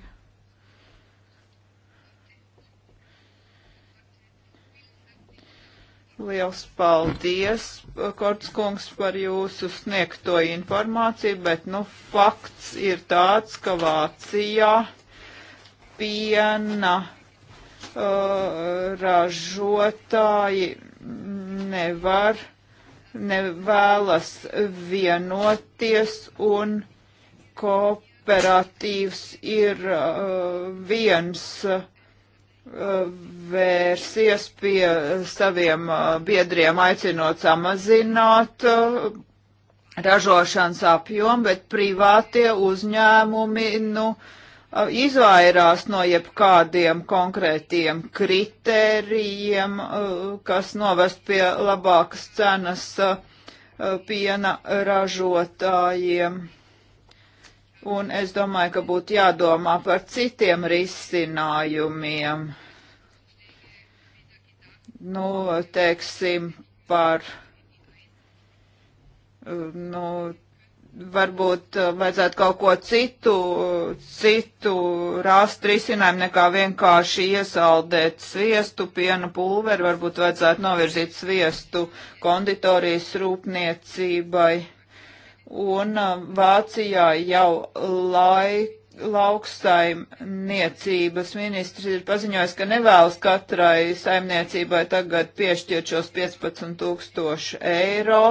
Liels paldies, uh, Korts kungs, par jūsu sniegto informāciju, bet, nu, fakts ir tāds, ka Vācijā piena Uh, ražotāji nevar, nevēlas vienoties un kooperatīvs ir uh, viens uh, vērsies pie saviem biedriem, aicinot samazināt ražošanas apjomu, bet privātie uzņēmumi, nu, uh, izvairās no jebkādiem konkrētiem kritērijiem, kas novest pie labākas cenas piena ražotājiem. Un es domāju, ka būtu jādomā par citiem risinājumiem. Nu, teiksim, par nu, varbūt eh, vajadzētu kaut ko citu, citu rast risinājumu nekā vienkārši iesaldēt sviestu, pienu pulveri, varbūt vajadzētu novirzīt sviestu konditorijas rūpniecībai. Un eh, Vācijā jau laik, lauksaimniecības ministrs ir paziņojis, ka nevēlas katrai saimniecībai tagad piešķirt šos 15 tūkstoši eiro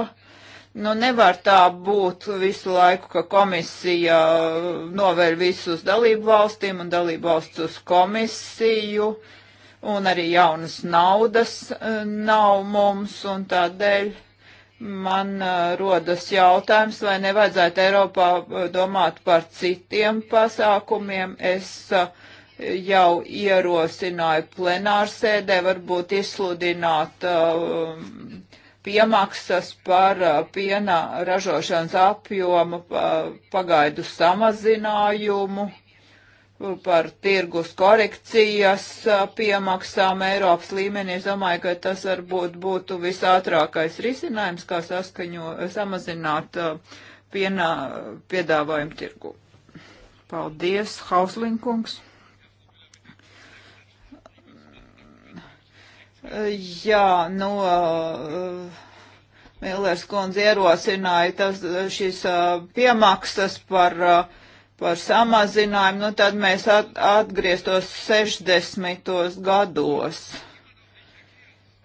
Nu, nevar tā būt visu laiku, ka komisija novēr visus dalību valstīm un dalību valsts uz komisiju, un arī jaunas naudas e, nav mums, un tādēļ man e, rodas jautājums, vai nevajadzētu Eiropā e, domāt par citiem pasākumiem. Es jau ierosināju plenārsēdē varbūt izsludināt. Uh, piemaksas par uh, piena ražošanas apjomu pagaidu samazinājumu, uh, par tirgus korekcijas uh, piemaksām Eiropas līmenī. Es domāju, ka tas varbūt būtu visātrākais risinājums, kā saskaņo, samazināt piena piedāvājumu tirgu. Paldies, Hauslinkungs! Jā, nu, uh, Millers kundze ierosināja tas, šīs uh, piemaksas par, uh, par samazinājumu, nu tad mēs at, atgrieztos 60. gados.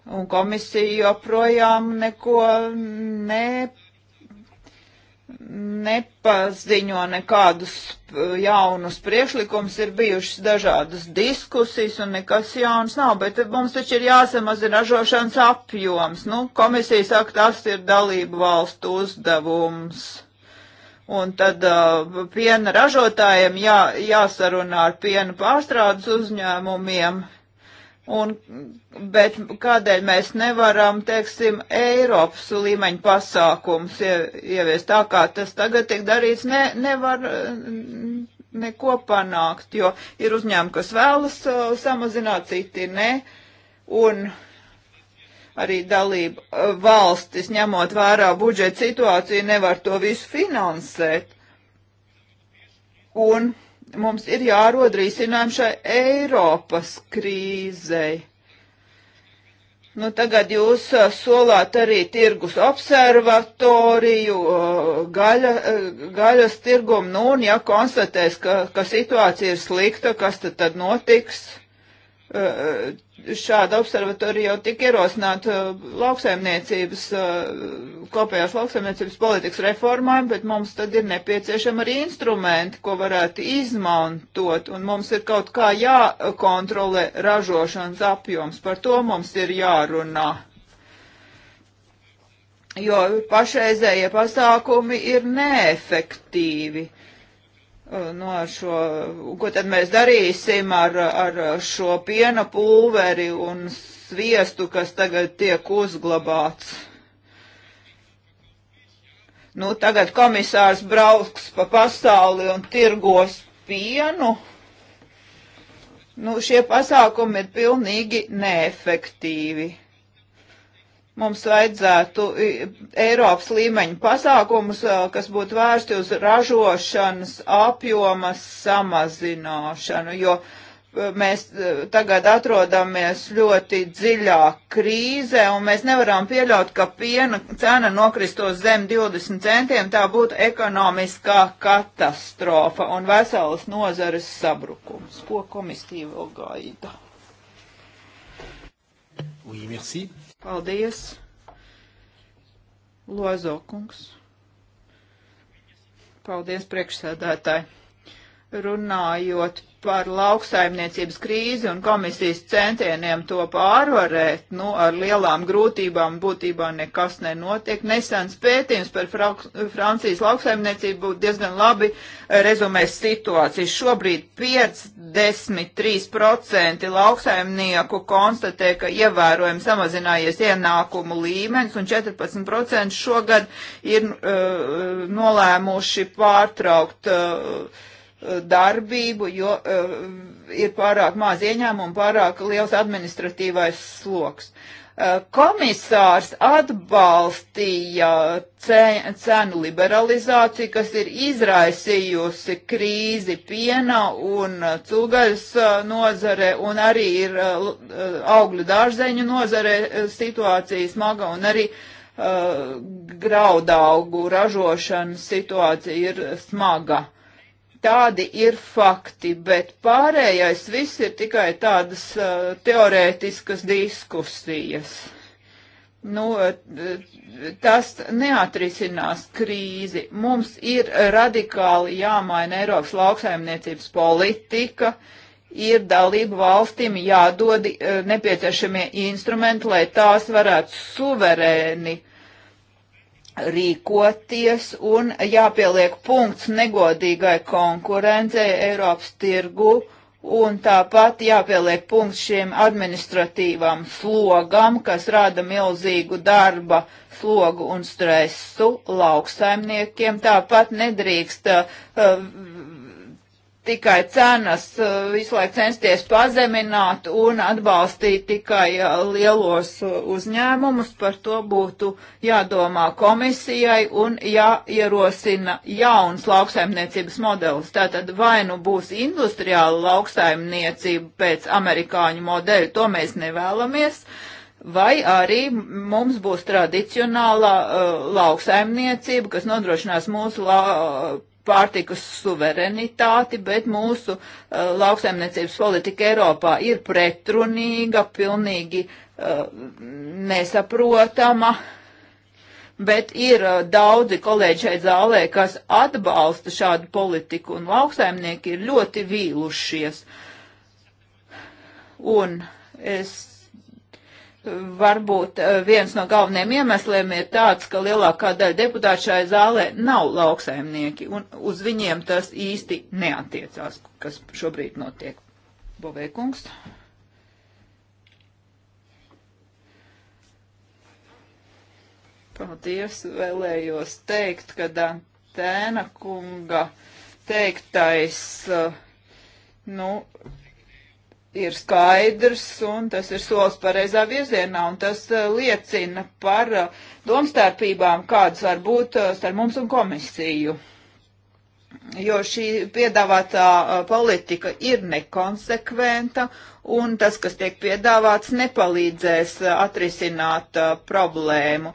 Un komisija joprojām neko nepārādīja nepaziņo nekādus uh, jaunus priekšlikumus, ir bijušas dažādas diskusijas un nekas jauns nav, bet mums taču ir jāsamazina ražošanas apjoms. Nu, komisija saka, tas ir dalību valstu uzdevums. Un tad uh, piena ražotājiem jā, jāsarunā ar piena pārstrādes uzņēmumiem Un, bet kādēļ mēs nevaram, teiksim, Eiropas līmeņa pasākums ieviest tā, kā tas tagad tiek darīts, ne, nevar mm, neko panākt, jo ir uzņēmumi, kas vēlas uh, samazināt, citi ne. Un arī dalība uh, valstis, ņemot vērā budžeta situāciju, nevar to visu finansēt. Un mums ir jārod risinājumi šai Eiropas krīzei. Nu, tagad jūs uh, solāt arī tirgus observatoriju, uh, gaļa, uh, gaļas tirgumu, nu, un ja konstatēs, ka, ka situācija ir slikta, kas tad, tad notiks? Eh, šāda observatorija jau tika ierosināta eh, lauksaimniecības, eh, kopējās lauksaimniecības politikas reformā, bet mums tad ir nepieciešama arī instrumenti, ko varētu izmantot, un mums ir kaut kā jākontrolē ražošanas apjoms, par to mums ir jārunā. Jo pašreizējie pasākumi ir neefektīvi. Uh, Uh, no šo, ko tad mēs darīsim ar, ar šo piena pulveri un sviestu, kas tagad tiek uzglabāts. Nu, tagad komisārs brauks pa pasauli un tirgos pienu. Nu, šie pasākumi ir pilnīgi neefektīvi mums vajadzētu Eiropas līmeņa pasākumus, kas būtu vērsti uz ražošanas apjomas samazināšanu, jo mēs tagad atrodamies ļoti dziļā krīzē, un mēs nevaram pieļaut, ka piena cena nokristos zem 20 centiem, tā būtu ekonomiskā katastrofa un veselas nozares sabrukums. Ko komisija vēl gaida? Oui, merci. Paldies, Lozokungs. Paldies, priekšsēdētāji runājot par lauksaimniecības krīzi un komisijas centieniem to pārvarēt, nu, ar lielām grūtībām būtībā nekas nenotiek. Nesens pētījums par Frauks, Francijas lauksaimniecību būtu diezgan labi rezumēs situāciju. Šobrīd 53% lauksaimnieku konstatē, ka ievērojami samazinājies ienākumu līmenis un 14% šogad ir uh, nolēmuši pārtraukt uh, darbību, jo eh, ir pārāk maz ieņēmumu, pārāk liels administratīvais sloks. Eh, komisārs atbalstīja cenu liberalizāciju, kas ir izraisījusi krīzi piena un cūgaļas eh, nozare, un arī ir augļu dārzeņu nozare situācija smaga, un arī uh, graudaugu ražošanas situācija ir smaga. Tādi ir fakti, bet pārējais viss ir tikai tādas uh, teorētiskas diskusijas. Nu, tas neatrisinās krīzi. Mums ir radikāli jāmaina Eiropas lauksaimniecības politika, ir dalību valstīm jādod nepieciešamie instrumenti, lai tās varētu suverēni uh, rīkoties un jāpieliek punkts negodīgai konkurencei Eiropas tirgu un tāpat jāpieliek punkts šiem administratīvam slogam, kas rada milzīgu darba slogu un stresu lauksaimniekiem. Tāpat nedrīkst uh, tikai cenas eh, visu laiku censties pazemināt un atbalstīt tikai eh, lielos eh, uzņēmumus. Par to būtu jādomā komisijai un jāierosina jauns lauksaimniecības modelis. Tātad vai nu būs industriāla lauksaimniecība pēc amerikāņu modeļa, to mēs nevēlamies. Vai arī mums būs tradicionālā uh, lauksaimniecība, kas nodrošinās mūsu la, uh, pārtikas suverenitāti, bet mūsu uh, lauksaimniecības politika Eiropā ir pretrunīga, pilnīgi uh, nesaprotama. Bet ir uh, daudzi kolēģi šeit zālē, kas atbalsta šādu politiku, un lauksaimnieki ir ļoti vīlušies. Un es Varbūt eh, viens no galvenajiem iemesliem ir tāds, ka lielākā daļa deputātu šai zālē nav lauksaimnieki, un uz viņiem tas īsti neatiecās, kas šobrīd notiek. Bovēkungs. Paldies, vēlējos teikt, ka Dantēna kunga teiktais, eh, nu, ir skaidrs un tas ir solis pareizā virzienā un tas eh, liecina par eh, domstarpībām, kādas var būt eh, starp mums un komisiju. Jo šī piedāvātā politika ir nekonsekventa un tas, kas tiek piedāvāts, nepalīdzēs atrisināt problēmu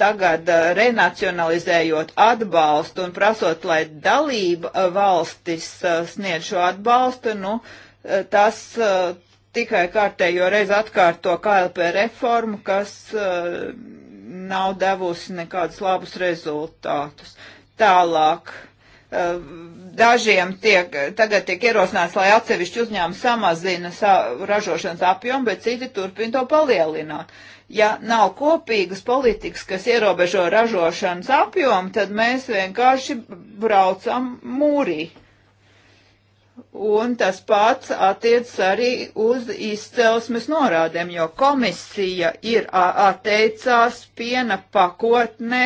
tagad renacionalizējot atbalstu un prasot, lai dalība valstis sniedz šo atbalstu, nu, Eh, tas eh, tikai kārtējo reizi atkārto KLP reformu, kas eh, nav devusi nekādus labus rezultātus. Tālāk. Dažiem tiek, tagad tiek ierosināts, lai atsevišķi uzņēmumi samazina savu ražošanas apjomu, bet citi turpina to palielināt. Ja nav kopīgas politikas, kas ierobežo ražošanas apjomu, tad mēs vienkārši braucam mūrī. Uh, Un tas pats attiec arī uz izcelsmes norādēm, jo komisija ir atteicās piena pakotne,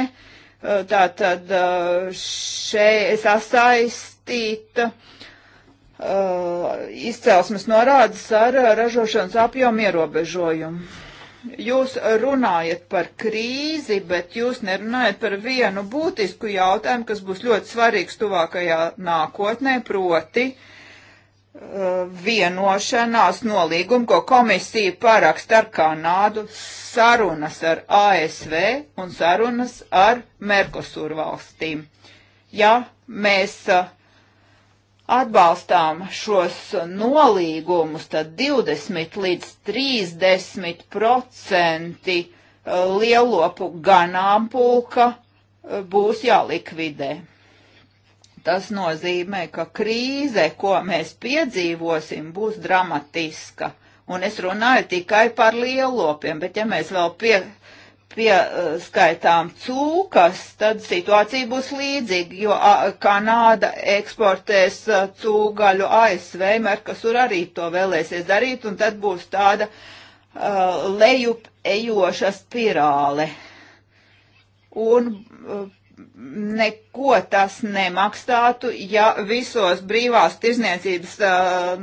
tātad šeit sasaistīt izcelsmes norādes ar ražošanas apjomu ierobežojumu. Jūs runājat par krīzi, bet jūs nerunājat par vienu būtisku jautājumu, kas būs ļoti svarīgs tuvākajā nākotnē, proti, uh, vienošanās nolīgumu, ko komisija parakst ar Kanādu, sarunas ar ASV un sarunas ar Merkosur valstīm. Ja mēs atbalstām šos nolīgumus, tad 20 līdz 30 procenti lielopu ganāmpulka būs jālikvidē. Tas nozīmē, ka krīze, ko mēs piedzīvosim, būs dramatiska. Un es runāju tikai par lielopiem, bet ja mēs vēl pie, pieskaitām cūkas, tad situācija būs līdzīga, jo Kanāda eksportēs cūgaļu ASV, Merkasur arī to vēlēsies darīt, un tad būs tāda uh, lejup ejoša spirāle. Un uh, neko tas nemaksātu, ja visos brīvās tirzniecības uh,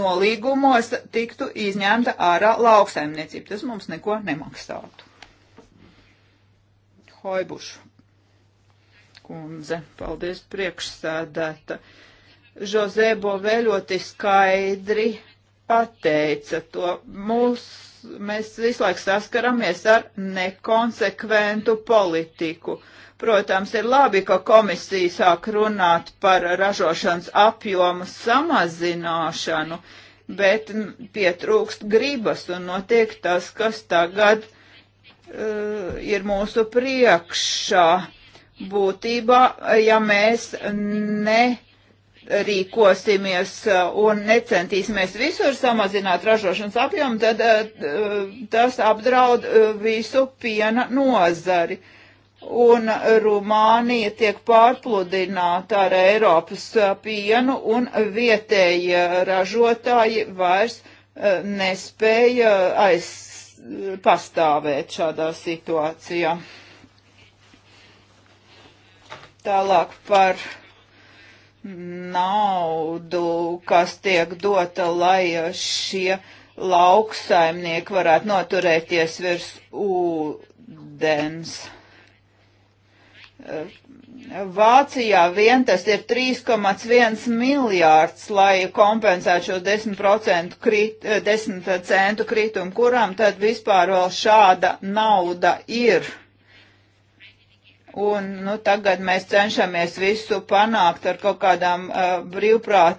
nolīgumos tiktu izņemta ārā lauksaimniecība. Tas mums neko nemaksātu. Hoibušu kundze, paldies priekšsādāta. Žozebo vēļoti skaidri pateica to. Mūs, mēs visu laiku saskaramies ar nekonsekventu politiku. Uh, Protams, ir labi, ka komisija sāk runāt par ražošanas apjomu samazināšanu, bet pietrūkst gribas un notiek tas, kas tagad uh, ir mūsu priekšā. Būtībā, ja mēs ne rīkosimies eh, un necentīsimies visur samazināt ražošanas apjomu, tad uh, tas apdraud visu piena nozari. Uh, un Rumānija tiek pārpludināta ar Eiropas uh, pienu, un vietējie uh, ražotāji vairs uh, nespēja uh, aiz, pastāvēt šādā situācijā. Tālāk par naudu, kas tiek dota, lai šie lauksaimnieki varētu noturēties virs ūdens. Uh, Vācijā vien tas ir 3,1 miljārds, lai kompensētu šo 10%, krit, 10 eh, centu kritumu, kurām tad vispār vēl šāda nauda ir. Un nu, tagad mēs cenšamies visu panākt ar kaut kādām uh, brīvprāt,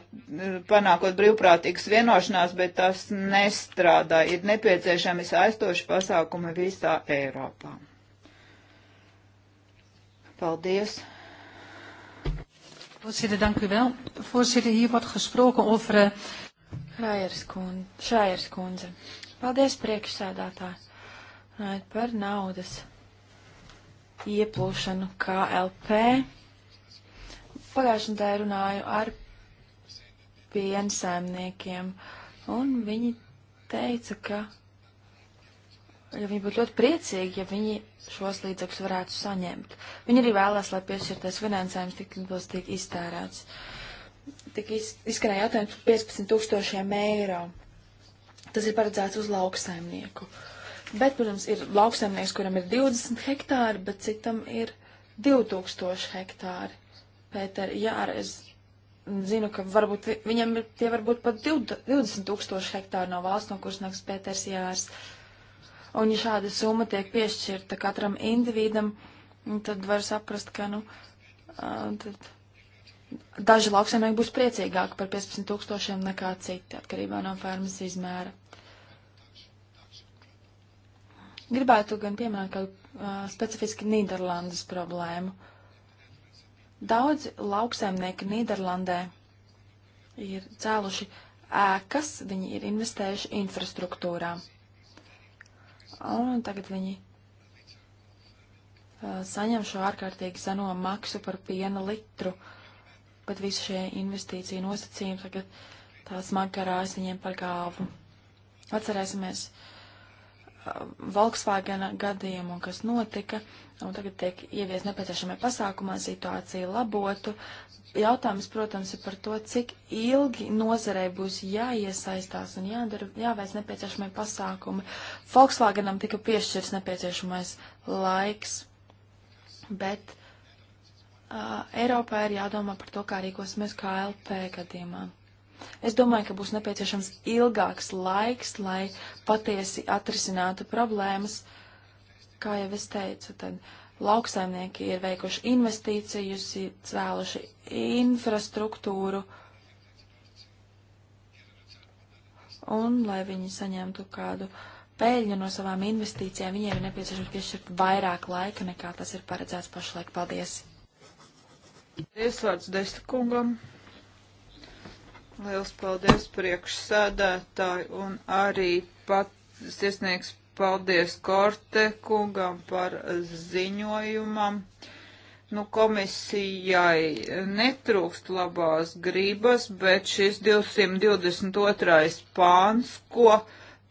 panākot brīvprātīgas vienošanās, bet tas nestrādā. Ir nepieciešami saistoši pasākumi visā Eiropā. Paldies! Voorzitter, dank u wel. Voorzitter, hier wordt gesproken over... Eh, Šājers kundze. Paldies, priekšsēdātā. Runājot par naudas ieplūšanu KLP. Pagājušajā nedēļā runāju ar piensaimniekiem, un viņi teica, ka ja viņi būtu ļoti priecīgi, ja viņi šos līdzekļus varētu saņemt. Viņi arī vēlās, lai piešķirtais finansējums tik atbilstīgi iztērēts. Tik iz, izskanēja jautājums par 15 tūkstošiem eiro. Tas ir paredzēts uz lauksaimnieku. Bet, protams, ir lauksaimnieks, kuram ir 20 hektāri, bet citam ir 2000 hektāri. Pēter, jā, es zinu, ka varbūt viņam ir tie varbūt pat 20 tūkstoši hektāri no valsts, no kuras nāks Pēters Jārs. Uh, Un ja šāda summa tiek piešķirta katram individam, tad var saprast, ka, nu, tad daži lauksaimnieki būs priecīgāki par 15 tūkstošiem nekā citi, atkarībā no fermas izmēra. Gribētu gan pieminēt kādu uh, specifiski Nīderlandes problēmu. Daudzi lauksaimnieki Nīderlandē ir cēluši ēkas, viņi ir investējuši infrastruktūrā. Uh, Un tagad viņi uh, saņem šo ārkārtīgi zeno maksu par piena litru, bet visi šie investīcija nosacījumi tagad tā smagi karājas viņiem par galvu. Atcerēsimies, uh, Volkswagena gadījumu un kas notika, un tagad tiek ievies nepieciešamie pasākumā situāciju labotu. Jautājums, protams, ir par to, cik ilgi nozarei būs jāiesaistās un jādara, jāveic nepieciešamie pasākumi. Volkswagenam tika piešķirs nepieciešamais laiks, bet uh, Eiropā ir jādomā par to, kā rīkosimies KLP gadījumā. Es domāju, ka būs nepieciešams ilgāks laiks, lai patiesi atrisinātu problēmas. Kā jau es teicu, tad lauksaimnieki ir veikuši investīcijas, ir cēluši infrastruktūru. Un, lai viņi saņemtu kādu peļņu no savām investīcijām, viņiem ir nepieciešams piešķirt vairāk laika, nekā tas ir paredzēts pašlaik. Paldies! Iesvārds Desta kungam. Liels paldies priekšsēdētāji un arī pat sirsnieks paldies Korte kungam par ziņojumam. Nu, komisijai netrūkst labās gribas, bet šis 222. pāns, ko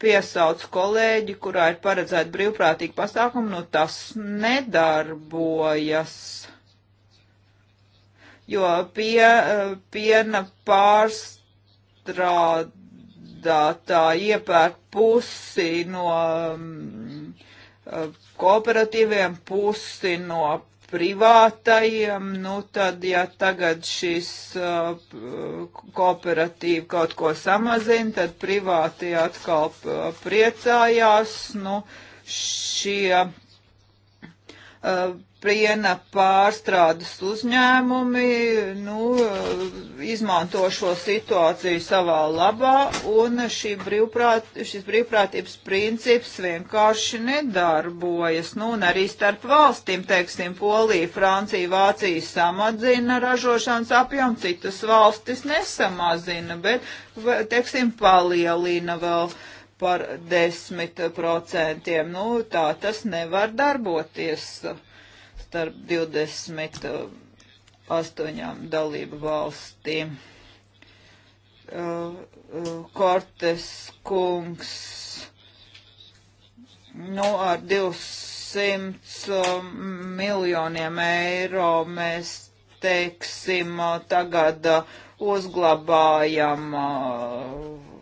piesauc kolēģi, kurā ir paredzēta brīvprātīga pasākuma, nu tas nedarbojas. Jo pie, piena pārs pārstrādātāji iepērk pusi no um, kooperatīviem, pusi no privātajiem, nu tad, ja tagad šis uh, eh, kooperatīvi kaut ko samazina, tad privāti atkal eh, priecājās, nu šie piena pārstrādes uzņēmumi nu, izmanto šo situāciju savā labā, un brīvprāt, šis brīvprātības princips vienkārši nedarbojas. Nu, un arī starp valstīm, teiksim, Polija, Francija, Vācija samazina ražošanas apjomu, citas valstis nesamazina, bet, teiksim, palielina vēl. Uh, par 10%. Nu, tā tas nevar darboties starp 28 dalību valstīm. Uh, uh, Kortes kungs, nu, ar 200 um, miljoniem eiro mēs teiksim, tagad uh, uzglabājam uh,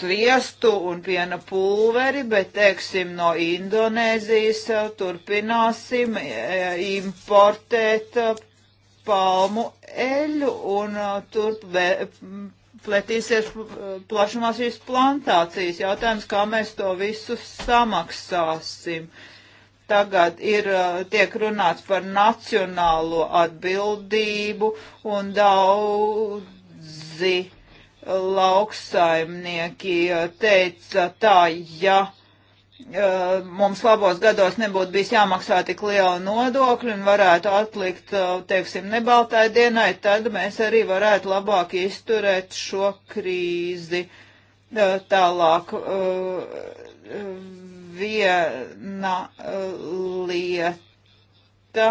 sviestu un piena pulveri, bet, teiksim, no Indonēzijas eh, turpināsim eh, importēt eh, palmu eļu un tur pletīsies plašumās šīs plantācijas. Jautājums, kā mēs to visu samaksāsim. Tagad ir, tiek runāts par nacionālo atbildību un daudzi lauksaimnieki eh, teica tā, ja eh, mums labos gados nebūtu bijis jāmaksā tik liela nodokļa un varētu atlikt, eh, teiksim, nebaltai dienai, tad mēs arī varētu labāk izturēt šo krīzi. Tālāk viena lieta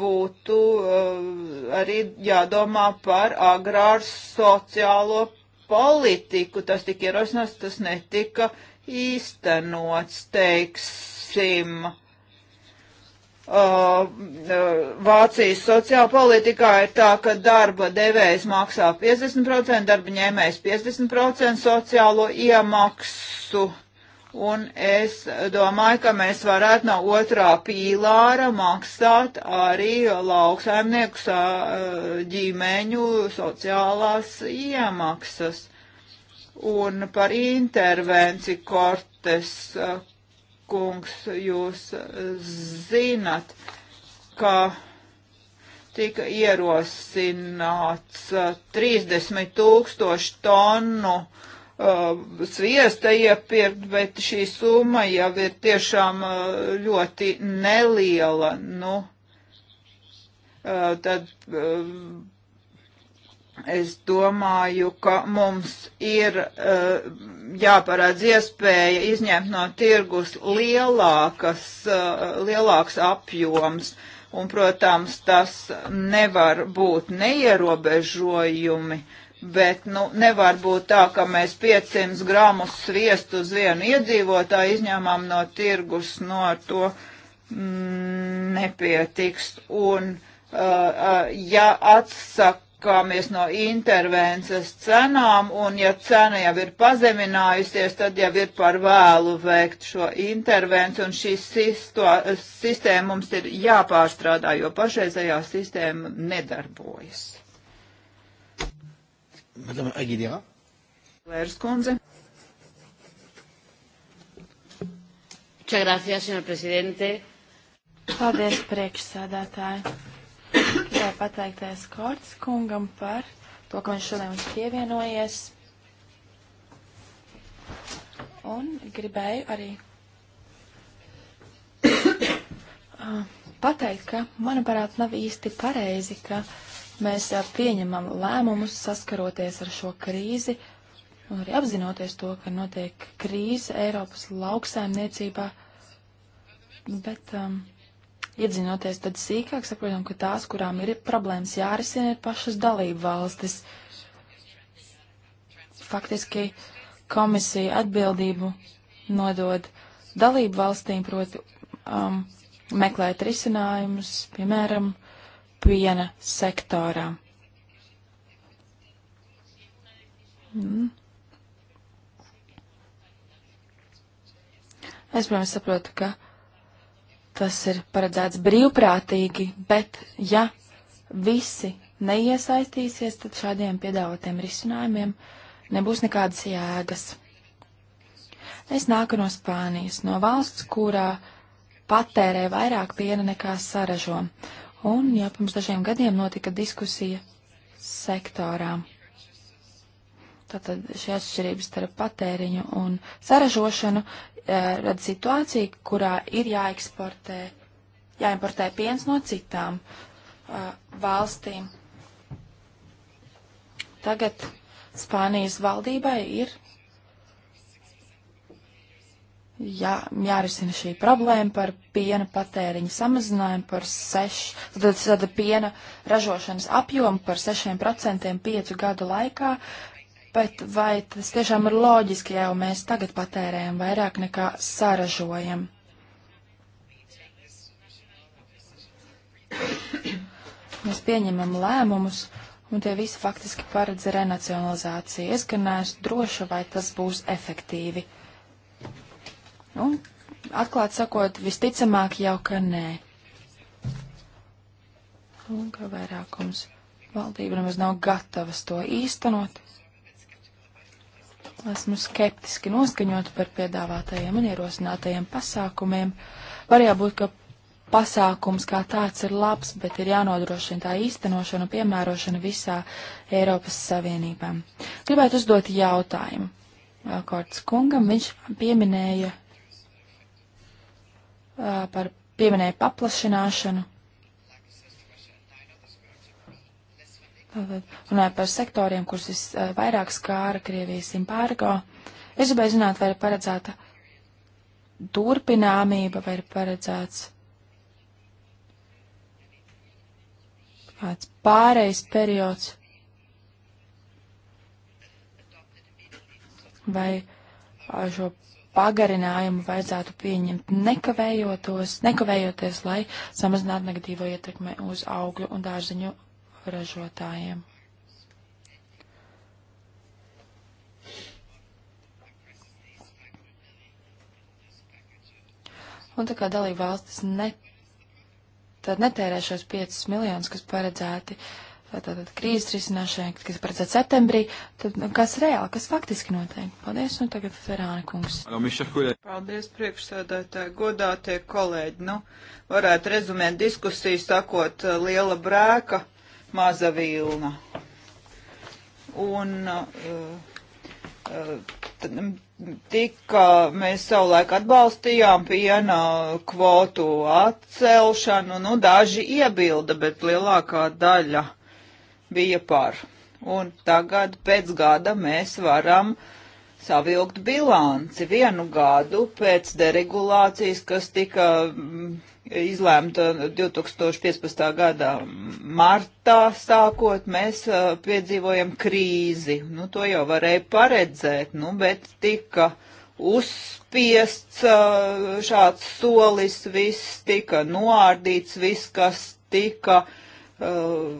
būtu eh, arī jādomā par agrāru sociālo politiku. Tas tika ierosināts, tas netika īstenots, teiksim. Uh, Vācijas sociāla politikā ir tā, ka darba devējs maksā 50%, darba ņēmējs 50% sociālo iemaksu. Un es domāju, ka mēs varētu no otrā pīlāra maksāt arī lauksaimnieku eh, ģimeņu sociālās iemaksas. Un par intervenci kortes eh, kungs jūs zinat, ka tika ierosināts 30 eh, tūkstoši tonu uh, uh, sviesta iepirkt, bet šī summa jau ir tiešām uh, ļoti neliela. Nu, uh, tad uh, es domāju, ka mums ir uh, jāparādz iespēja izņemt no tirgus lielākas, uh, lielāks apjoms. Un, protams, tas nevar būt neierobežojumi. Uh, Bet nu, nevar būt tā, ka mēs 500 gramus sviestu uz vienu iedzīvotāju izņēmām no tirgus, no nu, ar to mm, nepietiks. Un, uh, uh, ja atsaka atsakāmies no intervences cenām, un ja cena jau ir pazeminājusies, tad jau ir par vēlu veikt šo intervenciju, un šī sistēma mums ir jāpārstrādā, jo pašreizējā sistēma nedarbojas. Madame Aguilera. Lērs kundze. Muchas gracias, señor presidente. Paldies, priekšsādātāji. Gribēju pateikties Kortes kungam par to, ka viņš šodien mums pievienojies. Un gribēju arī [coughs] pateikt, ka, manuprāt, nav īsti pareizi, ka uh, Mēs pieņemam lēmumus saskaroties ar šo krīzi un arī apzinoties to, ka notiek krīze Eiropas lauksēmniecībā, bet um, iedzinoties tad sīkāk, saprotam, ka tās, kurām ir problēmas jārisina, ir pašas dalību valstis. Faktiski komisija atbildību nodod dalību valstīm, proti um, meklēt risinājumus, piemēram, uh, piena sektorā. Mm. Es, protams, saprotu, ka tas ir paredzēts brīvprātīgi, bet ja visi neiesaistīsies, tad šādiem piedāvātiem risinājumiem nebūs nekādas jēgas. Es nāku no Spānijas, no valsts, kurā patērē vairāk piena nekā saražo, Un jā, pirms dažiem gadiem notika diskusija sektorā. Tātad šī atšķirības starp patēriņu un saražošanu eh, rada situāciju, kurā ir jāeksportē, jāimportē piens no citām uh, valstīm. Tagad Spānijas valdībai ir jā, jārisina šī problēma par piena patēriņa samazinājumu par 6, tad, tad piena ražošanas apjomu par 6% piecu gadu laikā, bet vai tas tiešām ir loģiski, ja jau mēs tagad patērējam vairāk nekā saražojam? mēs pieņemam lēmumus, un tie visi faktiski paredz renacionalizāciju. Es gan neesmu droša, vai tas būs efektīvi. Nu, atklāt sakot, visticamāk jau, ka nē. Un ka vairākums valdība nemaz nav gatavas to īstenot. Esmu skeptiski noskaņot par piedāvātajiem un ierosinātajiem pasākumiem. Var jābūt, ka pasākums kā tāds ir labs, bet ir jānodrošina tā īstenošana un piemērošana visā Eiropas Savienībā. Gribētu uzdot jautājumu. Korts kungam viņš pieminēja Uh, par pieminēju paplašināšanu. Runāju par sektoriem, kurus visvairāk uh, skāra Krievijas impārgo. Es gribēju zināt, vai ir paredzēta turpināmība, vai ir paredzēts kāds pārejas periods. Vai uh, šo pagarinājumu vajadzētu pieņemt nekavējoties, lai samazinātu negatīvo ietekmi uz augļu un dārziņu ražotājiem. Un tā kā dalība valstis ne, tad netērē šos 5 miljonus, kas paredzēti uh, tātad krīzes risināšanai, kas paredzēts septembrī, tad kas reāli, kas faktiski notiek? Paldies, un tagad Ferāni kungs. Paldies, priekšsēdētāji, godātie kolēģi. Nu, varētu rezumēt diskusiju, sakot, eh, liela brēka, maza vilna. Un uh, uh, tika mēs savulaik atbalstījām piena kvotu atcelšanu, nu, daži iebilda, bet lielākā daļa bija par. Un tagad pēc gada mēs varam savilkt bilanci vienu gadu pēc deregulācijas, kas tika mm, izlēmta 2015. gada martā sākot, mēs uh, piedzīvojam krīzi. Nu, to jau varēja paredzēt, nu, bet tika uzspiests uh, šāds solis, viss tika noārdīts, viss, kas tika Uh,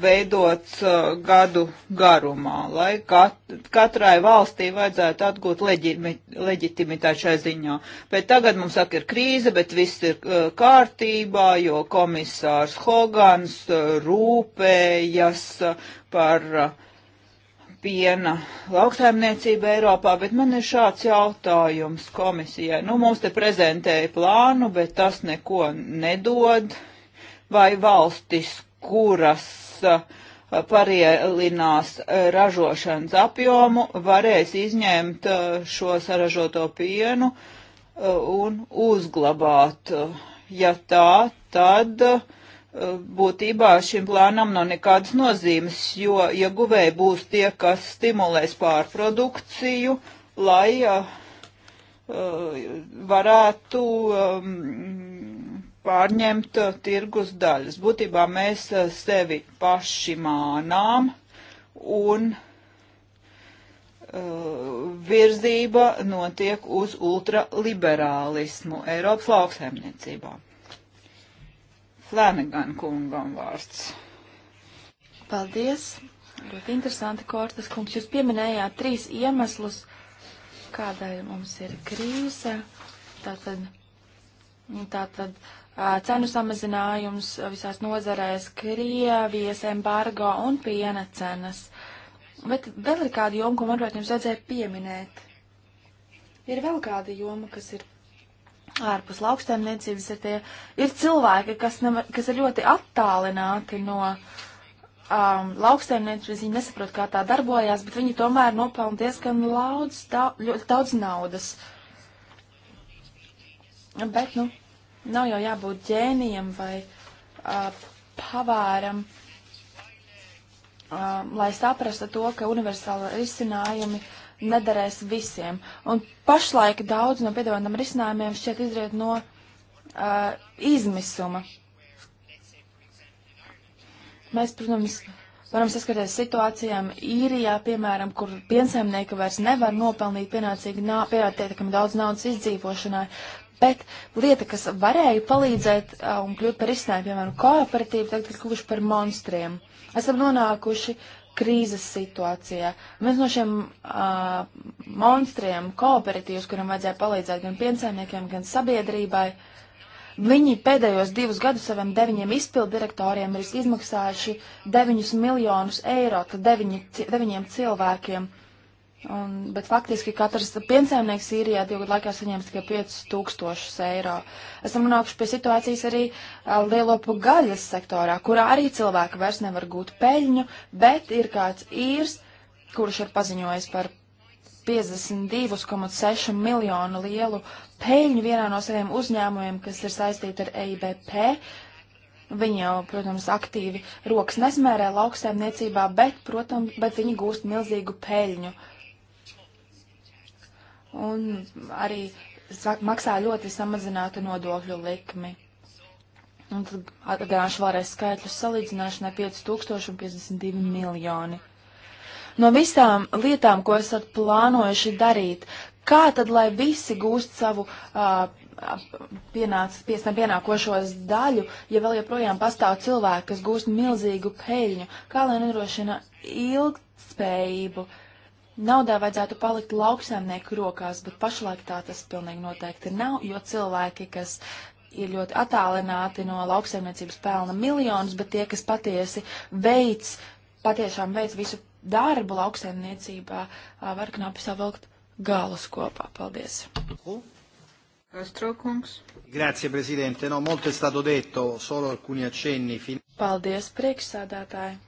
veidots uh, gadu garumā, lai kat, katrai valstī vajadzētu atgūt leģimi, leģitimitāti šai ziņā. Bet tagad mums saka, ir krīze, bet viss ir uh, kārtībā, jo komisārs Hogans rūpējas par piena lauksaimniecība Eiropā, bet man ir šāds jautājums komisijai. Nu, mums te prezentēja plānu, bet tas neko nedod. Vai valstis, kuras uh, parielinās uh, ražošanas apjomu, varēs izņemt uh, šo saražoto pienu un uzglabāt. Ja tā, tad būtībā šim plānam nav nekādas nozīmes, jo ieguvēji ja būs tie, kas stimulēs pārprodukciju, lai uh, varētu um, pārņemt uh, tirgus daļas. Būtībā mēs uh, sevi paši mānām un uh, virzība notiek uz ultraliberālismu Eiropas lauksaimniecībā. Flanagan kungam vārds. Paldies! Ļoti interesanti, Kortas kungs. Jūs pieminējāt trīs iemeslus, kādēļ mums ir krīze. Tātad, tātad uh, cenu samazinājums visās nozarēs, Krievijas embargo un piena cenas. Bet vēl ir kāda joma, ko, manuprāt, jums vajadzēja pieminēt. Ir vēl kāda joma, kas ir ārpus lauksaimniecības, ir tie ir cilvēki, kas, ne, kas ir ļoti attālināti no um, lauksaimniecības, viņi nesaprot, kā tā darbojās, bet viņi tomēr nopelna diezgan daudz, da, ļoti daudz naudas. Bet, nu, Nav jau jābūt ģēnijam vai uh, pavāram, uh, lai saprastu to, ka universāla risinājumi nederēs visiem. Un pašlaik daudz no piedāvātam risinājumiem šķiet izriet no uh, izmisuma. Mēs, protams, varam saskarties situācijām īrijā, piemēram, kur piensaimnieki vairs nevar nopelnīt pienācīgi nā, pienācīgi daudz naudas izdzīvošanai, Bet lieta, kas varēja palīdzēt uh, un kļūt par izcinājumu, piemēram, kooperatīva, tagad ir kļuvuši par monstriem. Esam nonākuši krīzes situācijā. Viens no šiem uh, monstriem, kooperatīvs, kuram vajadzēja palīdzēt gan piensaimniekiem, gan sabiedrībai, viņi pēdējos divus gadus saviem deviņiem izpildirektoriem ir izmaksājuši 9 miljonus eiro, tad deviņi, deviņiem cilvēkiem. Uh, Un, bet faktiski katrs piensaimnieks īrijā divu gadu laikā saņēma tikai 5000 eiro. Esam nonākuši pie situācijas arī uh, lielopu gaļas sektorā, kurā arī cilvēki vairs nevar gūt peļņu, bet ir kāds īrs, kurš ir paziņojis par 52,6 miljonu lielu peļņu vienā no saviem uzņēmumiem, kas ir saistīti ar EIBP. Viņi jau, protams, aktīvi rokas nesmērē lauksēmniecībā, bet, protams, bet viņi gūst milzīgu peļņu. Uh, un arī maksā ļoti samazinātu nodokļu likmi. Un tad atgādināšu vēlreiz skaitļus salīdzināšanai 5052 miljoni. No visām lietām, ko esat plānojuši darīt, kā tad, lai visi gūst savu uh, pienācis piesnē pienākošos daļu, ja vēl joprojām pastāv cilvēki, kas gūst milzīgu peļņu, kā lai nodrošina ilgtspējību, uh, Naudā vajadzētu palikt lauksaimnieku rokās, bet pašlaik tā tas pilnīgi noteikti nav, jo cilvēki, kas ir ļoti attālināti no lauksaimniecības pelna miljonus, bet tie, kas patiesi veids, patiešām veids visu darbu lauksaimniecībā, var knapi savilkt galus kopā. Paldies! Kastrokungs. Grazie, Presidente. No, molto è stato detto, solo alcuni accenni. Paldies, priekšsādātāji.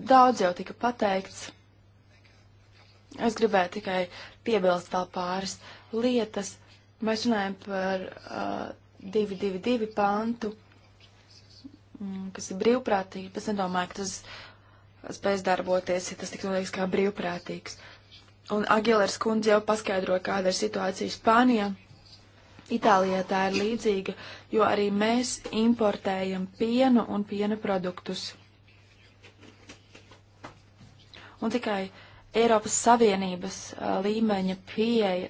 Daudz jau tika pateikts. Es gribēju tikai piebilst vēl pāris lietas. Mēs runājam par uh, 222 pantu, mm, kas ir brīvprātīgi. Es nedomāju, ka tas spēs darboties, ja tas tik noteikts kā brīvprātīgs. Un Agilers kundze jau paskaidroja, kāda ir situācija Spānijā. Itālijā tā ir līdzīga, jo arī mēs importējam pienu un piena produktus un tikai Eiropas Savienības uh, līmeņa pieeja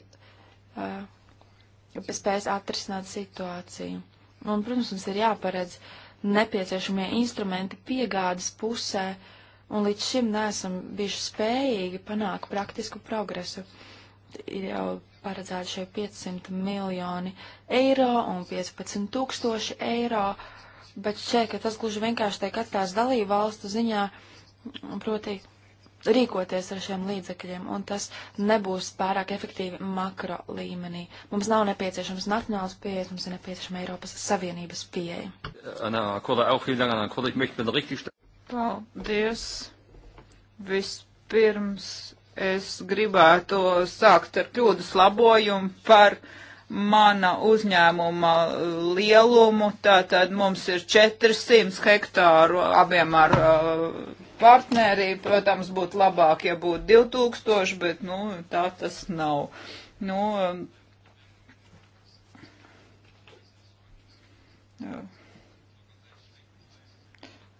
uh, spējas atrisināt situāciju. Un, protams, mums ir jāparedz nepieciešamie instrumenti piegādes pusē, un līdz šim neesam bijuši spējīgi panākt praktisku progresu. Ir jau paredzēti šie 500 miljoni eiro un 15 tūkstoši eiro, bet šķiet, ka tas gluži vienkārši tiek atstās dalību valstu ziņā, proti, rīkoties ar šiem līdzekļiem, un tas nebūs pārāk efektīvi makro līmenī. Mums nav nepieciešams nacionāls pieejas, mums ir nepieciešama Eiropas Savienības pieeja. Paldies! Vispirms es gribētu sākt ar kļūdas labojumu par mana uzņēmuma lielumu. Tātad mums ir 400 hektāru abiem ar uh, partneri. Protams, būtu labāk, ja būtu 2000, bet nu, tā tas nav. Nu, jā.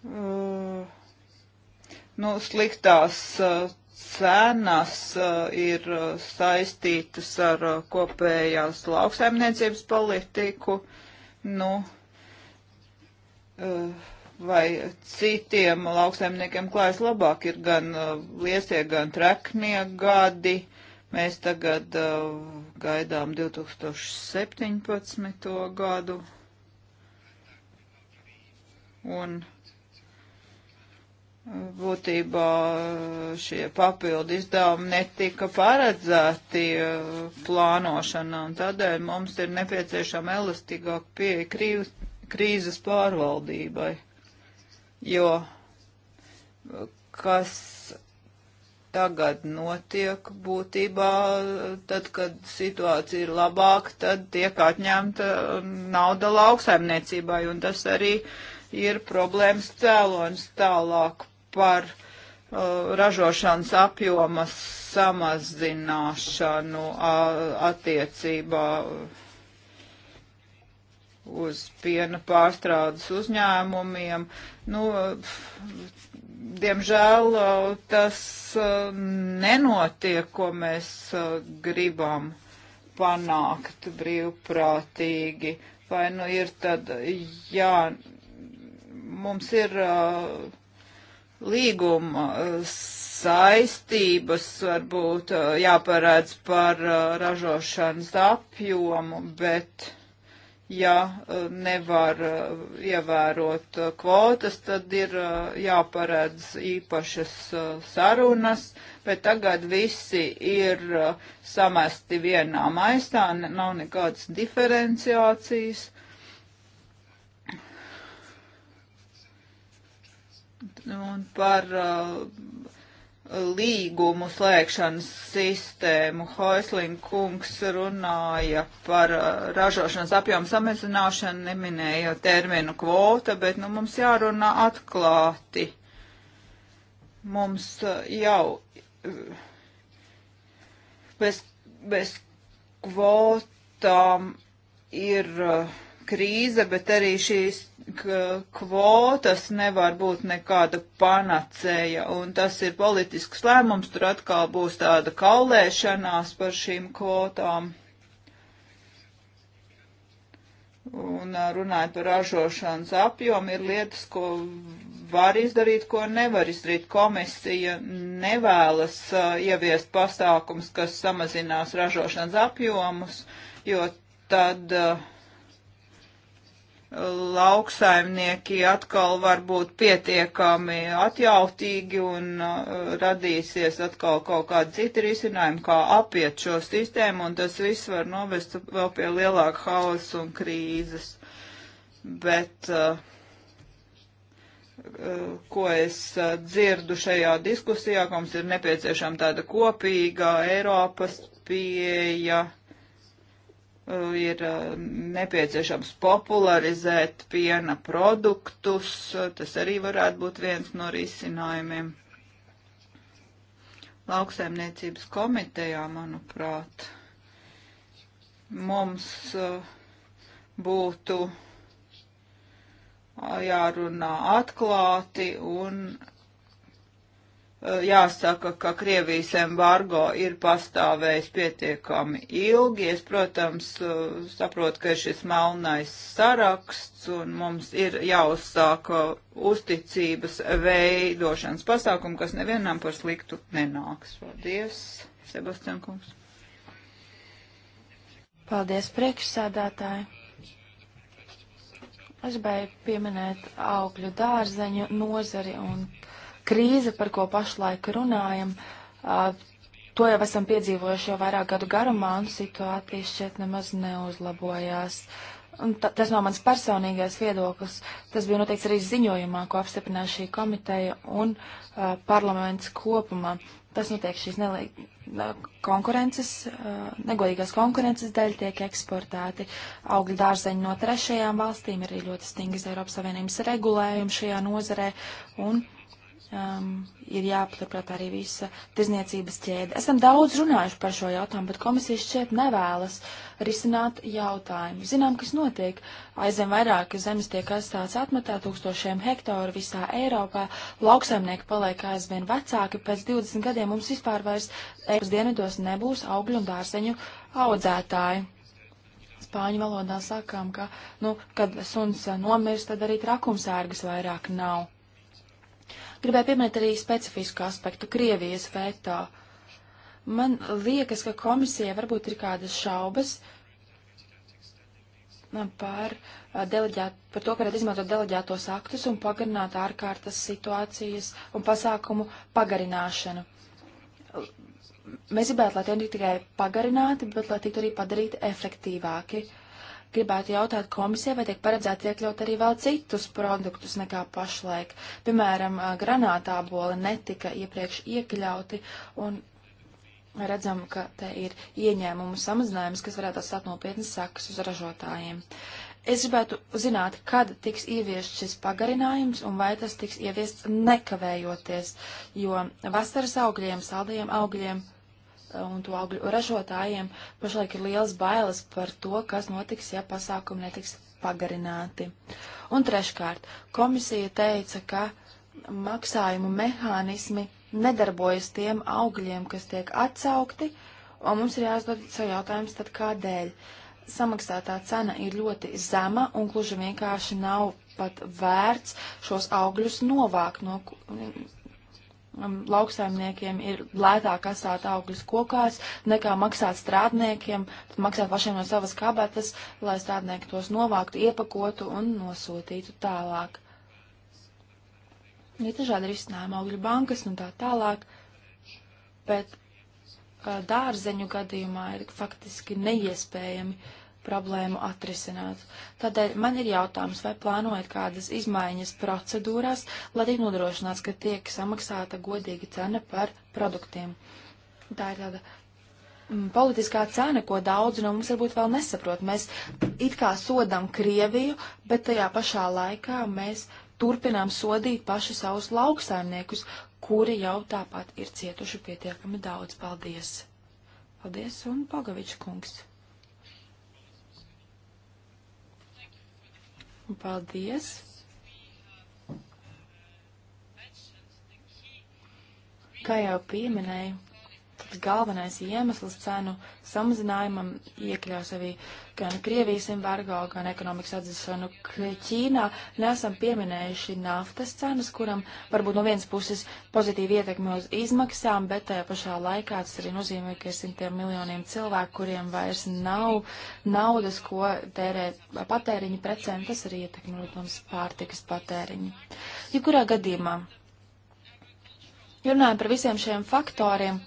Uh, eh, nu, sliktās uh, cenas uh, ir saistītas ar kopējās lauksaimniecības politiku. Nu, uh, vai citiem lauksaimniekiem klājas labāk. Ir gan uh, liesie, gan treknie gadi. Mēs tagad uh, gaidām 2017. gadu. Un uh, būtībā uh, šie papildu izdevumi netika paredzēti plānošanā, un tādēļ mums ir nepieciešama elastīgāka pieeja krīzes pārvaldībai jo kas tagad notiek būtībā, tad, kad situācija ir labāka, tad tiek atņemta nauda lauksaimniecībai, un tas arī ir problēmas cēlonis tālāk par uh, ražošanas apjomas samazināšanu uh, attiecībā. Uh, uz piena pārstrādes uzņēmumiem. Nu, diemžēl uh, tas uh, nenotiek, ko mēs uh, gribam panākt brīvprātīgi. Vai nu ir tad, jā, mums ir līguma saistības varbūt jāparēdz par ražošanas apjomu, bet ja eh, nevar eh, ievērot eh, kvotas, tad ir jāparedz īpašas sarunas, bet tagad visi ir samesti vienā maistā, nav nekādas diferenciācijas. Un par uh, līgumu slēgšanas sistēmu. Hoisling kungs runāja par uh, ražošanas apjomu samazināšanu, neminēja terminu kvota, bet nu, mums jārunā atklāti. Mums uh, jau uh, bez, bez kvotām ir krīze, bet arī šīs kvotas nevar būt nekāda panacēja, un tas ir politisks lēmums, tur atkal būs tāda kaulēšanās par šīm kvotām. Un runājot par ražošanas apjomu, ir lietas, ko var izdarīt, ko nevar izdarīt. Komisija nevēlas uh, ieviest pasākums, kas samazinās ražošanas apjomus, jo tad uh, lauksaimnieki atkal var būt pietiekami atjautīgi un uh, radīsies atkal kaut kādi citi risinājumi, kā apiet šo sistēmu, un tas viss var novest vēl pie lielāka hausa un krīzes. Bet uh, uh ko es uh, dzirdu šajā diskusijā, ka mums ir nepieciešama tāda kopīga Eiropas pieeja Eh, ir eh, nepieciešams popularizēt piena produktus. Eh, tas arī varētu būt viens no risinājumiem. Lauksaimniecības komitejā, manuprāt, mums būtu jārunā atklāti un Eh, jāsaka, ka Krievijas embargo ir pastāvējis pietiekami ilgi. Es, protams, eh, saprotu, ka ir šis melnais saraksts un mums ir jāuzsāk uzticības veidošanas pasākumu, kas nevienam par sliktu nenāks. Paldies, Sebastian Kungs. Paldies, priekšsādātāji. Es gribēju pieminēt augļu dārzeņu nozari un krīze, par ko pašlaik runājam, to jau esam piedzīvojuši jau vairāk gadu garumā, un situācija šķiet nemaz neuzlabojās. Un ta, tas nav mans personīgais viedoklis. Tas bija noteikts arī ziņojumā, ko apstiprināja šī komiteja un uh, parlaments kopumā. Tas notiek šīs nelī... konkurences, uh, negodīgās konkurences dēļ tiek eksportēti augļu dārzeņi no trešajām valstīm, ir arī ļoti stingrs Eiropas Savienības regulējums šajā nozarē, un um, ir jāpaturprāt arī visa tirzniecības ķēde. Esam daudz runājuši par šo jautājumu, bet komisija šķiet nevēlas risināt jautājumu. Zinām, kas notiek. Aizvien vairāk zemes tiek atstāts atmetā tūkstošiem hektāru visā Eiropā. Lauksaimnieki paliek aizvien vecāki. Pēc 20 gadiem mums vispār vairs Eiropas dienvidos nebūs augļu un dārzeņu audzētāji. Spāņu valodā sakām, ka, nu, kad suns nomirst, tad arī trakumsērgas vairāk nav Gribēju pieminēt arī specifisku aspektu - Krievijas veto. Man liekas, ka komisija varbūt ir kādas šaubas um, par, uh, deleģēt, par to, ka varētu izmantot deleģētos aktus un pagarināt ārkārtas situācijas un pasākumu pagarināšanu. Mēs gribētu, lai tie tiktu tikai pagarināti, bet lai tiktu arī padarīti efektīvāki. Uh, gribētu jautāt komisijai, vai tiek paredzēts iekļaut arī vēl citus produktus nekā pašlaik. Piemēram, granātāboli netika iepriekš iekļauti, un redzam, ka te ir ieņēmumu samazinājums, kas varētu atstāt nopietnas sakas uz ražotājiem. Es gribētu zināt, kad tiks ieviest šis pagarinājums un vai tas tiks ieviests nekavējoties, jo vasaras augļiem, saldajiem augļiem un to augļu ražotājiem pašlaik ir liels bailes par to, kas notiks, ja pasākumi netiks pagarināti. Un treškārt, komisija teica, ka maksājumu mehānismi nedarbojas tiem augļiem, kas tiek atsaukti, un mums ir jāuzdod savu jautājumu, tad kādēļ. Samaksātā cena ir ļoti zema un gluži vienkārši nav pat vērts šos augļus novākt no, Um, lauksaimniekiem ir lētāk kasāt augļus kokās, nekā maksāt strādniekiem, maksāt pašiem no savas kabatas, lai strādnieki tos novāktu, iepakotu un nosūtītu tālāk. Ir dažādi risinājumi augļu bankas un tā tālāk, bet uh, dārzeņu gadījumā ir faktiski neiespējami uh, problēmu atrisināt. Tādēļ man ir jautājums, vai plānojat kādas izmaiņas procedūrās, lai tik nodrošināts, ka tiek samaksāta godīga cena par produktiem. Tā ir tāda mm, politiskā cena, ko daudzi no mums varbūt vēl nesaprot. Mēs it kā sodam Krieviju, bet tajā pašā laikā mēs turpinām sodīt paši savus lauksaimniekus, kuri jau tāpat ir cietuši pietiekami daudz. Paldies! Paldies un Pagavičs kungs! Paldies! Kā jau pieminēju, galvenais iemesls cenu samazinājumam iekļaus arī gan Krievijas embargo, gan ekonomikas atzīšanu Ķīnā. Nesam pieminējuši naftas cenas, kuram varbūt no vienas puses pozitīvi ietekmi uz izmaksām, bet tajā pašā laikā tas arī nozīmē, ka ir simtiem miljoniem cilvēku, kuriem vairs nav naudas, ko tērēt patēriņu precēm. Tas arī ietekmi, protams, pārtikas patēriņu. Jebkurā gadījumā runājam par visiem šiem faktoriem,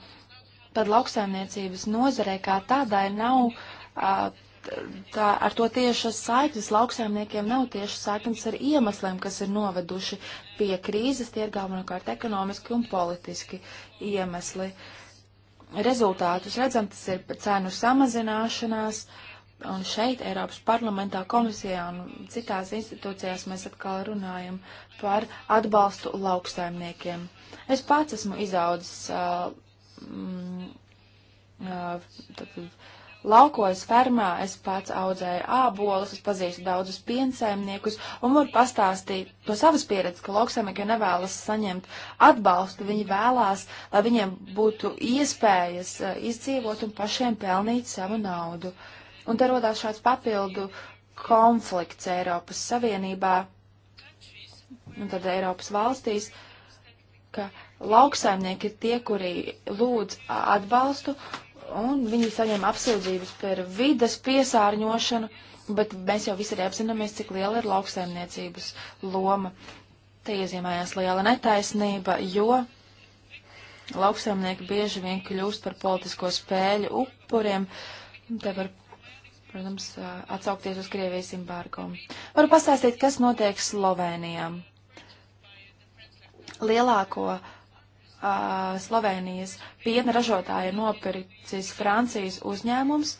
tad lauksaimniecības nozarē kā tādai nav, tā, ar to tiešas saiknes lauksaimniekiem nav tieši saiknes ar iemesliem, kas ir noveduši pie krīzes, tie ir galvenokārt ekonomiski un politiski iemesli. Rezultātus redzam, tas ir cenu samazināšanās, un šeit Eiropas parlamentā komisijā un citās institūcijās mēs atkal runājam par atbalstu lauksaimniekiem. Es pats esmu izaudzis uh, mm, tad, laukos fermā es pats audzēju ābolus, es pazīstu daudzus piensaimniekus un varu pastāstīt to savas pieredzes, ka lauksaimnieki nevēlas saņemt atbalstu, viņi vēlās, lai viņiem būtu iespējas uh, izdzīvot un pašiem pelnīt savu naudu. Un te rodās šāds papildu konflikts Eiropas Savienībā un tad Eiropas valstīs, ka lauksaimnieki ir tie, kuri lūdz atbalstu, un viņi saņem apsūdzības par vidas piesārņošanu, bet mēs jau visi arī apzināmies, cik liela ir lauksaimniecības loma. Te iezīmējās liela netaisnība, jo lauksaimnieki bieži vien kļūst par politisko spēļu upuriem. Te var, protams, atsaukties uz Krievijas embargo. Varu pastāstīt, kas notiek Slovenijām. Lielāko uh, uh, Slovenijas piena ražotāja nopircis Francijas uzņēmums,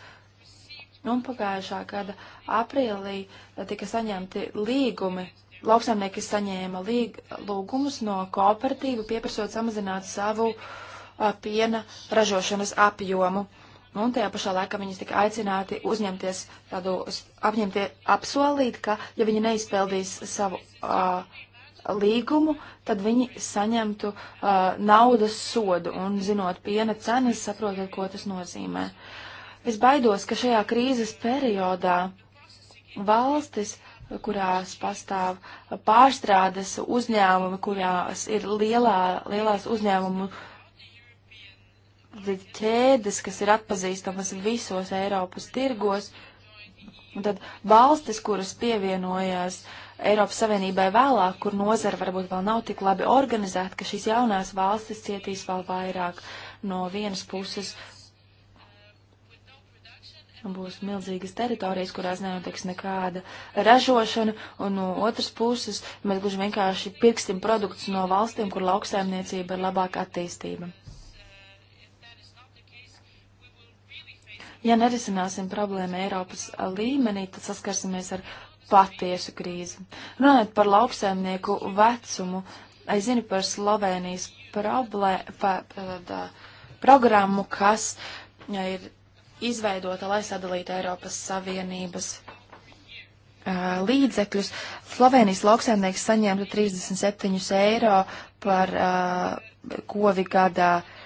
un pagājušā gada aprīlī tika saņemti līgumi. Lauksaimnieki saņēma līg, lūgumus no kooperatīvu pieprasot samazināt savu uh, piena ražošanas apjomu. Un tajā pašā laikā viņas tika aicināti uzņemties tādu, apņemtie, apsolīt, ka ja viņi neizpildīs savu uh, līgumu, tad viņi saņemtu uh, naudas sodu. Un zinot piena cenas, saprotat, ko tas nozīmē. Es baidos, ka šajā krīzes periodā valstis, kurās pastāv pārstrādes uzņēmumi, kurās ir lielā, lielās uzņēmumu ķēdes, kas ir atpazīstamas visos Eiropas tirgos, un tad valstis, kuras pievienojās uh, Eiropas Savienībai vēlāk, kur nozara varbūt vēl nav tik labi organizēta, ka šīs jaunās valstis cietīs vēl vairāk no vienas puses. Būs milzīgas teritorijas, kurās nenotiks nekāda ražošana, un no otras puses mēs gluži vienkārši pirksim produktus no valstīm, kur lauksaimniecība ir labāka attīstība. Ja nerisināsim problēmu Eiropas līmenī, tad saskarsimies ar patiesu krīzi. Runājot par lauksēmnieku vecumu, es zinu par Slovenijas problē, pa, pa, da, programmu, kas ja, ir izveidota, lai sadalītu Eiropas Savienības uh, līdzekļus. Slovenijas lauksēmnieks saņēma 37 eiro par uh, kovi gadā. Uh,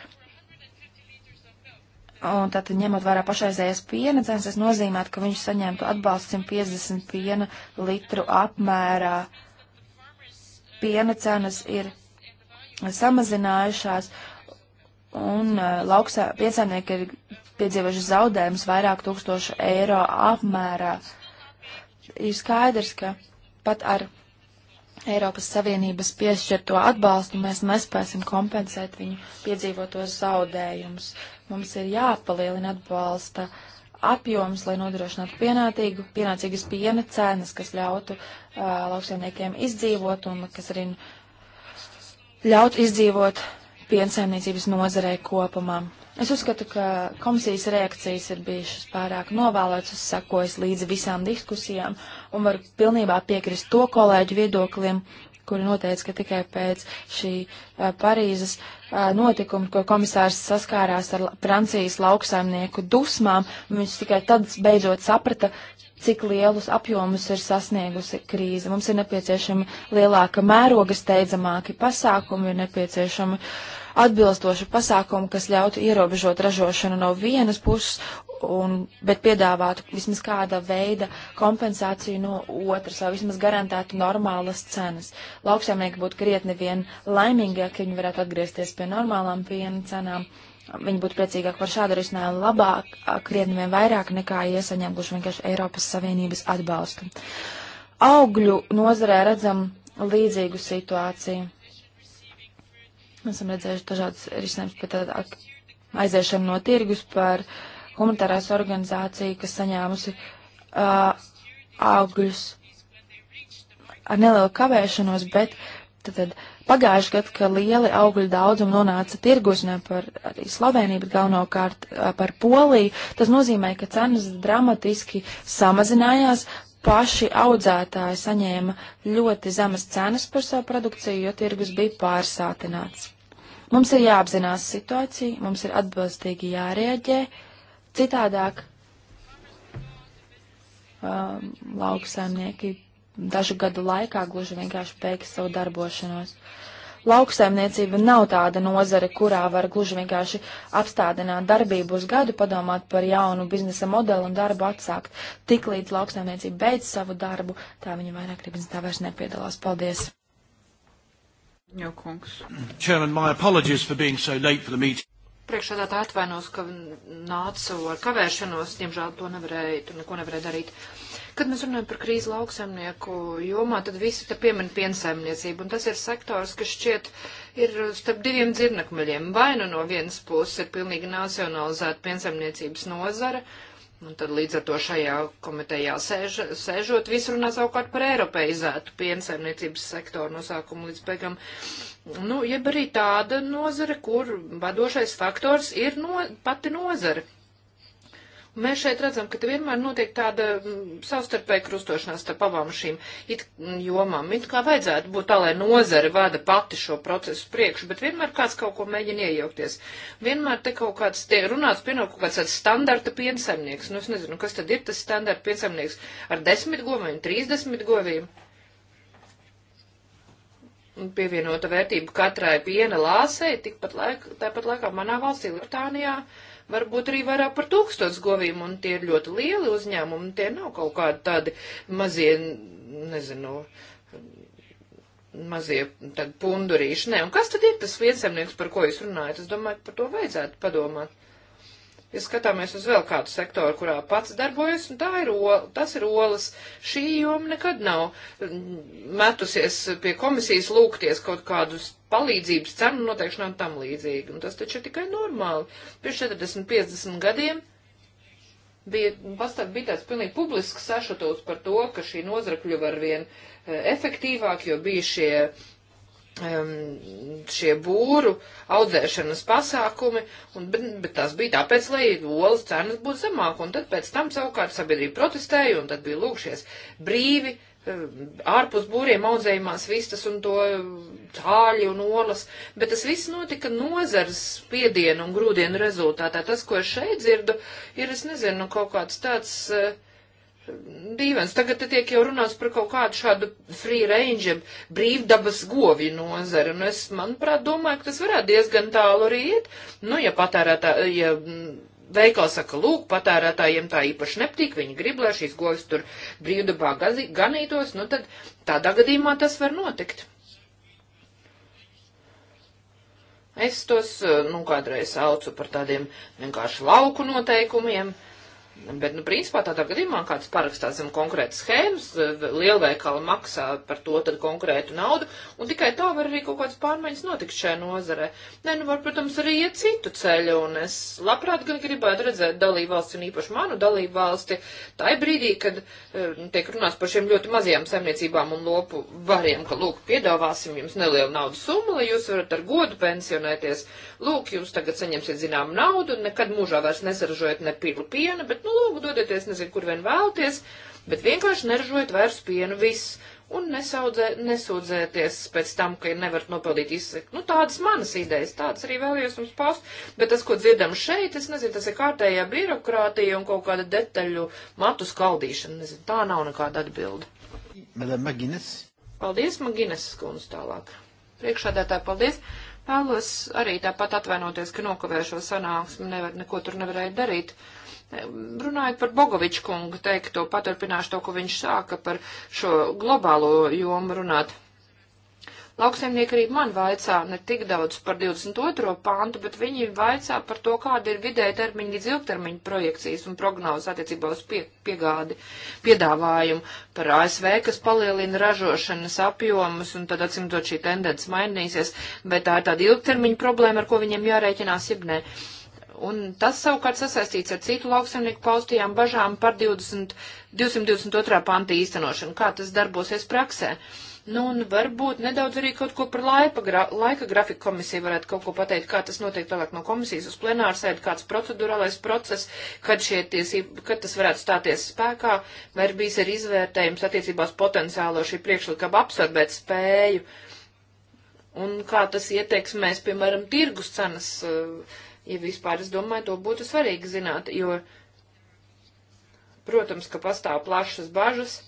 Un tātad ņemot vērā pašreizējās piena cenas, tas nozīmētu, ka viņš saņemtu atbalstu 150 piena litru apmērā. Piena cenas ir samazinājušās, un uh, lauksā piecēnieki ir piedzīvojuši zaudējumus vairāk tūkstošu eiro apmērā. Ir skaidrs, ka pat ar Eiropas Savienības piešķirto atbalstu mēs nespēsim kompensēt viņu piedzīvotos zaudējumus. Mums ir jāpalielina atbalsta apjoms, lai nodrošinātu pienācīgu, pienācīgas piena cenas, kas ļautu uh, lauksaimniekiem izdzīvot un kas arī ļautu izdzīvot piensaimniecības nozarei kopumā. Es uzskatu, ka komisijas reakcijas ir bijušas pārāk novēlotas, sekojas līdzi visām diskusijām un var pilnībā piekrist to kolēģu viedokļiem, kuri noteica, ka tikai pēc šī uh, Parīzes uh, notikuma, ko komisārs saskārās ar Francijas lauksaimnieku dusmām, viņš tikai tad beidzot saprata, cik lielus apjomus ir sasniegusi krīze. Mums ir nepieciešama lielāka mēroga steidzamāki pasākumi, ir nepieciešama uh, atbilstošu pasākumu, kas ļautu ierobežot ražošanu no vienas puses, un, bet piedāvātu vismaz kāda veida kompensāciju no otras, vai vismaz garantētu normālas cenas. Lauksaimnieki būtu krietni vien laimīgāki, ja viņi varētu atgriezties pie normālām piena cenām. Viņi būtu priecīgāki par šādu risinājumu labāk, krietni vien vairāk nekā iesaņemguši vienkārši Eiropas Savienības atbalstu. Augļu nozarē redzam līdzīgu situāciju Mēs esam redzējuši dažādas risinājumas par tādu aiziešanu no tirgus, par humanitārās organizāciju, kas saņēmusi uh, augļus ar nelielu kavēšanos, bet tad, tad pagājuši gadu, ka lieli augļu daudzumi nonāca tirgus, ne par arī Sloveniju, bet galvenokārt uh, par Poliju, tas nozīmē, ka cenas dramatiski samazinājās, paši audzētāji saņēma ļoti zemas cenas par savu produkciju, jo tirgus bija pārsātināts. Mums ir jāapzinās situācija, mums ir atbilstīgi jārēģē, citādāk um, lauksaimnieki dažu gadu laikā gluži vienkārši beigs savu darbošanos. Lauksaimniecība nav tāda nozare, kurā var gluži vienkārši apstādināt darbību uz gadu, padomāt par jaunu biznesa modeli un darbu atsākt. Tiklīdz lauksaimniecība beidz savu darbu, tā viņa vairāk ribens tā vairs nepiedalās. Paldies! Jau kungs. Chairman, my apologies for being so late for the meeting. Priekšādātā atvainos, ka nācu ar kavēšanos, diemžēl to nevarēju, tur neko nevarēju darīt. Kad mēs runājam par krīzi lauksaimnieku jomā, tad visi te piemin piensaimniecību, un tas ir sektors, kas šķiet ir starp diviem dzirnakmeļiem. Vai nu no vienas puses ir pilnīgi nacionalizēta piensaimniecības nozara, uh, Un tad līdz ar to šajā komitejā sēž, sēžot, visu runā savukārt par eiropeizētu piensaimniecības sektoru no sākuma līdz beigam. Nu, jeb arī tāda nozare, kur vadošais faktors ir no, pati nozare. Mēs šeit redzam, ka te vienmēr notiek tāda mm, savstarpēja krustošanās starp abām šīm it jomām. It kā vajadzētu būt tā, lai nozare vada pati šo procesu priekšu, bet vienmēr kāds kaut ko mēģina iejaukties. Vienmēr te kaut kāds tiek runāts, pienāk kaut kāds tāds standarta piensaimnieks. Nu, es nezinu, kas tad ir tas standarta piensaimnieks ar desmit govīm, trīsdesmit govīm. Pievienota vērtība katrai piena lāsei, tikpat laik, tāpat laikā manā valstī, Litānijā. Uh, varbūt arī vairāk par tūkstots govīm, un tie ir ļoti lieli uzņēmumi, un tie nav kaut kādi tādi mazie, nezinu, mazie tādi pundurīši. Nē, un kas tad ir tas vietsemnieks, par ko jūs runājat? Es domāju, par to vajadzētu padomāt. Ja skatāmies uz vēl kādu sektoru, kurā pats darbojas, un tā ir, ola, tas ir olas. Šī joma nekad nav metusies pie komisijas lūgties kaut kādus palīdzības cenu noteikšanā un tam līdzīgi. Un tas taču ir tikai normāli. Pirms 40, 50 gadiem bija, pastāv, bija tāds pilnīgi publisks sašutums par to, ka šī nozara kļuva arvien eh, efektīvāk, jo bija šie um, šie būru audzēšanas pasākumi, un, bet, bet tas bija tāpēc, lai olas cenas būtu zemāk, un tad pēc tam savukārt sabiedrība protestēja, un tad bija lūkšies brīvi ārpus būriem audzējumās vistas un to cāļi un olas, bet tas viss notika nozars spiedienu un grūdienu rezultātā. Tas, ko es šeit dzirdu, ir, es nezinu, kaut kāds tāds uh, dīvains. Tagad te tiek jau runāts par kaut kādu šādu free range, brīvdabas govju nozari, un nu, es, manuprāt, domāju, ka tas varētu diezgan tālu arī iet. Nu, ja patērētā, ja veikals saka, lūk, patērētājiem tā īpaši nepatīk, viņi grib, lai šīs govis tur brīvdabā ganītos, nu tad tādā gadījumā tas var notikt. Es tos, nu, kādreiz saucu par tādiem vienkārši lauku noteikumiem. Uh, Bet, nu, principā tādā gadījumā kāds parakstās zem konkrētas schēmas, eh, lielveikala maksā par to tad konkrētu naudu, un tikai tā var arī kaut kādas pārmaiņas notikt šajā nozarē. Nē, nu, var, protams, arī iet citu ceļu, un es labprāt gan gribētu redzēt dalību valsti, un īpaši manu dalību valsti, tā ir brīdī, kad eh, nu, tiek runās par šiem ļoti mazajām saimniecībām un lopu variem, ka, lūk, piedāvāsim jums nelielu naudas summu, lai jūs varat ar godu pensionēties. Lūk, jūs tagad saņemsiet zinām naudu, un nekad mūžā vairs nesaražojat ne pilu piena, bet, nu, nu lūgu dodieties, nezinu, kur vien vēlties, bet vienkārši neražojiet vairs pienu viss un nesaudzē, nesūdzēties pēc tam, ka nevarat nopelnīt izsaka. Nu, tādas manas idejas, tādas arī vēlējos jums paust, bet tas, ko dzirdam šeit, es nezinu, tas ir kārtējā birokrātija un kaut kāda detaļu matu skaldīšana, nezinu, tā nav nekāda atbilda. Madame Maginas. Paldies, Maginas skundz tālāk. Priekšādētāji, paldies. Vēlos arī tāpat atvainoties, ka nokavēju šo sanāksmi, nevar, neko tur nevarēju darīt. Uh, Runājot par Bogoviču kungu teikto, paturpināšu to, ko viņš sāka par šo globālo jomu runāt. Lauksaimnieki arī man vaicā ne tik daudz par 22. pāntu, bet viņi vaicā par to, kāda ir vidēja termiņa līdz ilgtermiņa projekcijas un prognozes attiecībā uz pie, piegādi, piedāvājumu par ASV, kas palielina ražošanas apjomus, un tad atsimtot šī tendence mainīsies, bet tā ir tāda ilgtermiņa problēma, ar ko viņiem jārēķinās, ja nē. Un tas savukārt sasaistīts ar citu lauksaimnieku paustajām bažām par 20, 222. panta īstenošanu. Kā tas darbosies praksē? Nu, un varbūt nedaudz arī kaut ko par laipa, gra, laika grafiku komisiju varētu kaut ko pateikt, kā tas notiek tālāk no komisijas uz plenārsēdi, kāds procedurālais process, kad, šie tiesība, kad tas varētu stāties spēkā, vai ir bijis arī izvērtējums attiecībās potenciālo šī priekšlikuma absorbēt spēju, un kā tas ieteiksmēs, piemēram, tirgus cenas. Uh, ja vispār es domāju, to būtu svarīgi zināt, jo, protams, ka pastāv plašas bažas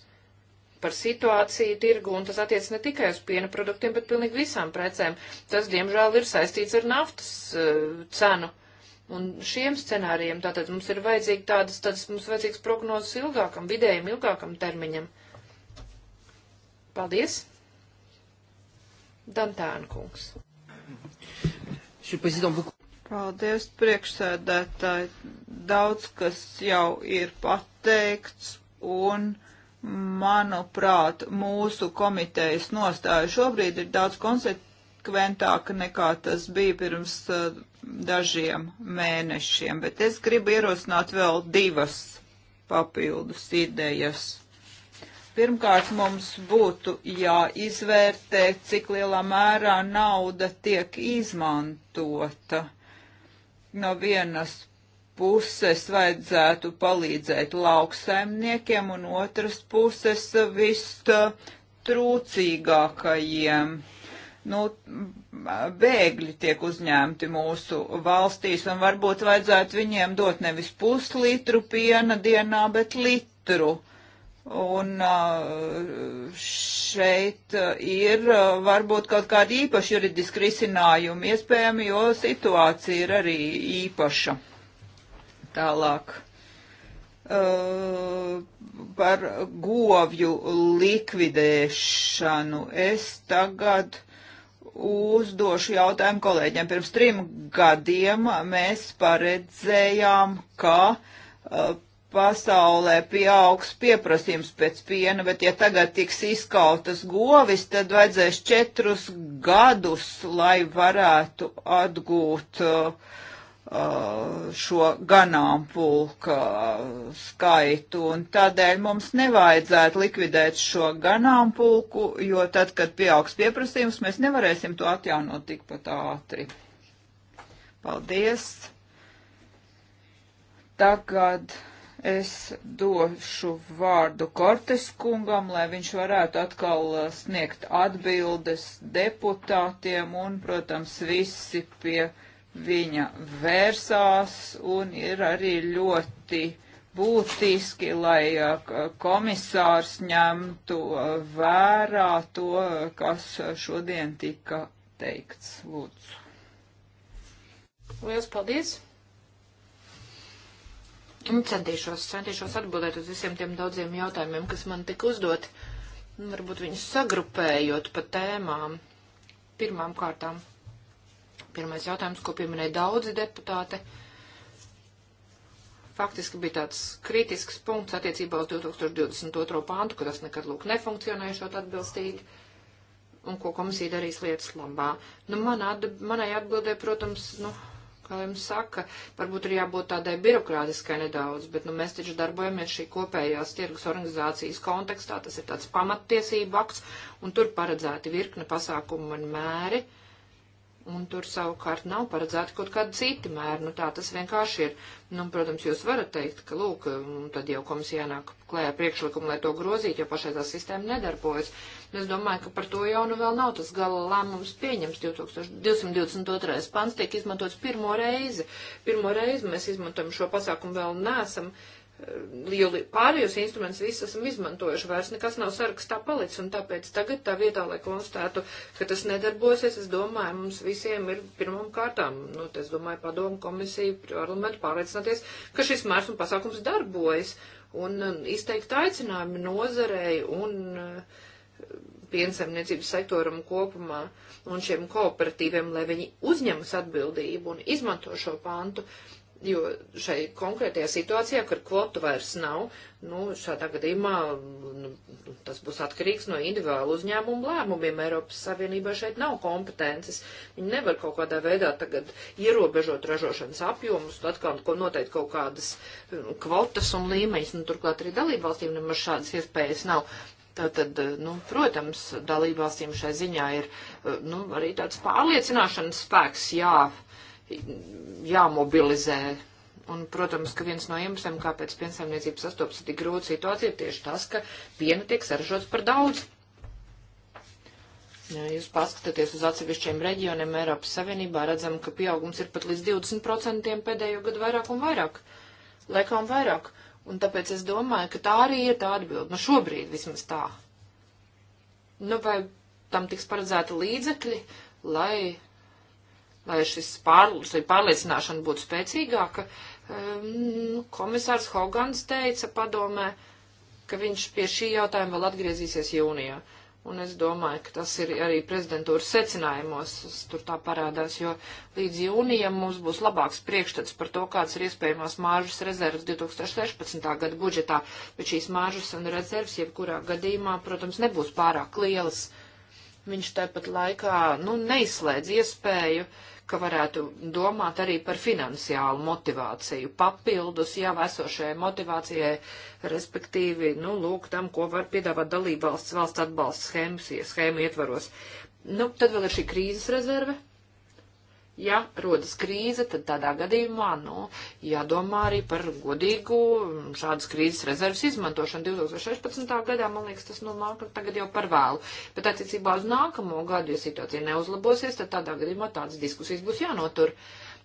par situāciju tirgu, un tas attiec ne tikai uz piena produktiem, bet pilnīgi visām precēm. Tas, diemžēl, ir saistīts ar naftas uh, cenu. Un šiem scenārijiem tātad mums ir vajadzīgi tādas, tādas mums vajadzīgs prognozes ilgākam, vidējam, ilgākam termiņam. Paldies! Dantāna kungs. Paldies, priekšsēdētāji. Daudz kas jau ir pateikts un, manuprāt, mūsu komitejas nostāja šobrīd ir daudz konsekventāka nekā tas bija pirms uh, dažiem mēnešiem, bet es gribu ierosināt vēl divas papildus idejas. Pirmkārt, mums būtu jāizvērtē, cik lielā mērā nauda tiek izmantota. Uh, no vienas puses vajadzētu palīdzēt lauksaimniekiem un otras puses vist uh, trūcīgākajiem. Nu, bēgļi tiek uzņemti mūsu valstīs un varbūt vajadzētu viņiem dot nevis puslitru piena dienā, bet litru. Uh, Un šeit ir varbūt kaut kādi īpaši juridiski risinājumi iespējami, jo situācija ir arī īpaša. Tālāk. Uh, par govju likvidēšanu. Es tagad uzdošu jautājumu kolēģiem. Pirms trim gadiem mēs paredzējām, ka uh, pasaulē pieaugs pieprasījums pēc piena, bet ja tagad tiks izkautas govis, tad vajadzēs četrus gadus, lai varētu atgūt uh, šo ganāmpulka skaitu. Un tādēļ mums nevajadzētu likvidēt šo ganāmpulku, jo tad, kad pieaugs pieprasījums, mēs nevarēsim to atjaunot tikpat ātri. Paldies! Tagad. Es došu vārdu Kortes kungam, lai viņš varētu atkal uh, sniegt atbildes deputātiem un, protams, visi pie viņa vērsās un ir arī ļoti būtiski, lai uh, komisārs ņemtu uh, vērā to, kas šodien tika teikts. Lūdzu. Lielas paldies! Un nu, centīšos, centīšos atbildēt uz visiem tiem daudziem jautājumiem, kas man tik uzdot, varbūt viņus sagrupējot pa tēmām. Pirmām kārtām, pirmais jautājums, ko pieminēja daudzi deputāti, faktiski bija tāds kritisks punkts attiecībā uz 2022. pāntu, ka tas nekad lūk nefunkcionēšot atbilstīgi un ko komisija darīs lietas labā. Nu, man atb manai atbildē, protams, nu, kā jums saka, varbūt ir jābūt tādai birokrātiskai nedaudz, bet nu, mēs taču darbojamies šī kopējās tirgus organizācijas kontekstā, tas ir tāds pamattiesību akts, un tur paredzēti virkne pasākumu un mēri. Uh, un tur savukārt nav paredzēti kaut kādi citi mēri. Nu, tā tas vienkārši ir. Nu, protams, jūs varat teikt, ka, lūk, tad jau komisija nāk klējā priekšlikumu, lai to grozītu, jo pašai tā sistēma nedarbojas. Nu, es domāju, ka par to jau nu vēl nav tas gala lēmums pieņems. 222. pants tiek izmantots pirmo reizi. Pirmo reizi mēs izmantojam šo pasākumu vēl nesam jo pārējos instrumentus visus esam izmantojuši, vairs nekas nav sarakstā palicis, un tāpēc tagad tā vietā, lai konstatētu, ka tas nedarbosies, es domāju, mums visiem ir pirmām kārtām, nu, es domāju, padomu komisiju, parlamentu pārliecināties, ka šis mērs un pasākums darbojas, un um, izteikt aicinājumu nozarei un uh, piensaimniecības sektoram kopumā un šiem kooperatīviem, lai viņi uzņemas atbildību un izmanto šo pantu. Uh, jo šai konkrētajā situācijā, kad kvotu vairs nav, nu, šādā gadījumā nu, tas būs atkarīgs no individuālu uzņēmumu lēmumiem. Eiropas Savienībā šeit nav kompetences. Viņi nevar kaut kādā veidā tagad ierobežot ražošanas apjomus, atkal ko noteikt kaut kādas nu, kvotas un līmeņas. Nu, turklāt arī dalībvalstīm nemaz šādas iespējas nav. Tātad, nu, protams, dalībvalstīm šai ziņā ir nu, arī tāds pārliecināšanas spēks jā, jāmobilizē. Un, protams, ka viens no iemesliem, kāpēc piensaimniecība sastopas tik grūta situācija, ir tieši tas, ka piena tiek saražots par daudz. Ja jūs paskatāties uz atsevišķiem reģioniem Eiropas Savienībā, redzam, ka pieaugums ir pat līdz 20% pēdējo gadu vairāk un vairāk, laikā un vairāk. Un tāpēc es domāju, ka tā arī ir tā atbilde. Nu, šobrīd vismaz tā. Nu, vai tam tiks paredzēti līdzekļi, lai lai šis pār, šī pārliecināšana būtu spēcīgāka, um, komisārs Hogans teica padomē, ka viņš pie šī jautājuma vēl atgriezīsies jūnijā. Un es domāju, ka tas ir arī prezidentūras secinājumos, tur tā parādās, jo līdz jūnijam mums būs labāks priekšstats par to, kāds ir iespējamās māržas rezervas 2016. gada budžetā, bet šīs māržas un rezervas jebkurā gadījumā, protams, nebūs pārāk lielas. Viņš tāpat laikā, nu, neizslēdz iespēju uh, ka varētu domāt arī par finansiālu motivāciju, papildus jau esošajai motivācijai, respektīvi, nu, lūk, tam, ko var piedāvāt dalībvalsts valsts atbalsts schēmas, schēmu ietvaros. Nu, tad vēl ir šī krīzes rezerve, ja rodas krīze, tad tādā gadījumā, nu, jādomā arī par godīgu mm, šādas krīzes rezerves izmantošanu. 2016. gadā, man liekas, tas nu nāk tagad jau par vēlu. Bet attiecībā uz nākamo gadu, ja situācija neuzlabosies, tad tādā gadījumā tādas diskusijas būs jānotur.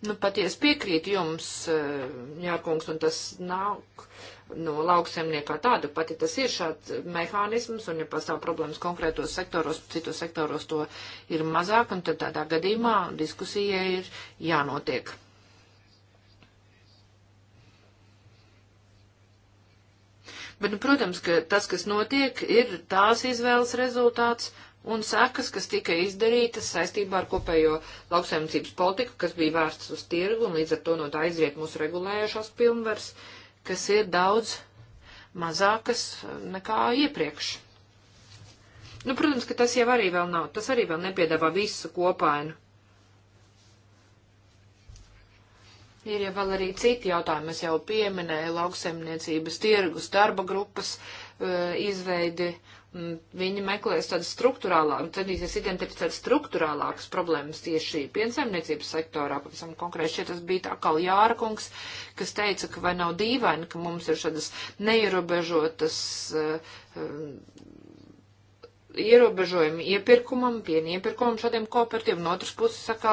Nu, paties piekrīt jums, eh, Jārkungs, un tas nāk no nu, lauksaimnieka tādu, pat ja tas ir šāds mehānisms un ja pastāv problēmas konkrētos sektoros, citos sektoros to ir mazāk, un tad tādā gadījumā diskusija ir jānotiek. Bet, nu, protams, ka tas, kas notiek, ir tās izvēles rezultāts, un sekas, kas tika izdarītas saistībā ar kopējo lauksaimniecības politiku, kas bija vērsts uz tirgu, un līdz ar to no tā izriet mūsu regulējušās pilnvars. Uh, kas ir daudz mazākas nekā iepriekš. Nu, protams, ka tas jau arī vēl nav, tas arī vēl nepiedāvā visu kopainu. Ir jau vēl arī citi jautājumi, es jau pieminēju lauksemniecības tirgus darba grupas eh, izveidi, Mm, viņi meklēs tādas struktūrālākas, centīsies identificēt struktūrālākas problēmas tieši piensaimniecības sektorā. Pavisam konkrēti šeit tas bija atkal Jāra kungs, kas teica, ka vai nav dīvaini, ka mums ir šādas neierobežotas uh, ierobežojumi iepirkumam, piena iepirkumam šādiem kooperatīviem, no otras puses sakā,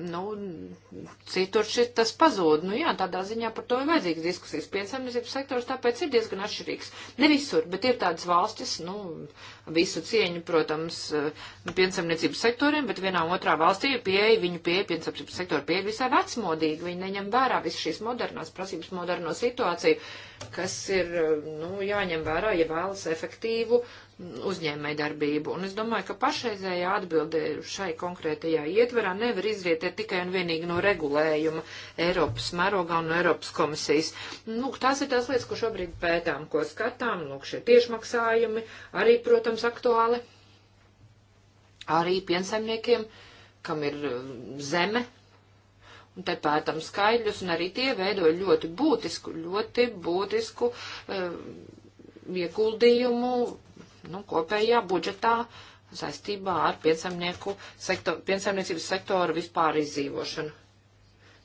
nu, citur šis tas pazūd. Nu jā, tādā ziņā par to ir vajadzīgas diskusijas. Piensaimniecības sektors tāpēc ir diezgan atšķirīgs. Ne visur, bet ir tādas valstis, nu, visu cieņu, protams, eh, piensaimniecības sektoriem, bet vienā otrā valstī ir pieeja, viņu pieeja piensaimniecības sektora pieeja visai vecmodīgi. Viņi neņem vērā visu šīs modernās prasības, moderno situāciju, kas ir, eh, nu, jāņem vērā, ja vēlas efektīvu uzņēmēju darbību. Un es domāju, ka pašreizējā atbilde šai konkrētajā ietverā nevar izriet tikai un vienīgi no regulējuma Eiropas mērogā un no Eiropas komisijas. Nu, tās ir tās lietas, ko šobrīd pētām, ko skatām. Lūk, šie tiešmaksājumi arī, protams, aktuāli. Arī piensaimniekiem, kam ir um, zeme. Un te pētam skaidrus, un arī tie veido ļoti būtisku, ļoti būtisku uh, ieguldījumu nu, kopējā budžetā saistībā ar sektor, piensaimniecības sektoru vispār izdzīvošanu.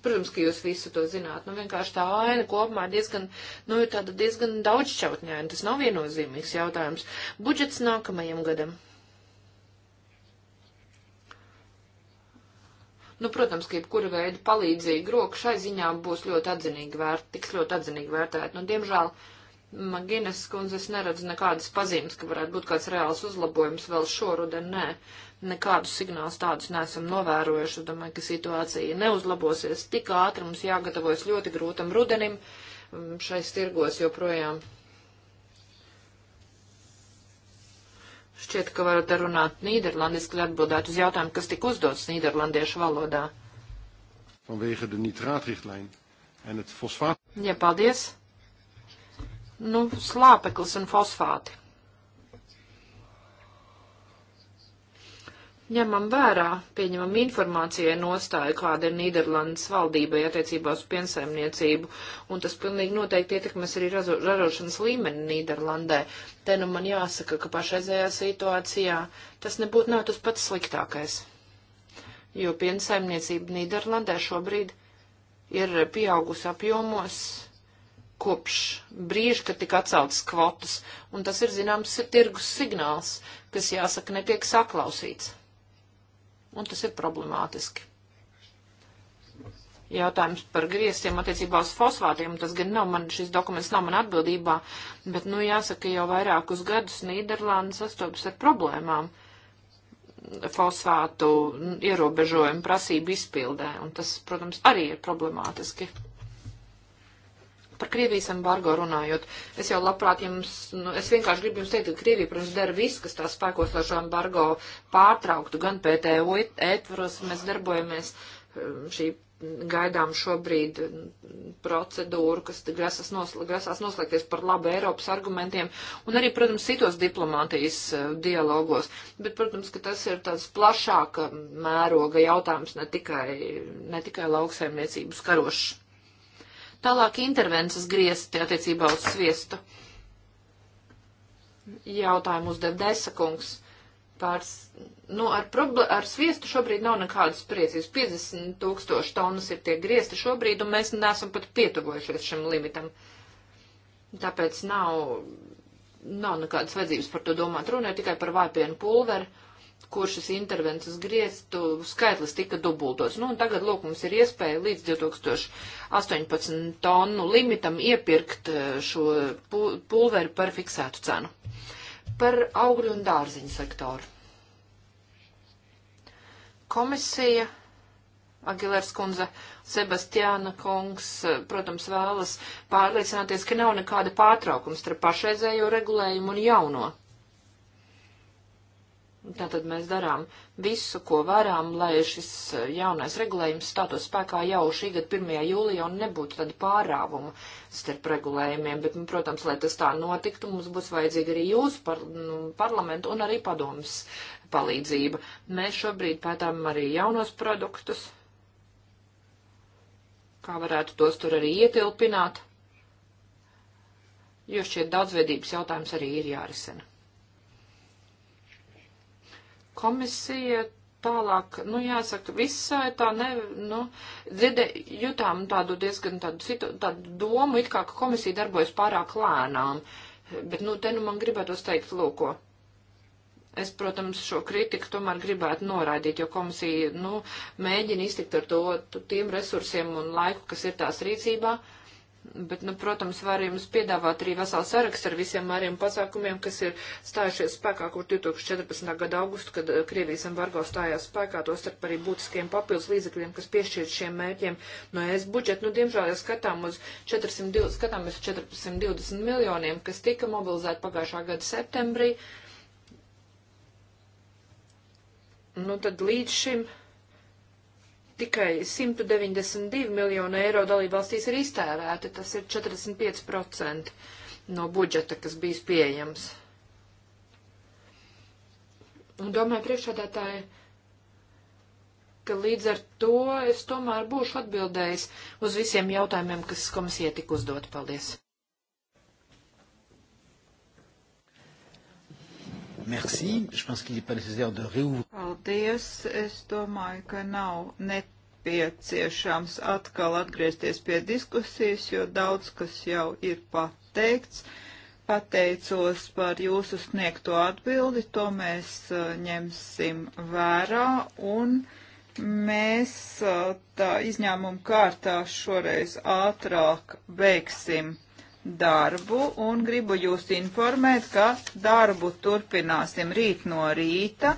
Protams, ka jūs visu to zināt. Nu, vienkārši tā aina kopumā diezgan, nu, ir tāda diezgan daudzšķautņaina. Tas nav viennozīmīgs jautājums. Budžets nākamajam gadam. Nu, protams, ka jebkura veida palīdzīga roka šai ziņā būs ļoti atzinīgi vērt, tiks ļoti atzinīgi vērtēt. Nu, diemžēl. Uh, Maginas kundze, es neredzu nekādas pazīmes, ka varētu būt kāds reāls uzlabojums vēl šoruden, nē. Nekādus signālus tādus neesam novērojuši. Domāju, ka situācija neuzlabosies tik ātri. Mums jāgatavojas ļoti grūtam rudenim mm, šais tirgos joprojām. Šķiet, ka varat runāt nīderlandiski, lai atbildētu uz jautājumu, kas tika uzdots nīderlandiešu valodā. Vanwege de nitrātrichtlijn en het fosfātu. Ja, paldies nu, slāpeklis un fosfāti. Ņemam vērā, pieņemam informācijai nostāju, kāda ir Nīderlandes valdībai attiecībā uz piensaimniecību, un tas pilnīgi noteikti ietekmēs arī ražošanas līmeni Nīderlandē. Te nu man jāsaka, ka pašreizējā situācijā tas nebūtu nav tas pats sliktākais, jo piensaimniecība Nīderlandē šobrīd ir pieaugusi apjomos kopš brīža, kad tika atceltas kvotas, un tas ir zināms tirgus signāls, kas jāsaka netiek saklausīts. Un tas ir problemātiski. Jautājums par griestiem attiecībā uz fosfātiem, tas gan nav man, šis dokuments nav man atbildībā, bet, nu, jāsaka, jau vairākus gadus Nīderlanda sastopas ar problēmām fosfātu ierobežojumu prasību izpildē, un tas, protams, arī ir problemātiski par Krievijas embargo runājot, es jau labprāt jums, nu, es vienkārši gribu jums teikt, ka Krievija, protams, dara visu, kas tā spēkos, lai šo embargo pārtrauktu, gan PTO ietvaros mēs darbojamies um, šī gaidām šobrīd um, procedūru, kas grasās, nosl grasās noslēgties par labu Eiropas argumentiem, un arī, protams, citos diplomātijas uh, dialogos. Bet, protams, ka tas ir tāds plašāka mēroga jautājums, ne tikai, ne tikai lauksaimniecības karošs. Tālāk intervences griezti attiecībā uz sviestu. Jautājumu uzdev Desakungs. Pārs, nu, ar, problē, ar sviestu šobrīd nav nekādas priecības. 50 tūkstoši tonnas ir tie griezti šobrīd, un mēs neesam pat pietuvojušies šim limitam. Tāpēc nav, nav nekādas vajadzības par to domāt. Runa ir tikai par vāpienu pulveri kur šis intervences grieztu skaitlis tika dubultots. Nu, un tagad, lūk, mums ir iespēja līdz 2018 tonu limitam iepirkt e, šo pulveri par fiksētu cenu. Par augļu un dārziņu sektoru. Komisija Agilērs kundze, Sebastiāna kungs, e, protams, vēlas pārliecināties, ka nav nekāda pārtraukums starp pašreizējo regulējumu un jauno. Tātad mēs darām visu, ko varam, lai šis jaunais regulējums stātos spēkā jau šī gada 1. jūlijā un nebūtu tāda pārāvuma starp regulējumiem. Bet, nu, protams, lai tas tā notiktu, mums būs vajadzīga arī jūsu par, nu, parlamentu un arī padomas palīdzība. Mēs šobrīd pētām arī jaunos produktus, kā varētu tos tur arī ietilpināt, jo šķiet daudzveidības jautājums arī ir jārisina. Komisija tālāk, nu jāsaka, visai tā ne, nu, dzirdē, jutām tādu diezgan tādu, situ, tādu domu, it kā ka komisija darbojas pārāk lēnām, bet, nu, te nu man gribētos teikt, lūko. Es, protams, šo kritiku tomēr gribētu noraidīt, jo komisija, nu, mēģina iztikt ar to, tiem resursiem un laiku, kas ir tās rīcībā. Uh, Bet, nu, protams, var jums piedāvāt arī veselu sarakstu ar visiem mēriem pasākumiem, kas ir stājušies spēkā, kur 2014. gada augustu, kad eh, Krievijas embargo stājās spēkā, to starp arī būtiskiem papildus līdzekļiem, kas piešķirt šiem mērķiem no ES budžeta. Nu, diemžēl, ja skatām uz 420, skatāmies 420 miljoniem, kas tika mobilizēti pagājušā gada septembrī, nu, tad līdz šim tikai 192 miljonu eiro dalībvalstīs ir iztērēti, tas ir 45% no budžeta, kas bijis pieejams. Un domāju, priekšādātāji, ka līdz ar to es tomēr būšu atbildējis uz visiem jautājumiem, kas komisija tik uzdot. Paldies! Merci. Je pense qu'il n'est pas nécessaire de réouvrir. Paldies. Es domāju, ka nav nepieciešams atkal atgriezties pie diskusijas, jo daudz kas jau ir pateikts. Pateicos par jūsu sniegto atbildi, to mēs uh, ņemsim vērā un mēs uh, tā izņēmuma kārtā šoreiz ātrāk beigsim darbu un gribu jūs informēt, ka darbu turpināsim rīt no rīta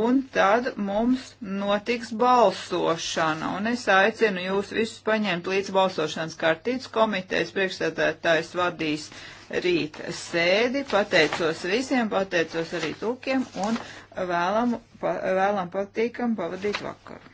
un tad mums notiks balsošana. Un es aicinu jūs visus paņemt līdz balsošanas kartītes. Komitejas priekšsēdētājs vadīs rīt sēdi. Pateicos visiem, pateicos arī tūkiem un vēlam, pa, vēlam patīkam pavadīt vakaru.